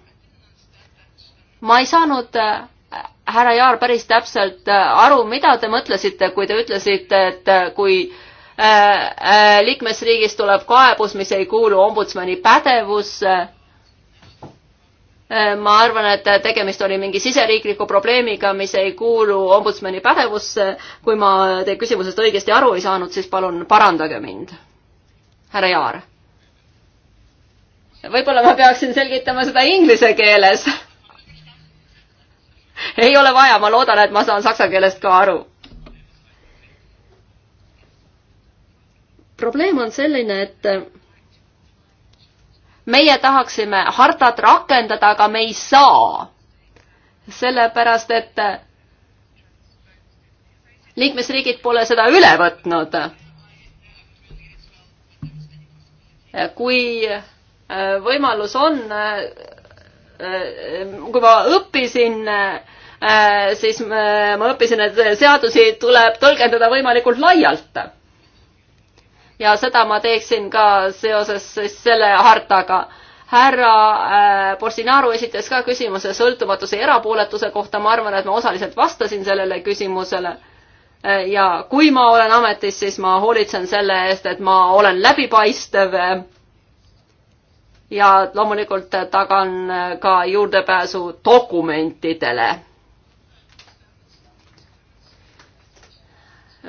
ma ei saanud, äh, härra Jaar, päris täpselt aru, mida te mõtlesite, kui te ütlesite, et kui liikmesriigis tuleb kaebus, mis ei kuulu ombudsmani pädevusse Äh, ma arvan, et tegemist oli mingi siseriikliku probleemiga, mis ei kuulu ombudsmani pädevusse. kui ma teie küsimusest õigesti aru ei saanud, siis palun parandage mind, härra Jaar. võib-olla ma peaksin selgitama seda inglise keeles. ei ole vaja, ma loodan, et ma saan saksa keelest ka aru. probleem on selline, et meie tahaksime hartat rakendada, aga me ei saa. sellepärast, et liikmesriigid pole seda üle võtnud. kui äh, võimalus on, äh, äh, kui ma õppisin siis ma õppisin, et seadusi tuleb tõlgendada võimalikult laialt ja seda ma teeksin ka seoses selle hartaga. härra äh, Postinaru esitas ka küsimuse sõltumatuse ja erapooletuse kohta, ma arvan, et ma osaliselt vastasin sellele küsimusele. Äh, ja kui ma olen ametis, siis ma hoolitsen selle eest, et ma olen läbipaistev ja loomulikult tagan äh, ka juurdepääsu dokumentidele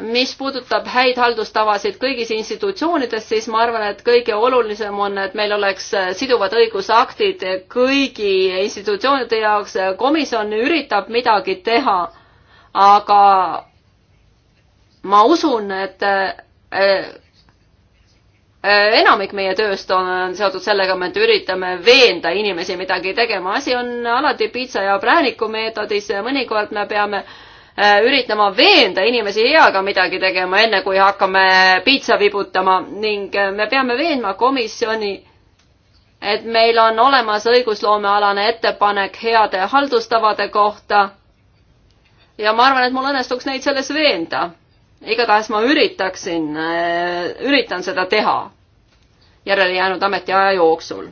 mis puudutab häid haldustavasid kõigis institutsioonides, siis ma arvan, et kõige olulisem on, et meil oleks siduvad õigusaktid kõigi institutsioonide jaoks. komisjon üritab midagi teha, aga ma usun, et eh, enamik meie tööst on seotud sellega, et üritame veenda inimesi midagi tegema. asi on alati piitsa ja prääniku meetodis, mõnikord me peame äh, Äh, üritama veenda inimesi eaga midagi tegema, enne kui hakkame piitsa vibutama ning äh, me peame veenma komisjoni, et meil on olemas õigusloomealane ettepanek heade haldustavade kohta. ja ma arvan, et mul õnnestuks neid selles veenda. igatahes ma üritaksin, äh, üritan seda teha järelejäänud ametiaja jooksul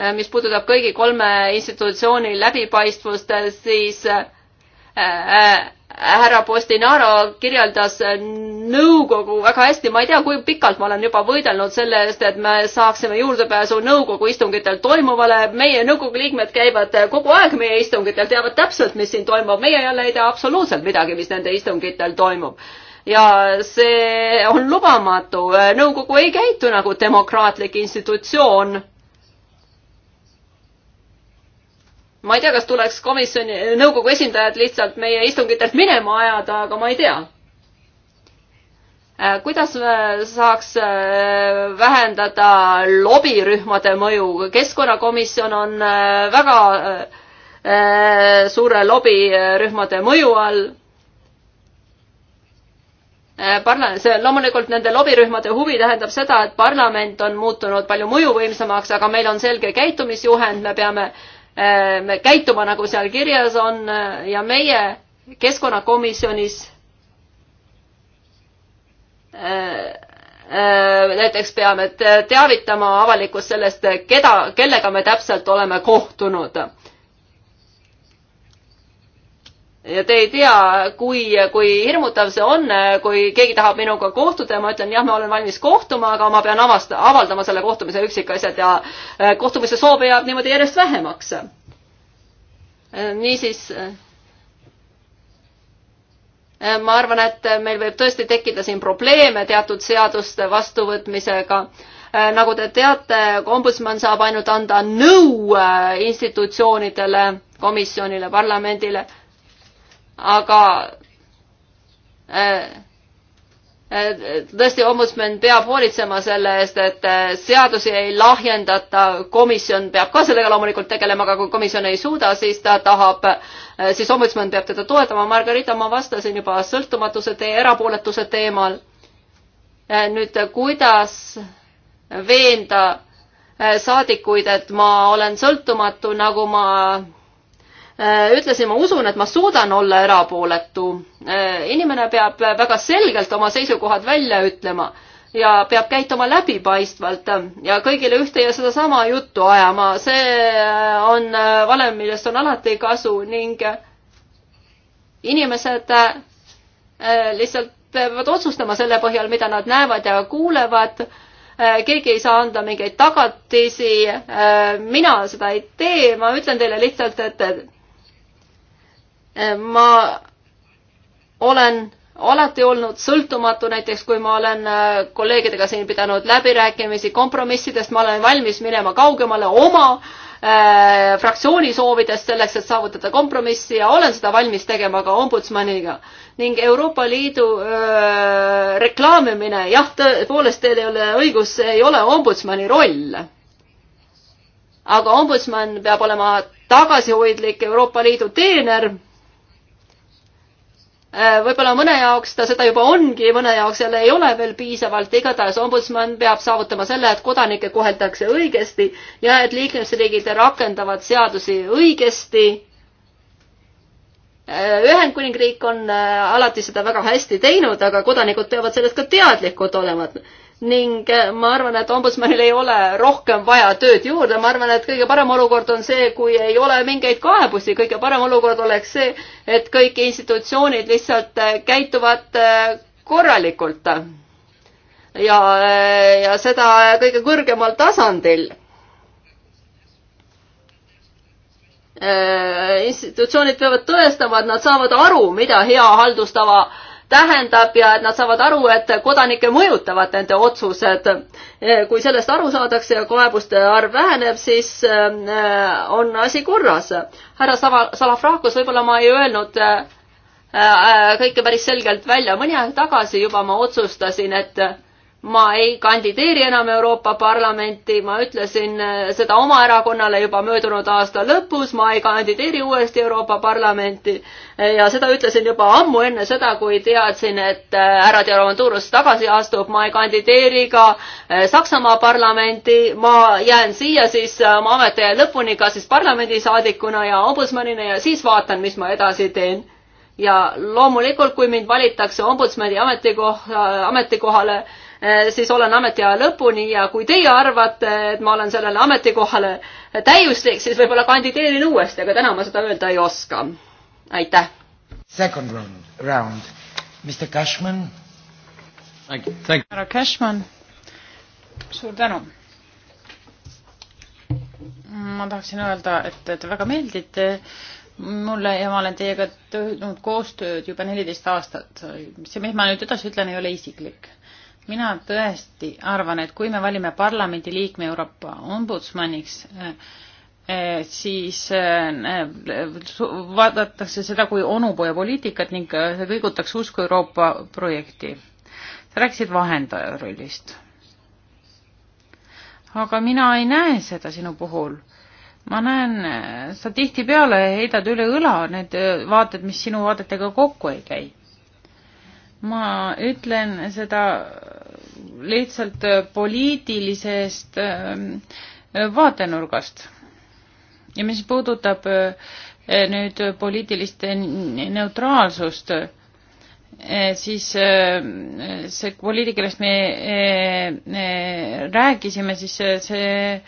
Äh, mis puudutab kõigi kolme institutsiooni läbipaistvust, äh, siis äh, härra Postinaro kirjeldas nõukogu väga hästi, ma ei tea, kui pikalt ma olen juba võidelnud selle eest, et me saaksime juurdepääsu nõukogu istungitel toimuvale. meie nõukogu liikmed käivad kogu aeg meie istungitel, teavad täpselt, mis siin toimub, meie jälle ei tea absoluutselt midagi, mis nende istungitel toimub ja see on lubamatu, nõukogu ei käitu nagu demokraatlik institutsioon ma ei tea, kas tuleks komisjoni, nõukogu esindajad lihtsalt meie istungitelt minema ajada, aga ma ei tea. Äh, kuidas äh, saaks äh, vähendada lobirühmade mõju? keskkonnakomisjon on väga suure lobirühmade mõju all parla-, see loomulikult nende lobirühmade huvi tähendab seda, et parlament on muutunud palju mõjuvõimsamaks, aga meil on selge käitumisjuhend, me peame Äh, me käituma, nagu seal kirjas on äh, ja meie keskkonnakomisjonis äh, näiteks peame teavitama avalikkust sellest, keda, kellega me täpselt oleme kohtunud ja te ei tea, kui, kui hirmutav see on, kui keegi tahab minuga kohtuda ja ma ütlen, jah, ma olen valmis kohtuma, aga ma pean avast-, avaldama selle kohtumise üksikasjad ja äh, kohtumise soove jääb niimoodi järjest vähemaks. Äh, niisiis äh, ma arvan, et meil võib tõesti tekkida siin probleeme teatud seaduste vastuvõtmisega. nagu te teate, ombudsman saab ainult anda nõu institutsioonidele, komisjonile, parlamendile aga äh, äh, tõesti, ombudsman peab hoolitsema selle eest, et äh, seadusi ei lahjendata, komisjon peab ka sellega loomulikult tegelema, aga kui komisjon ei suuda, siis ta tahab, siis ombudsman peab teda toetama. Margarita, ma vastasin juba sõltumatuse tee, erapooletuse teemal. nüüd, kuidas veenda saadikuid, et ma olen sõltumatu, nagu ma Äh, ütlesin, ma usun, et ma suudan olla erapooletu. Äh, inimene peab väga selgelt oma seisukohad välja ütlema ja peab käituma läbipaistvalt ja kõigile ühte ja sedasama juttu ajama. see äh, on valem, millest on alati kasu ning inimesed lihtsalt peavad otsustama selle põhjal, mida nad näevad ja kuulevad keegi ei saa anda mingeid tagatisi, mina seda ei tee, ma ütlen teile lihtsalt, et Äh, ma olen alati olnud sõltumatu, näiteks kui ma olen äh, kolleegidega siin pidanud läbirääkimisi kompromissidest, ma olen valmis minema kaugemale oma äh, fraktsiooni soovidest selleks, et saavutada kompromissi ja olen seda valmis tegema ka ombudsmaniga. ning Euroopa Liidu äh, reklaamimine, jah, tõepoolest, teil ei ole õigus, see ei ole ombudsmani roll. aga ombudsman peab olema tagasihoidlik Euroopa Liidu teener Äh, võib-olla mõne jaoks ta seda juba ongi, mõne jaoks jälle ei ole veel piisavalt, igatahes ombudsman peab saavutama selle, et kodanikke koheldakse õigesti ja et liikmesriigid rakendavad seadusi õigesti. Äh, Ühendkuningriik on äh, alati seda väga hästi teinud, aga kodanikud peavad sellest ka teadlikud olema ning äh, ma arvan, et ombudsmanil ei ole rohkem vaja tööd juurde, ma arvan, et kõige parem olukord on see, kui ei ole mingeid kaebusi, kõige parem olukord oleks see, et kõik institutsioonid lihtsalt äh, käituvad äh, korralikult. ja, ja seda kõige kõrgemal tasandil. institutsioonid peavad tõestama, et nad saavad aru, mida hea haldustava äh, tähendab ja et nad saavad aru, et kodanikke mõjutavad nende otsused. kui sellest aru saadakse ja kaebuste arv väheneb, siis äh, on asi korras. härra Sava-, Salafrakos, võib-olla ma ei öelnud äh, äh, kõike päris selgelt välja, mõni aeg tagasi juba ma otsustasin, et ma ei kandideeri enam Euroopa Parlamenti, ma ütlesin äh, seda oma erakonnale juba möödunud aasta lõpus, ma ei kandideeri uuesti Euroopa Parlamenti äh, ja seda ütlesin juba ammu enne seda, kui teadsin, et äh, härra Diamanturus tagasi astub, ma ei kandideeri ka Saksamaa parlamenti, ma jään siia siis oma ametiaja lõpuni ka siis parlamendisaadikuna ja ombudsmanina ja siis vaatan, mis ma edasi teen ja loomulikult, kui mind valitakse ombudsmani ametikoha, ametikohale, Eh, siis olen ametiaja lõpuni ja kui teie arvate, et ma olen sellele ametikohale täiuslik, siis võib-olla kandideerin uuesti, aga täna ma seda öelda ei oska. aitäh. Second round, round. Mr Cashman. härra Cashman, suur tänu. ma tahaksin öelda, et te väga meeldite mulle ja ma olen teiega teinud koostööd juba neliteist aastat. see, mis ma nüüd edasi ütlen, ei ole isiklik mina tõesti arvan, et kui me valime parlamendi liikme Euroopa ombudsmaniks, eh, eh, siis eh, vaadatakse seda kui onupojapoliitikat ning see kõigutakse usku Euroopa projekti. sa rääkisid vahendaja rollist. aga mina ei näe seda sinu puhul. ma näen, sa tihtipeale heidad üle õla need vaated, mis sinu vaadetega kokku ei käi ma ütlen seda lihtsalt äh, poliitilisest ähm, äh, vaatenurgast. ja mis puudutab äh, nüüd poliitilist neutraalsust, siis see poliitika, millest me rääkisime, siis see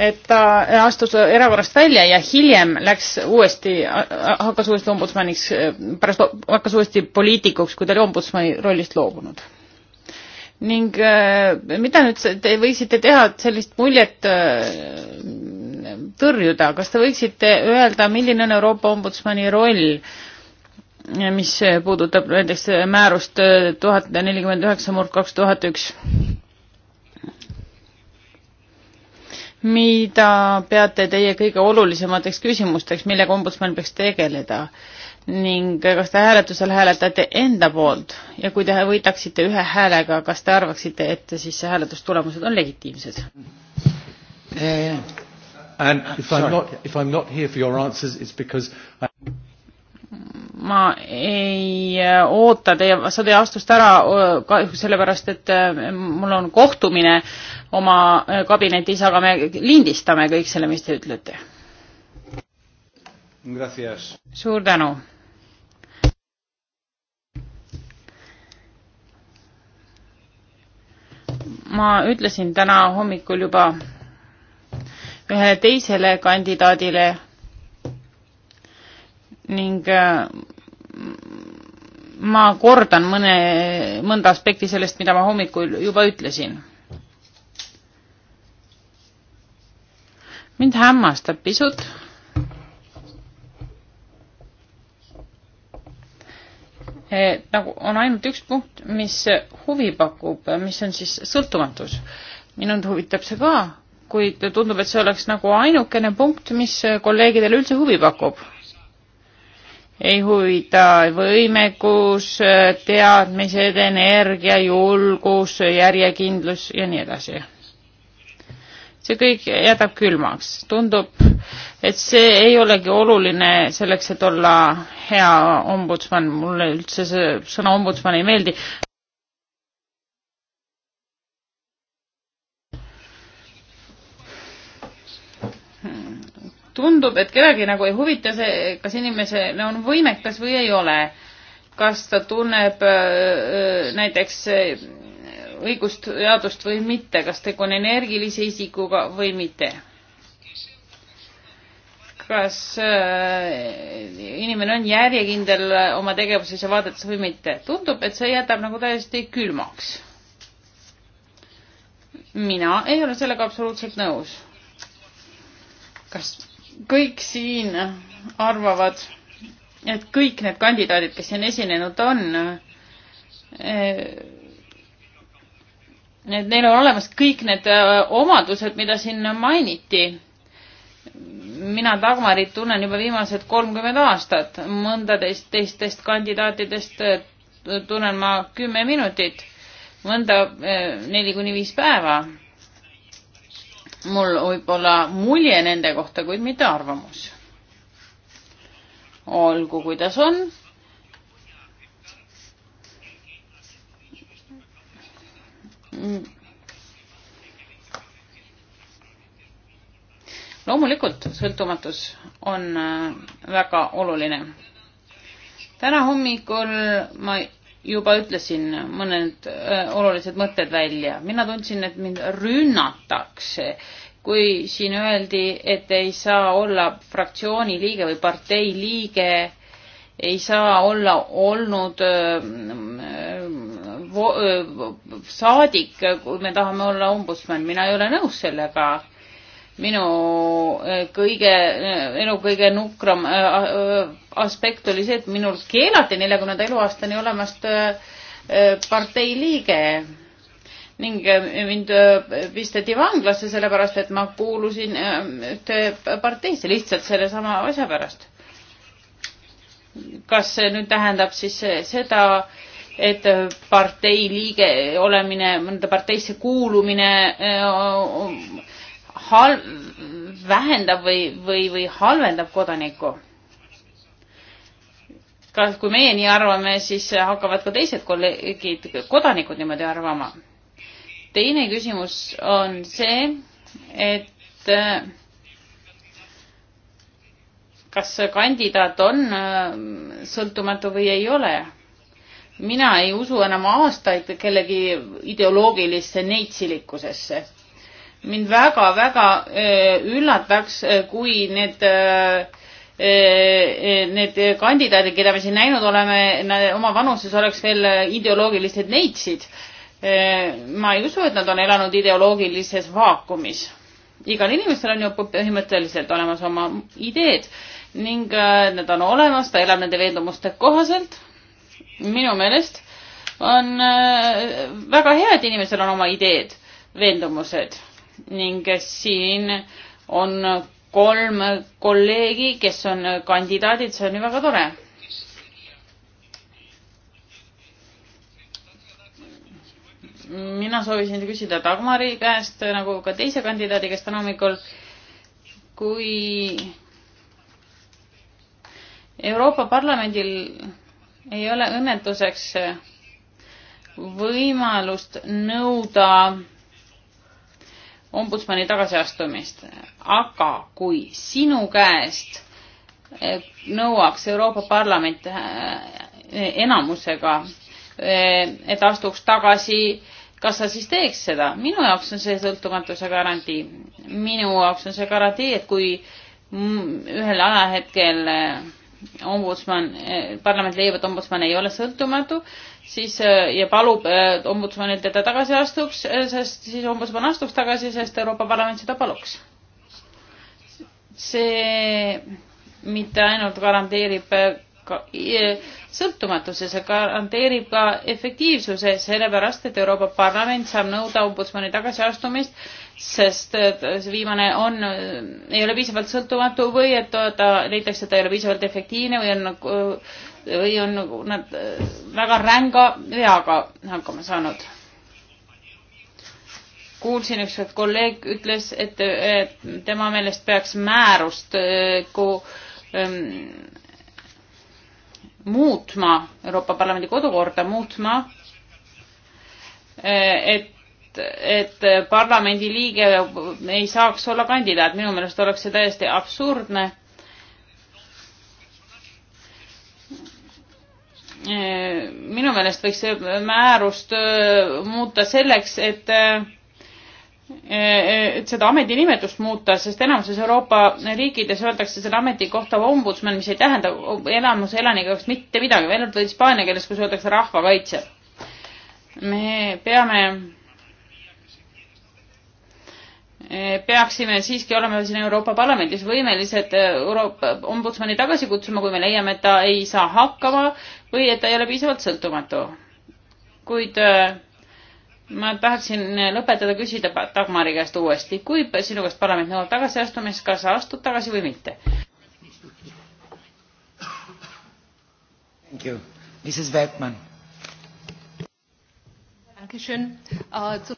et ta astus erakorrast välja ja hiljem läks uuesti, hakkas uuesti ombudsmaniks, pärast hakkas uuesti poliitikuks, kui ta oli ombudsmani rollist loobunud. ning äh, mida nüüd te võiksite teha, et sellist muljet äh, tõrjuda, kas te võiksite öelda, milline on Euroopa ombudsmani roll? mis puudutab näiteks määrust äh, tuhat nelikümmend üheksa murd kaks tuhat üks mida peate teie kõige olulisemateks küsimusteks, millega ombudsman peaks tegeleda ning kas te hääletusel hääletate enda poolt ja kui te võidaksite ühe häälega, kas te arvaksite, et siis see hääletustulemused on legitiimsed eh,? And if I am not, if I am not here for your answers, it's because I mm ma ei äh, oota teie, teie astust ära äh, kahjuks sellepärast, et äh, mul on kohtumine oma kabinetis, aga me lindistame kõik selle, mis te ütlete. suur tänu. ma ütlesin täna hommikul juba ühele teisele kandidaadile ning äh, ma kordan mõne, mõnda aspekti sellest, mida ma hommikul juba ütlesin. mind hämmastab pisut et nagu on ainult üks punkt, mis huvi pakub, mis on siis sõltumatus. mind huvitab see ka, kuid tundub, et see oleks nagu ainukene punkt, mis kolleegidele üldse huvi pakub ei huvita võimekus, teadmised, energia, julgus, järjekindlus ja nii edasi. see kõik jätab külmaks, tundub, et see ei olegi oluline selleks, et olla hea ombudsman, mulle üldse see sõna ombudsman ei meeldi, tundub, et kedagi nagu ei huvita see, kas inimesel on võimekas või ei ole. kas ta tunneb äh, näiteks äh, õigust, teadust või mitte, kas tegu on energilise isikuga või mitte. kas äh, inimene on järjekindel oma tegevuses ja vaadetes või mitte. tundub, et see jätab nagu täiesti külmaks. mina ei ole sellega absoluutselt nõus kas kõik siin arvavad, et kõik need kandidaadid, kes siin esinenud on, eh, et neil on olemas kõik need eh, omadused, mida siin mainiti. mina Dagmarit tunnen juba viimased kolmkümmend aastat, mõnda teist, teistest kandidaatidest eh, tunnen ma kümme minutit, mõnda neli kuni viis päeva mul võib-olla mulje nende kohta, kuid mitte arvamus. olgu, kuidas on. loomulikult sõltumatus on äh, väga oluline. täna hommikul ma juba ütlesin mõned äh, olulised mõtted välja. mina tundsin, et mind rünnatakse, kui siin öeldi, et ei saa olla fraktsiooni liige või partei liige, ei saa olla olnud äh, vo, äh, saadik, kui me tahame olla ombudsman. mina ei ole nõus sellega äh, minu äh, kõige, äh, elu kõige nukram äh, aspekt oli see, et minul keelati neljakümnenda eluaastani olemast partei liige ning mind pisteti vanglasse sellepärast, et ma kuulusin ühte parteisse lihtsalt sellesama asja pärast. kas see nüüd tähendab siis seda, et partei liige olemine, mõnda parteisse kuulumine hal-, vähendab või, või, või halvendab kodanikku. kas, kui meie nii arvame, siis hakkavad ka teised kolleegid, kodanikud niimoodi arvama. teine küsimus on see, et kas kandidaat on äh, sõltumatu või ei ole mina ei usu enam aastaid kellegi ideoloogilisse neitsilikusesse mind väga-väga äh, üllataks, äh, kui need, äh, need kandidaadid, keda me siin näinud oleme, oma vanuses oleks veel ideoloogilised neitsid. ma ei usu, et nad on elanud ideoloogilises vaakumis. igal inimesel on ju põhimõtteliselt olemas oma ideed ning need on olemas, ta elab nende veendumuste kohaselt. minu meelest on väga hea, et inimesel on oma ideed, veendumused ning siin on kolm kolleegi, kes on kandidaadid, see on ju väga tore. mina soovisin küsida Dagmari käest nagu ka teise kandidaadi käest täna hommikul, kui Euroopa Parlamendil ei ole õnnetuseks võimalust nõuda ombudsmani tagasiastumist, aga kui sinu käest eh, nõuaks Euroopa Parlament eh, enamusega, eh, et astuks tagasi, kas sa siis teeks seda? minu jaoks on see sõltumatuse garantii. minu jaoks on see garantii, et kui mm, ühel ajahetkel ombudsman, parlament leiab, et ombudsman ei ole sõltumatu, siis äh, ja palub äh, ombudsmanilt, et ta tagasi astuks, äh, sest siis ombudsman astuks tagasi, sest Euroopa Parlament seda paluks. see mitte ainult garanteerib ka, sõltumatuse, see garanteerib ka efektiivsuse, sellepärast et Euroopa Parlament saab nõuda ombudsmani tagasiastumist, sest see viimane on, ei ole piisavalt sõltumatu või et ta leitakse, et ta ei ole piisavalt efektiivne või on või on nagu nad äh, väga ränga veaga hakkama saanud. kuulsin ükskord kolleeg ütles, et tema meelest peaks määrust äh, kui ähm, muutma, Euroopa Parlamendi kodukorda muutma, äh, et et parlamendi liige ei saaks olla kandidaat, minu meelest oleks see täiesti absurdne minu meelest võiks määrust muuta selleks, et et seda ametinimetust muuta, sest enamuses Euroopa riikides öeldakse selle ameti kohta ombudsman, mis ei tähenda enamuse elanike jaoks mitte midagi, välja arvatud hispaania keeles, kus öeldakse rahvakaitse. me peame peaksime siiski olema siin Euroopa Parlamendis võimelised eh, Euroopa ombudsmani tagasi kutsuma, kui me leiame, et ta ei saa hakkama või et ta ei ole piisavalt sõltumatu. kuid eh, ma tahaksin lõpetada, küsida Dagmari käest uuesti, kui sinu käest parlament nõuab tagasiastumist, kas sa astud tagasi või mitte? Thank you. Mrs. Bergmann. Dankeschön. Uh, zu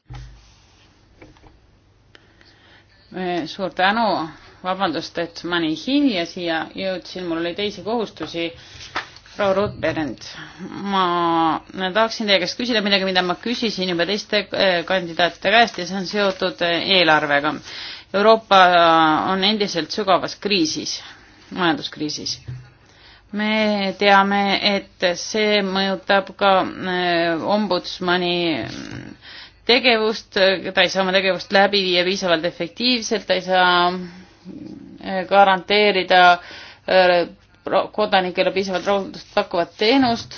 Eh, suur tänu, vabandust, et ma nii hilja siia jõudsin, mul oli teisi kohustusi. proua Rutberend, ma tahaksin teie käest küsida midagi, mida ma küsisin juba teiste eh, kandidaatide käest ja see on seotud eh, eelarvega. Euroopa on endiselt sügavas kriisis, majanduskriisis me teame, et see mõjutab ka ombudsmani tegevust, ta ei saa oma tegevust läbi viia piisavalt efektiivselt, ta ei saa äh, garanteerida äh, kodanikele piisavalt rahuldust pakkuvat teenust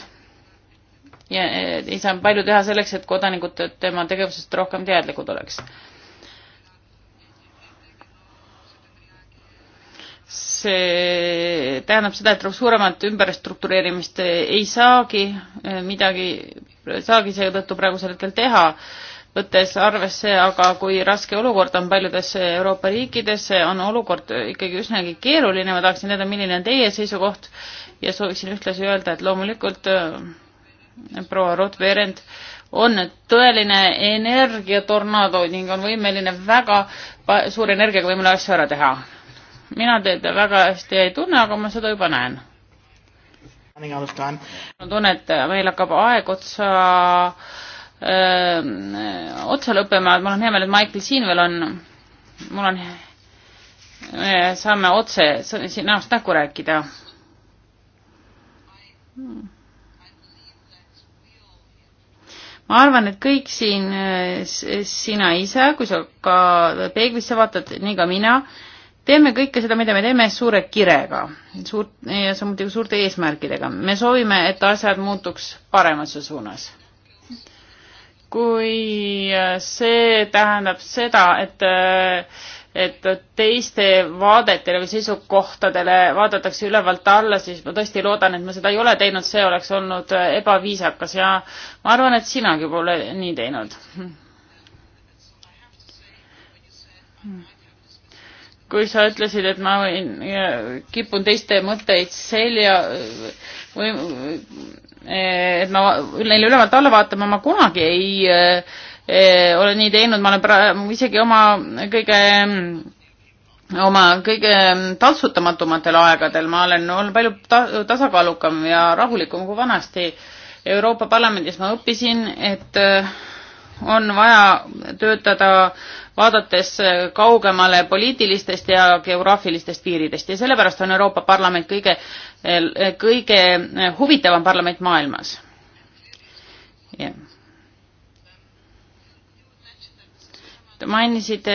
ja äh, ei saa palju teha selleks, et kodanikud tema tegevusest rohkem teadlikud oleks. see tähendab seda, et suuremat ümberstruktureerimist ei saagi midagi, saagi seetõttu praegusel hetkel teha võttes arvesse aga, kui raske olukord on paljudes Euroopa riikides, on olukord ikkagi üsnagi keeruline, ma tahaksin teada, milline on teie seisukoht ja sooviksin ühtlasi öelda, et loomulikult äh, proua Roth-Berend on tõeline energiatornado ning on võimeline väga suure energiaga võimalik asju ära teha. mina teid väga hästi ei tunne, aga ma seda juba näen. ma tunnen, et meil hakkab aeg otsa otsa lõppema, mul on hea meel, et Michael siin veel on. mul on, saame otse siin näost näkku rääkida. ma arvan, et kõik siin, sina ise, kui sa ka peeglisse vaatad, nii ka mina, teeme kõike seda, mida me teeme, suure kirega, suurt, samuti suurte eesmärkidega. me soovime, et asjad muutuks paremasse suunas kui äh, see tähendab seda, et äh, et teiste vaadetele või seisukohtadele vaadatakse ülevalt alla, siis ma tõesti loodan, et ma seda ei ole teinud, see oleks olnud äh, ebaviisakas ja ma arvan, et sinagi pole nii teinud. kui sa ütlesid, et ma võin, kipun teiste mõtteid selja või Eh, et ma neile ülevalt alla vaatama ma kunagi ei eh, eh ole nii teinud, ma olen praegu isegi oma kõige oma kõige taltsutamatumatel aegadel ma olen olnud palju ta tasakaalukam ja rahulikum kui vanasti. Euroopa Parlamendis ma õppisin, et eh, on vaja töötada vaadates kaugemale poliitilistest ja geograafilistest piiridest ja sellepärast on Euroopa Parlament kõige Eh, kõige eh, huvitavam parlament maailmas yeah.. Te mainisite,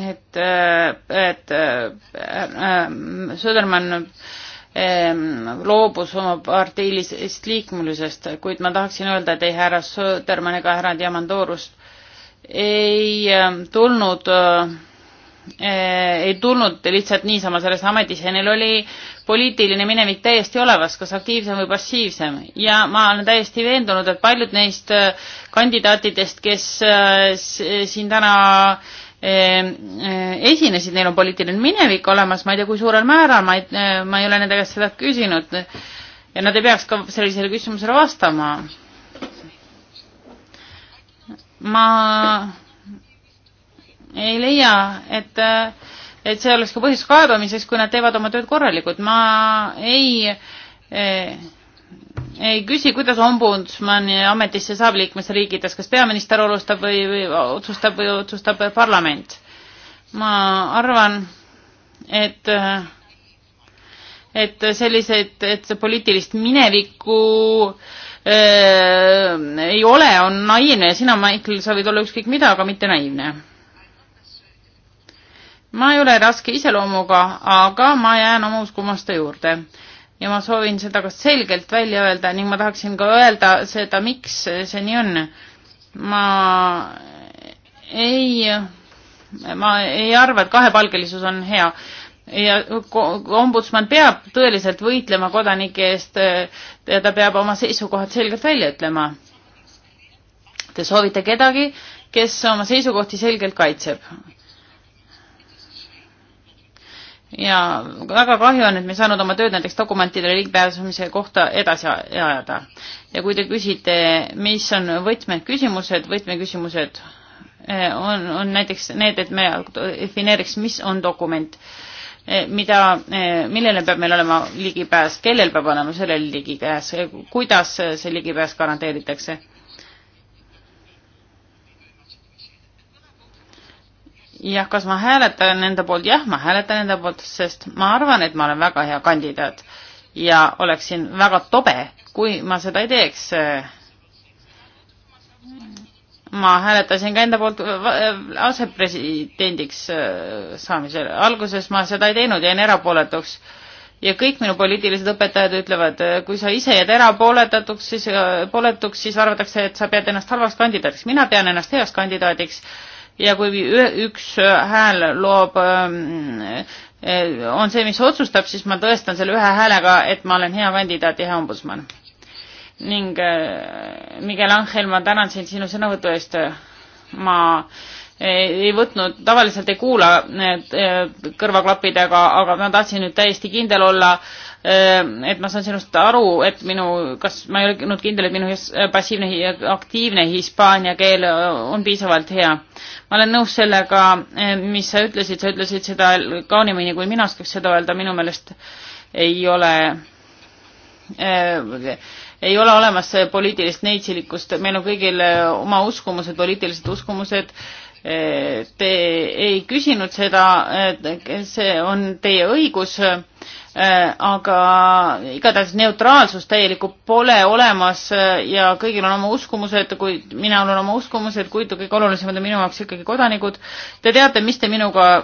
et, eh, et äh, Söderman loobus oma parteilisest liikmelisest, kuid ma tahaksin öelda, et ei härra Söderman ega härra Diamandorust ei tulnud äh, Eh, ei tulnud lihtsalt niisama sellesse ametisse ja neil oli poliitiline minevik täiesti olemas, kas aktiivsem või passiivsem ja ma olen täiesti veendunud, et paljud neist eh, kandidaatidest, kes eh, siin täna esinesid, neil on poliitiline minevik olemas, ma ei tea, kui suurel määral, ma ei, ma ei ole nende käest seda küsinud ja nad ei peaks ka sellisele küsimusele vastama. ma ei leia, et, et see oleks ka põhjus kaebamiseks, kui nad teevad oma tööd korralikult. ma ei, eh, ei küsi, kuidas ombudsmani ametisse saab liikmesriikides, kas peaminister alustab või, või otsustab või otsustab parlament. ma arvan, et et selliseid, et see poliitilist minevikku äh, ei ole, on naiivne ja sina, Maicel, sa võid olla ükskõik mida, aga mitte naiivne ma ei ole raske iseloomuga, aga ma jään oma uskumuste juurde ja ma soovin seda ka selgelt välja öelda ning ma tahaksin ka öelda seda, miks see nii on. ma ei, ma ei arva, et kahepalgelisus on hea ja ombudsman peab tõeliselt võitlema kodanike eest ja ta peab oma seisukohad selgelt välja ütlema. Te soovite kedagi, kes oma seisukohti selgelt kaitseb ja väga kahju on, et me ei saanud oma tööd näiteks dokumentidele ligipääsemise kohta edasi ajada. ja kui te küsite, mis on võtmeküsimused, võtmeküsimused eh, on, on näiteks need, et me defineeriks, mis on dokument, eh, mida, eh, millele peab meil olema ligipääs, kellel peab olema sellele ligipääs, kuidas see ligipääs garanteeritakse jah, kas ma hääletan enda poolt, jah, ma hääletan enda poolt, sest ma arvan, et ma olen väga hea kandidaat ja oleksin väga tobe, kui ma seda ei teeks. ma hääletasin ka enda poolt äh, äh, asepresidendiks äh, saamisel, alguses ma seda ei teinud, jäin erapooletuks ja kõik minu poliitilised õpetajad ütlevad, kui sa ise jääd erapooletuks, siis, pooletuks, siis arvatakse, et sa pead ennast halvaks kandidaadiks. mina pean ennast heaks kandidaadiks ja kui üks äh, hääl loob, ähm, äh, on see, mis otsustab, siis ma tõestan selle ühe häälega, et ma olen hea kandidaat ja hea ombudsman. ning äh, Miguel Angel, ma tänan sind sinu sõnavõtu eest. ma ei võtnud, tavaliselt ei kuula need eh, kõrvaklapidega, aga ma tahtsin nüüd täiesti kindel olla, eh, et ma saan sinust aru, et minu, kas ma ei olnud kindel, et minu passiivne ja aktiivne hispaania keel eh, on piisavalt hea. ma olen nõus sellega, mis sa ütlesid, sa ütlesid seda kaunimini, kui mina oskaks seda öelda, minu meelest ei ole ei ole olemas poliitilist neitsilikkust, meil on kõigil oma uskumused, poliitilised uskumused Te ei küsinud seda, see on teie õigus, aga igatahes neutraalsust täielikku pole olemas ja kõigil on oma uskumused, kuid mina olen oma uskumused, kuid kõige olulisemad on minu jaoks ikkagi kodanikud. Te teate, mis te minuga,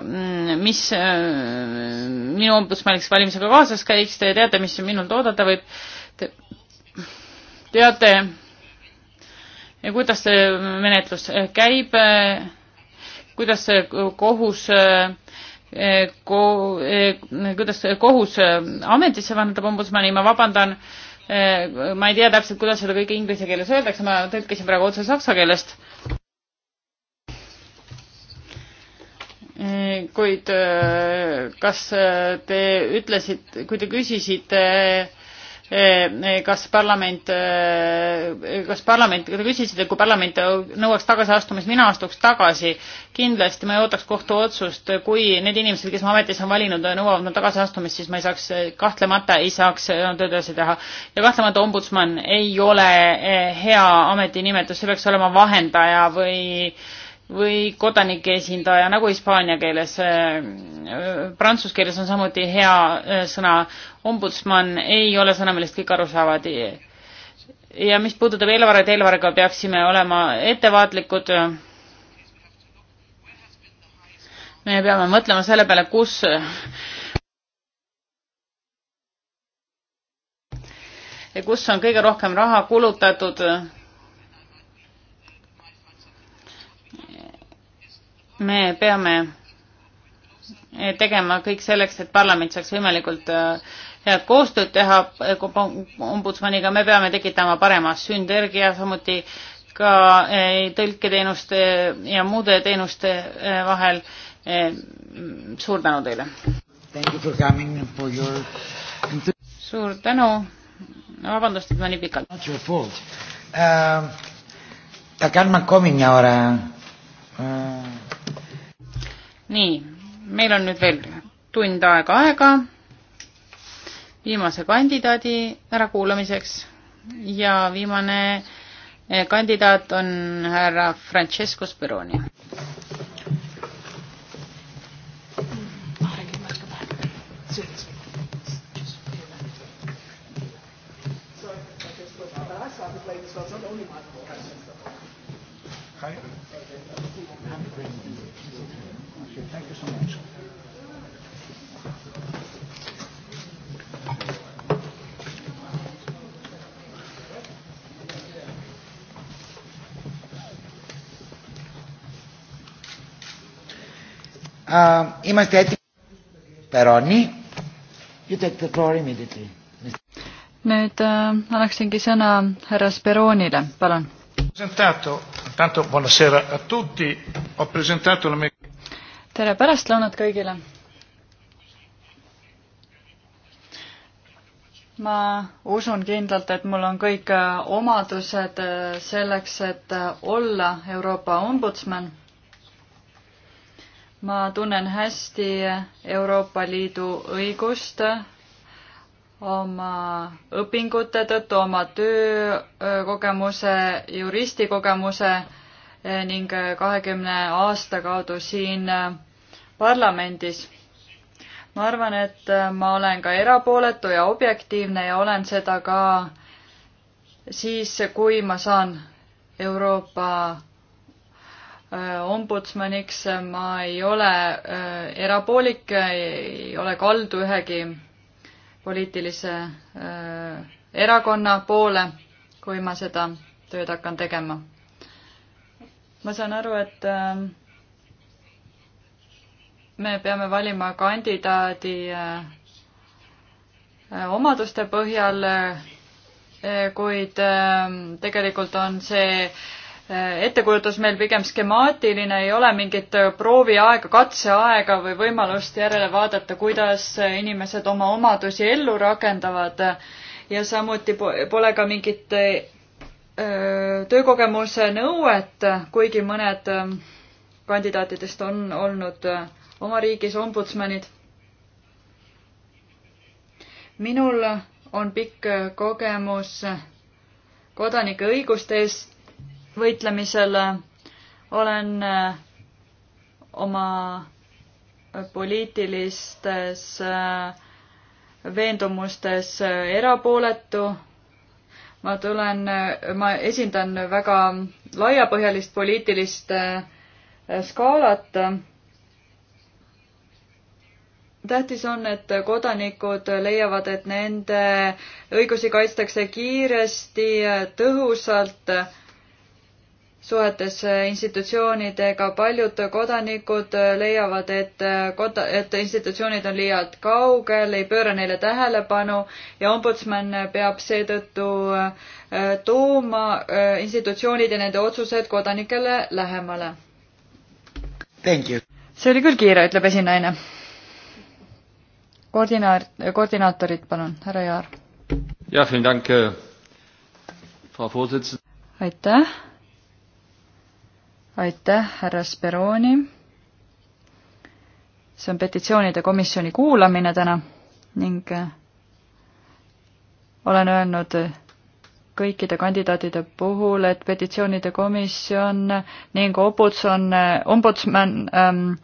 mis minu ombudsmaniks valimisega kaasas käiks, te teate, mis minult oodata võib. Te teate, kuidas see menetlus käib kuidas kohus eh, ko-, eh, kuidas kohus eh, ametisse vannetab ombudsmani, ma vabandan, ma ei tea täpselt, kuidas seda kõike inglise keeles öeldakse, ma tõlkisin praegu otse saksa keelest. kuid kas te ütlesite, kui te küsisite äh, Eh, eh, kas parlament, eh, kas parlament, te küsisite, kui parlament nõuaks tagasiastumist, mina astuks tagasi. kindlasti ma ei ootaks kohtuotsust, kui need inimesed, kes ma ametis on valinud, nõuavad mu tagasiastumist, siis ma ei saaks, kahtlemata ei saaks tööd edasi teha. ja kahtlemata ombudsman ei ole hea ametinimetus, see peaks olema vahendaja või äh, või kodanike esindaja nagu hispaania keeles. Äh, prantsuse keeles on samuti hea äh, sõna ombudsman, ei ole sõna, millest kõik aru saavad. ja mis puudutab eelarvet, eelarvega peaksime olema ettevaatlikud. me peame mõtlema selle peale, kus kus on kõige rohkem raha kulutatud me peame eh, tegema kõik selleks, et parlament saaks võimalikult eh, head koostööd teha eh, ombudsmaniga, me peame tekitama parema sünergia, samuti ka tõlketeenuste ja muude teenuste vahel. suur tänu teile! You your... suur tänu, vabandust, et ma nii pikalt. Not your fault uh,. ta kann ma komin ja ora uh nii, meil on nüüd veel tund aega aega viimase kandidaadi ärakuulamiseks ja viimane eh, kandidaat on härra Francesco Speroni. Hi you. Thank you so much. Uh, είμαστε έτοιμοι. Περώνει. You take the floor immediately. Nüüd äh, annaksingi sõna härra Speroonile, palun. Tanto buonasera a tutti. Ho presentato la mia tere pärastlõunat kõigile. ma usun kindlalt, et mul on kõik äh, omadused äh, selleks, et äh, olla Euroopa ombudsman. ma tunnen hästi Euroopa Liidu õigust oma õpingute tõttu, oma töökogemuse, juristikogemuse ning kahekümne aasta kaudu siin parlamendis. ma arvan, et äh, ma olen ka erapooletu ja objektiivne ja olen seda ka siis, kui ma saan Euroopa äh, ombudsmaniks, ma ei ole äh, erapoolik, ei ole kaldu ühegi poliitilise erakonna poole, kui ma seda tööd hakkan tegema. ma saan aru, et me peame valima kandidaadi äh, omaduste põhjal, äh, kuid äh, tegelikult on see ettekujutus meil pigem skemaatiline, ei ole mingit prooviaega, katseaega või võimalust järele vaadata, kuidas inimesed oma omadusi ellu rakendavad ja samuti pole ka mingit töökogemuse nõuet, kuigi mõned kandidaatidest on olnud oma riigis ombudsmanid. minul on pikk kogemus kodanike õiguste eest võitlemisel. olen äh, oma poliitilistes äh, veendumustes äh, erapooletu. ma tulen, ma esindan väga laiapõhjalist poliitilist skaalat tähtis on, et kodanikud leiavad, et nende õigusi kaitstakse kiiresti, tõhusalt suhetes institutsioonidega. paljud kodanikud leiavad, et kod-, et institutsioonid on liialt kaugel, ei pööra neile tähelepanu ja ombudsman peab seetõttu äh, tooma äh, institutsioonid ja nende otsused kodanikele lähemale. see oli küll kiire, ütleb esinaine koordinaar, koordinaatorid, palun, härra Jaar. jah, dank, äh, Frau Vorsitzende. aitäh. aitäh, härra Speroni. see on petitsioonide komisjoni kuulamine täna ning äh, olen öelnud kõikide kandidaatide puhul, et petitsioonide komisjon ning obutson, ombudsman ähm,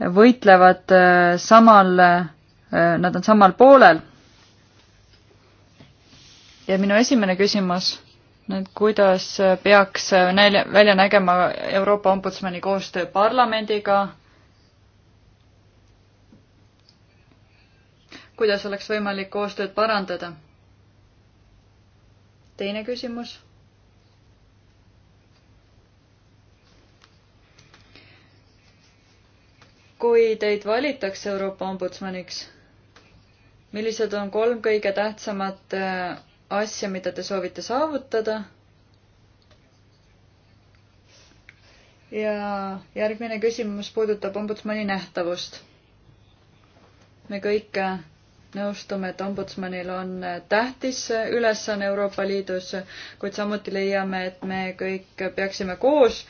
võitlevad äh, samal, äh, nad on samal poolel. ja minu esimene küsimus, et kuidas peaks nälja, välja nägema Euroopa Ombudsmani koostöö parlamendiga, kuidas oleks võimalik koostööd parandada? teine küsimus kui teid valitakse Euroopa ombudsmaniks, millised on kolm kõige tähtsamat äh, asja, mida te soovite saavutada? ja järgmine küsimus puudutab ombudsmani nähtavust. me kõik äh, nõustume, et ombudsmanil on äh, tähtis ülesanne Euroopa Liidus, kuid samuti leiame, et me kõik peaksime koos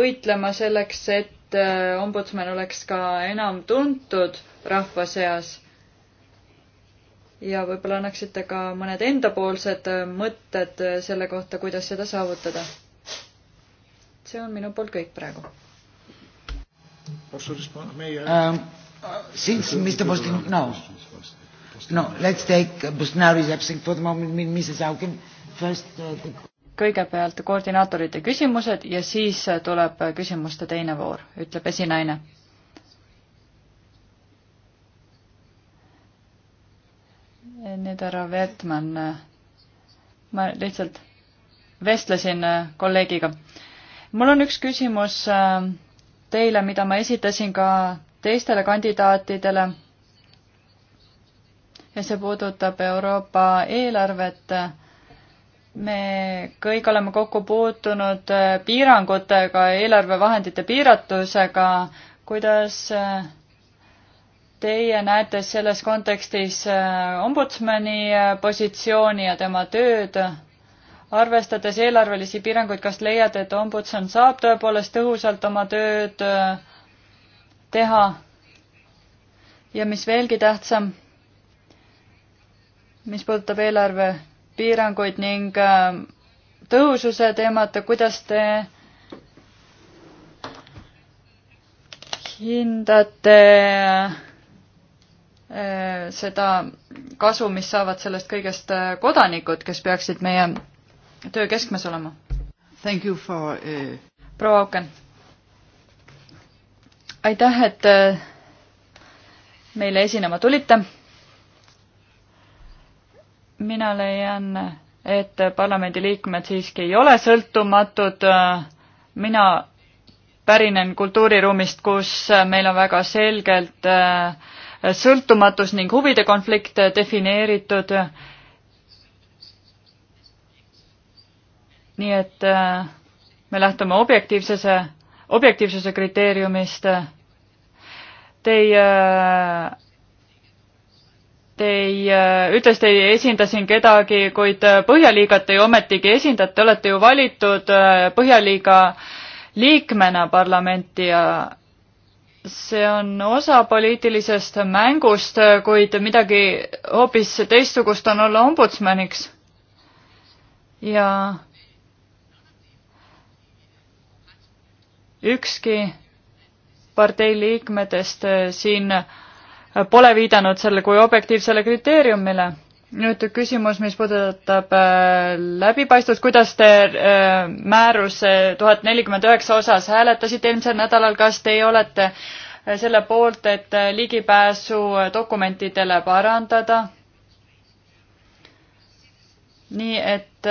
võitlema selleks, et et äh, ombudsman oleks ka enam tuntud rahva seas. ja võib-olla annaksite ka mõned endapoolsed äh, mõtted äh, selle kohta, kuidas seda saavutada. see on minu poolt kõik praegu. Um, since Mr. Bostin, no, no, let's take Bosnari is absent for the moment. Mrs. Auken, first. Uh, the kõigepealt koordinaatorite küsimused ja siis tuleb küsimuste teine voor, ütleb esinaine. nüüd härra Vetman, ma lihtsalt vestlesin äh, kolleegiga. mul on üks küsimus äh, teile, mida ma esitasin ka teistele kandidaatidele ja see puudutab Euroopa eelarvet me kõik oleme kokku puutunud äh, piirangutega, eelarvevahendite piiratusega, kuidas äh, teie näete selles kontekstis äh, ombudsmani positsiooni ja tema tööd? arvestades eelarvelisi piiranguid, kas leiate, et ombudsman saab tõepoolest tõhusalt oma tööd teha? ja mis veelgi tähtsam, mis puudutab eelarve piiranguid ning äh, tõhususe teemat, kuidas te hindate äh, seda kasu, mis saavad sellest kõigest äh, kodanikud, kes peaksid meie töö keskmes olema? For... proua Auken. aitäh, et meile esinema tulite mina leian, et parlamendiliikmed siiski ei ole sõltumatud. mina pärinen kultuuriruumist, kus meil on väga selgelt äh, sõltumatus ning huvide konflikt defineeritud. nii et äh, me lähtume objektiivsuse, objektiivsuse kriteeriumist. Te ei te ei, äh, ütlesite, ei esinda siin kedagi, kuid äh, Põhjaliigat te ju ometigi esindate, olete ju valitud äh, Põhjaliiga liikmena parlamenti ja see on osa poliitilisest mängust, kuid midagi hoopis teistsugust on olla ombudsmaniks. ja ükski partei liikmetest siin äh, pole viidanud selle kui objektiivsele kriteeriumile. nüüd küsimus, mis puudutab äh, läbipaistvust, kuidas te äh, määruse tuhat nelikümmend üheksa osas hääletasite eelmisel nädalal, kas teie olete äh, selle poolt, et ligipääsu dokumentidele parandada? nii et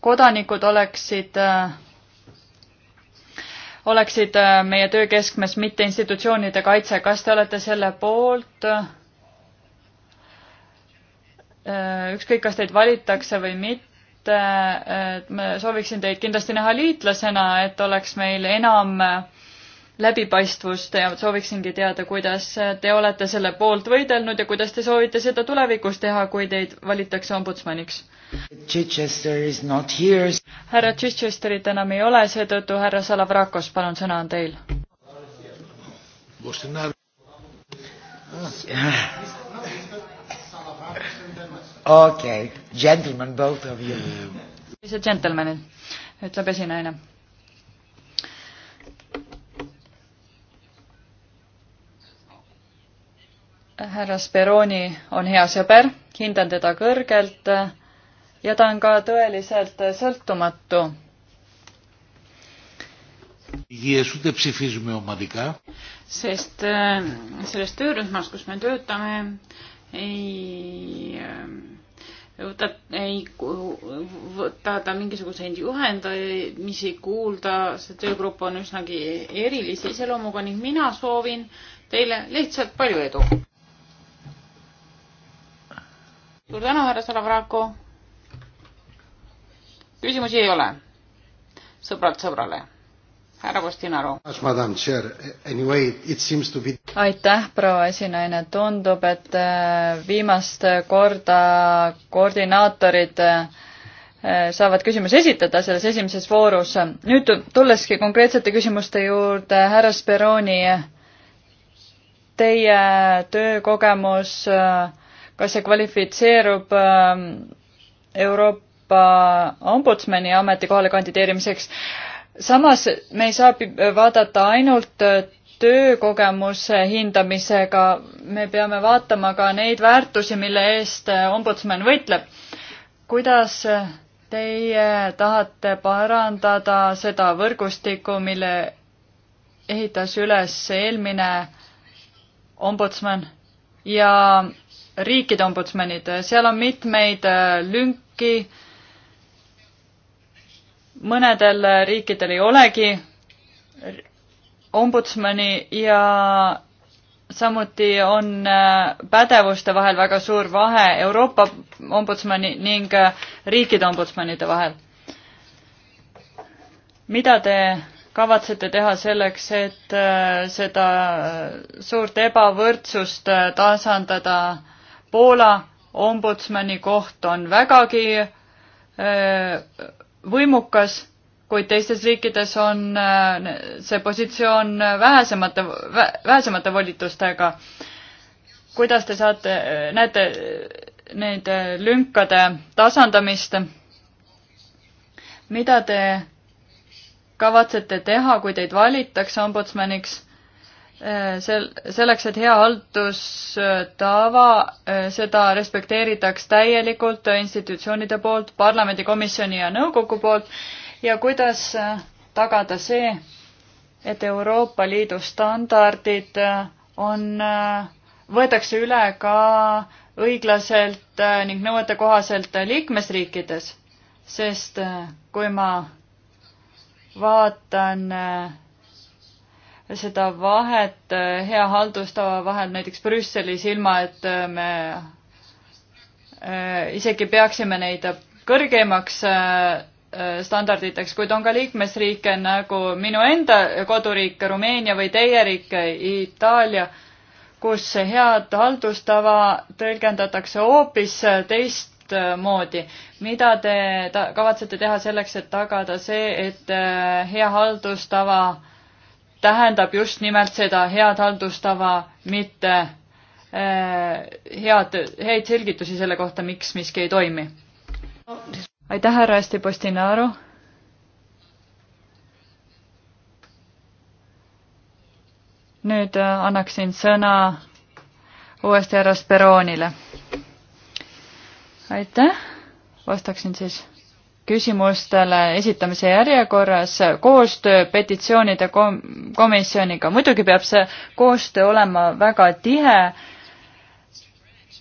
kodanikud oleksid äh, oleksid äh, meie töö keskmes, mitte institutsioonide kaitse. kas te olete selle poolt? Äh, ükskõik, kas teid valitakse või mitte, et äh, ma sooviksin teid kindlasti näha liitlasena, et oleks meil enam läbipaistvust ja sooviksingi teada, kuidas te olete selle poolt võidelnud ja kuidas te soovite seda tulevikus teha, kui teid valitakse ombudsmaniks härra Chichesterit enam ei ole, seetõttu härra Salavrakos, palun, sõna on teil. Ah. okei, gentlemen both of you. lihtsalt džentelmenid, ütleb esinaine härra Speroni on hea sõber, hindan teda kõrgelt ja ta on ka tõeliselt sõltumatu. sest äh, selles töörühmas, kus me töötame, ei äh, võta, ei võta ta mingisuguseid juhendamisi kuulda, see töögrupp on üsnagi erilise iseloomuga ning mina soovin teile lihtsalt palju edu. suur tänu, härra Salavraku küsimusi ei ole. sõbrad sõbrale. härra Postinaro. aitäh, proua esinaine, tundub, et äh, viimast korda koordinaatorid äh, saavad küsimusi esitada selles esimeses voorus. nüüd tulleski konkreetsete küsimuste juurde, härra Speroni, teie töökogemus, äh, kas see kvalifitseerub Euroopa Euroopa ombudsmani ametikohale kandideerimiseks. samas me ei saa vaadata ainult äh, töökogemuse hindamisega, me peame vaatama ka neid väärtusi, mille eest äh, ombudsman võitleb. kuidas äh, teie tahate parandada seda võrgustikku, mille ehitas üles eelmine ombudsman ja riikide ombudsmanid, seal on mitmeid lünki mõnedel riikidel ei olegi ombudsmani ja samuti on äh, pädevuste vahel väga suur vahe Euroopa ombudsmani ning äh, riikide ombudsmanide vahel. mida te kavatsete teha selleks, et äh, seda suurt ebavõrdsust tasandada? Poola ombudsmani koht on vägagi öö, võimukas, kuid teistes riikides on äh, see positsioon vähesemate, vähesemate volitustega. kuidas te saate, näete neid lünkade tasandamist? mida te kavatsete teha, kui teid valitakse ombudsmaniks? Äh, sel-, selleks, et hea haldustava, äh, seda respekteeritaks täielikult institutsioonide poolt, parlamendikomisjoni ja nõukogu poolt ja kuidas äh, tagada see, et Euroopa Liidu standardid on, võetakse üle ka õiglaselt ning nõuetekohaselt liikmesriikides, sest kui ma vaatan äh, seda vahet eh, hea haldustava vahel näiteks Brüsselis, ilma et eh, me eh, isegi peaksime neid kõrgemaks standarditeks, kuid on ka liikmesriike nagu minu enda koduriik Rumeenia või teie riik Itaalia, kus head haldustava tõlgendatakse hoopis teistmoodi. mida te ta-, kavatsete teha selleks, et tagada see, et hea haldustava tähendab just nimelt seda head haldustava, mitte äh, head, häid selgitusi selle kohta, miks miski ei toimi. aitäh, härra Eesti Postinaru. nüüd eh, annaksin sõna uuesti härra Speroonile. aitäh, vastaksin siis küsimustele esitamise järjekorras koostöö petitsioonide kom-, komisjoniga. muidugi peab see koostöö olema väga tihe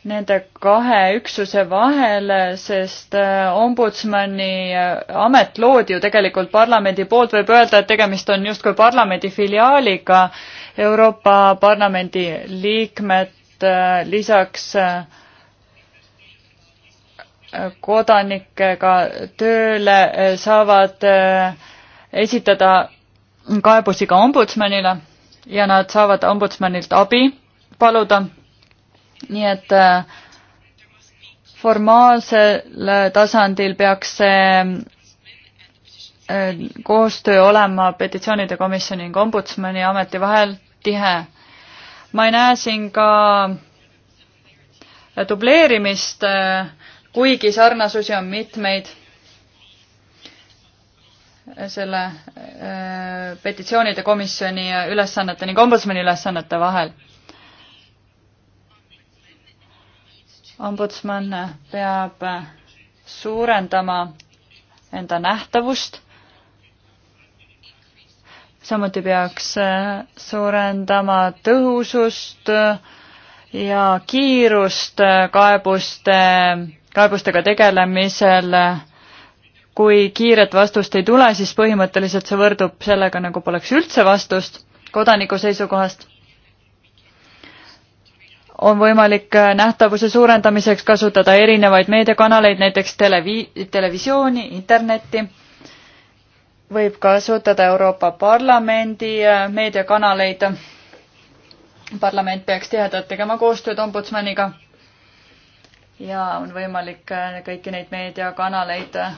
nende kahe üksuse vahel, sest äh, ombudsmani äh, amet loodi ju tegelikult parlamendi poolt, võib öelda, et tegemist on justkui parlamendi filiaaliga. Euroopa Parlamendi liikmed äh, lisaks äh, kodanikega tööle, eh, saavad eh, esitada kaebusi ka ombudsmanile ja nad saavad ombudsmanilt abi paluda. nii et eh, formaalsel tasandil peaks see koostöö olema petitsioonide komisjoni ning ombudsmani ameti vahel tihe. ma ei näe siin ka dubleerimist äh, kuigi sarnasusi on mitmeid selle äh, petitsioonide komisjoni ülesannete ning ombudsmani ülesannete vahel. ombudsman peab suurendama enda nähtavust, samuti peaks äh, suurendama tõhusust ja kiirust äh, kaebuste kaebustega tegelemisel, kui kiiret vastust ei tule, siis põhimõtteliselt see võrdub sellega, nagu poleks üldse vastust kodaniku seisukohast. on võimalik nähtavuse suurendamiseks kasutada erinevaid meediakanaleid, näiteks televi-, televisiooni, internetti, võib kasutada Euroopa Parlamendi äh, meediakanaleid, parlament peaks tihedalt tegema koostööd ombudsmaniga ja on võimalik äh, kõiki neid meediakanaleid, äh,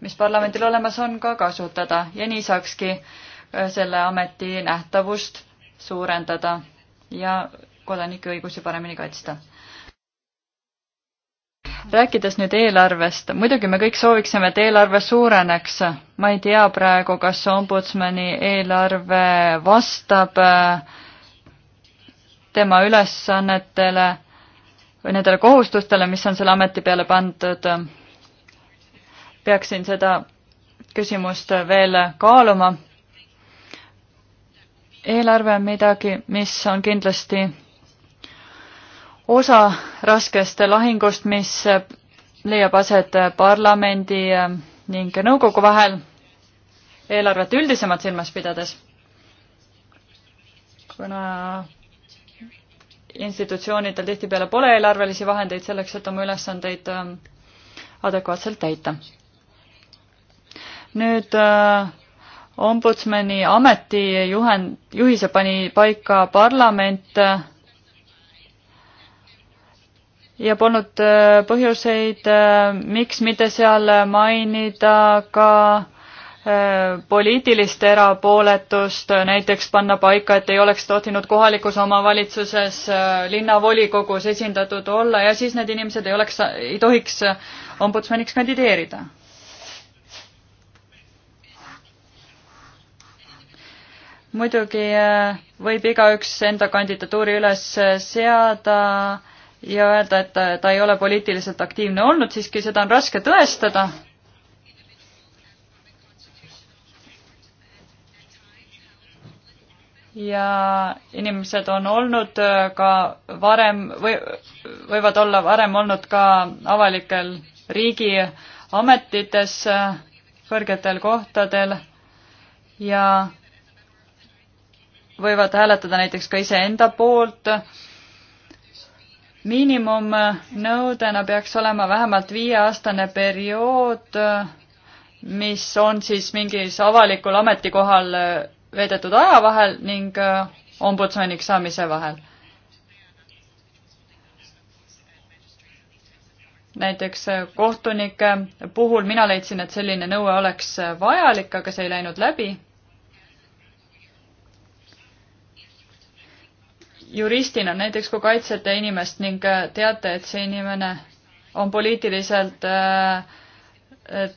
mis parlamendil olemas on, ka kasutada ja nii saakski äh, selle ameti nähtavust suurendada ja kodanike õigusi paremini kaitsta. rääkides nüüd eelarvest, muidugi me kõik sooviksime, et eelarve suureneks. ma ei tea praegu, kas ombudsmani eelarve vastab tema ülesannetele või nendele kohustustele, mis on selle ameti peale pandud, peaksin seda küsimust veel kaaluma. eelarve on midagi, mis on kindlasti osa raskest lahingust, mis leiab aset parlamendi ning nõukogu vahel, eelarvet üldisemalt silmas pidades. kuna institutsioonidel tihtipeale pole eelarvelisi vahendeid selleks, et oma ülesandeid ähm, adekvaatselt täita. nüüd äh, ombudsmani ameti juhend, juhise pani paika parlament äh, ja polnud äh, põhjuseid, miks mitte seal mainida ka Äh, poliitilist erapooletust, äh, näiteks panna paika, et ei oleks tohtinud kohalikus omavalitsuses äh, linnavolikogus esindatud olla ja siis need inimesed ei oleks, ei tohiks ombudsmaniks kandideerida. muidugi võib igaüks enda kandidatuuri üles seada ja öelda, et ta ei ole poliitiliselt aktiivne olnud, siiski seda on raske tõestada ja inimesed on olnud äh, ka varem või võivad olla varem olnud ka avalikel riigiametites, äh, kõrgetel kohtadel ja võivad hääletada näiteks ka iseenda poolt. miinimumnõudena peaks olema vähemalt viieaastane periood, mis on siis mingis avalikul ametikohal äh, veedetud aja vahel ning äh, ombudsmaniks saamise vahel. näiteks äh, kohtunike puhul mina leidsin, et selline nõue oleks äh, vajalik, aga see ei läinud läbi. juristina näiteks, kui kaitsete inimest ning teate, et see inimene on poliitiliselt äh,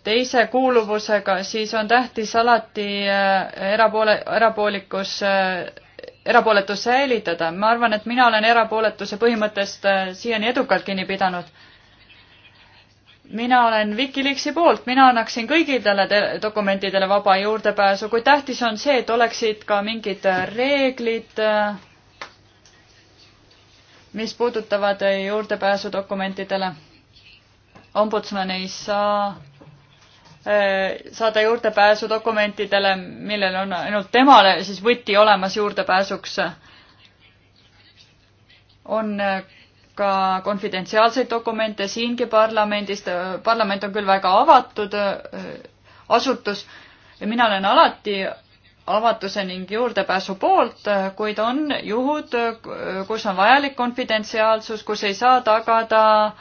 teise kuuluvusega, siis on tähtis alati äh, erapoole, erapoolikus, äh, erapooletus säilitada. ma arvan, et mina olen erapooletuse põhimõttest äh, siiani edukalt kinni pidanud. mina olen Wikileaksi poolt, mina annaksin kõigile dokumentidele vaba juurdepääsu, kuid tähtis on see, et oleksid ka mingid reeglid, mis puudutavad juurdepääsu dokumentidele. ombudsman ei saa Äh, saada juurdepääsu dokumentidele, millel on ainult temale siis võti olemas juurdepääsuks. on äh, ka konfidentsiaalseid dokumente siingi parlamendis, äh, parlament on küll väga avatud asutus ja mina olen alati avatuse ning juurdepääsu poolt, kuid on juhud, kus on vajalik konfidentsiaalsus, kus ei saa tagada äh,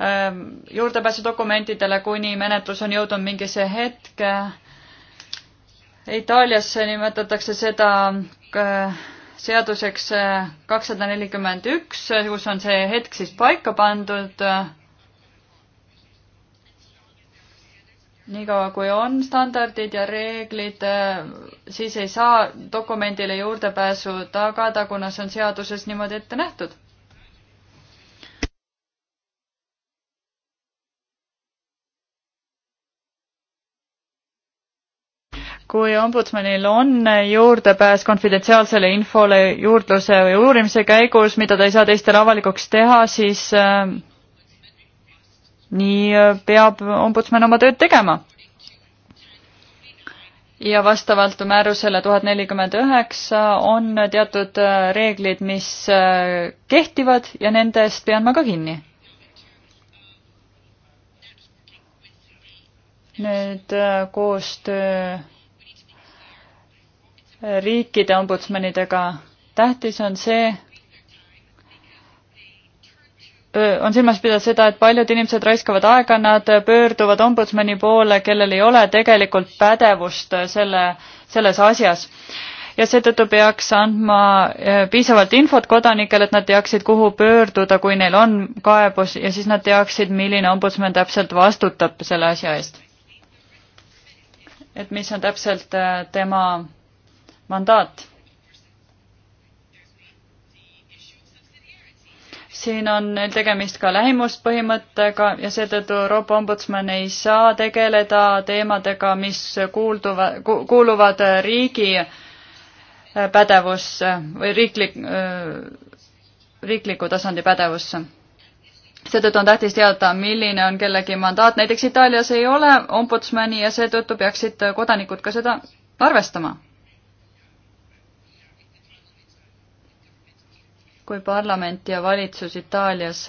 Ähm, juurdepääsu dokumentidele, kuni menetlus on jõudnud mingisse hetke. Itaalias nimetatakse seda äh, seaduseks äh, kakssada nelikümmend üks, kus on see hetk siis paika pandud. niikaua kui on standardid ja reeglid, äh, siis ei saa dokumendile juurdepääsu tagada, kuna see on seaduses niimoodi ette nähtud kui ombudsmanil on juurdepääs konfidentsiaalsele infole juurdluse või uurimise käigus, mida ta ei saa teistele avalikuks teha, siis äh, nii äh, peab ombudsman oma tööd tegema. ja vastavalt määrusele tuhat nelikümmend üheksa on teatud äh, reeglid, mis äh, kehtivad ja nendest pean ma ka kinni nüüd koostöö riikide ombudsmanidega. tähtis on see, on silmas pidada seda, et paljud inimesed raiskavad aega, nad pöörduvad ombudsmani poole, kellel ei ole tegelikult pädevust selle, selles asjas. ja seetõttu peaks andma piisavalt infot kodanikele, et nad teaksid, kuhu pöörduda, kui neil on kaebus ja siis nad teaksid, milline ombudsman täpselt vastutab selle asja eest. et mis on täpselt tema mandaat. siin on neil tegemist ka lähimuspõhimõttega ja seetõttu Euroopa Ombudsman ei saa tegeleda teemadega, mis kuulduva, kuuluvad riigi äh, pädevusse või riiklik, äh, riikliku tasandi pädevusse seetõttu on tähtis teada, milline on kellegi mandaat, näiteks Itaalias ei ole ombudsmani ja seetõttu peaksid kodanikud ka seda arvestama. kui parlament ja valitsus Itaalias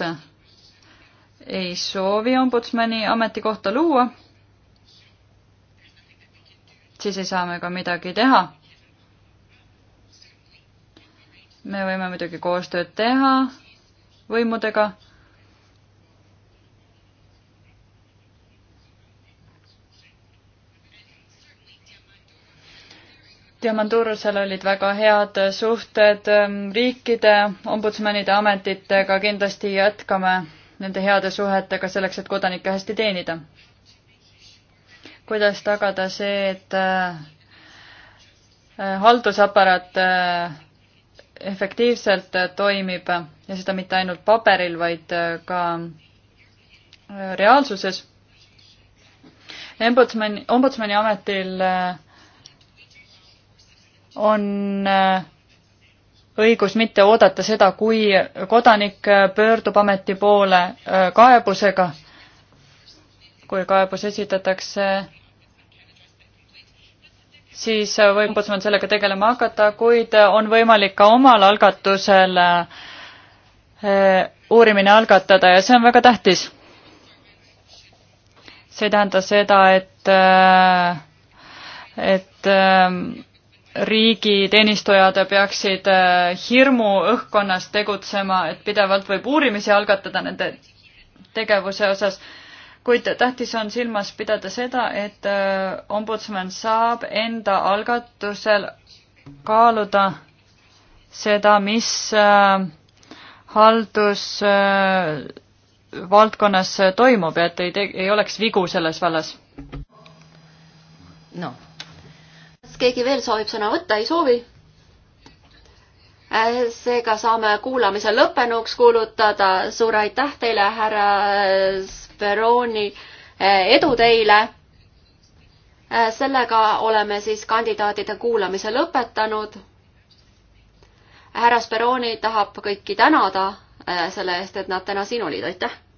ei soovi ombudsmani ametikohta luua, siis ei saa me ka midagi teha. me võime muidugi koostööd teha võimudega Diamandurusel olid väga head suhted ähm, riikide ombudsmanide ametitega, kindlasti jätkame nende heade suhetega selleks, et kodanikke hästi teenida. kuidas tagada see, et äh, äh, haldusaparaat äh, efektiivselt toimib ja seda mitte ainult paberil, vaid ka reaalsuses. ombudsman, ombudsmani ametil äh, on äh, õigus mitte oodata seda, kui kodanik äh, pöördub ameti poole äh, kaebusega, kui kaebus esitatakse, siis võib ombudsman sellega tegelema hakata, kuid on võimalik ka omal algatusel uurimine algatada ja see on väga tähtis. see ei tähenda seda, et, et ähm, riigiteenistujad peaksid äh, hirmu õhkkonnas tegutsema, et pidevalt võib uurimisi algatada nende tegevuse osas, kuid tähtis on silmas pidada seda, et äh, ombudsman saab enda algatusel kaaluda seda, mis äh, haldusvaldkonnas toimub ja et ei, ei oleks vigu selles vallas. noh keegi veel soovib sõna võtta, ei soovi? Äh, seega saame kuulamise lõppenuks kuulutada. suur aitäh teile, härra Speroni, äh, edu teile! Äh, sellega oleme siis kandidaatide kuulamise lõpetanud. härra Speroni tahab kõiki tänada selle eest, et nad täna siin olid, aitäh!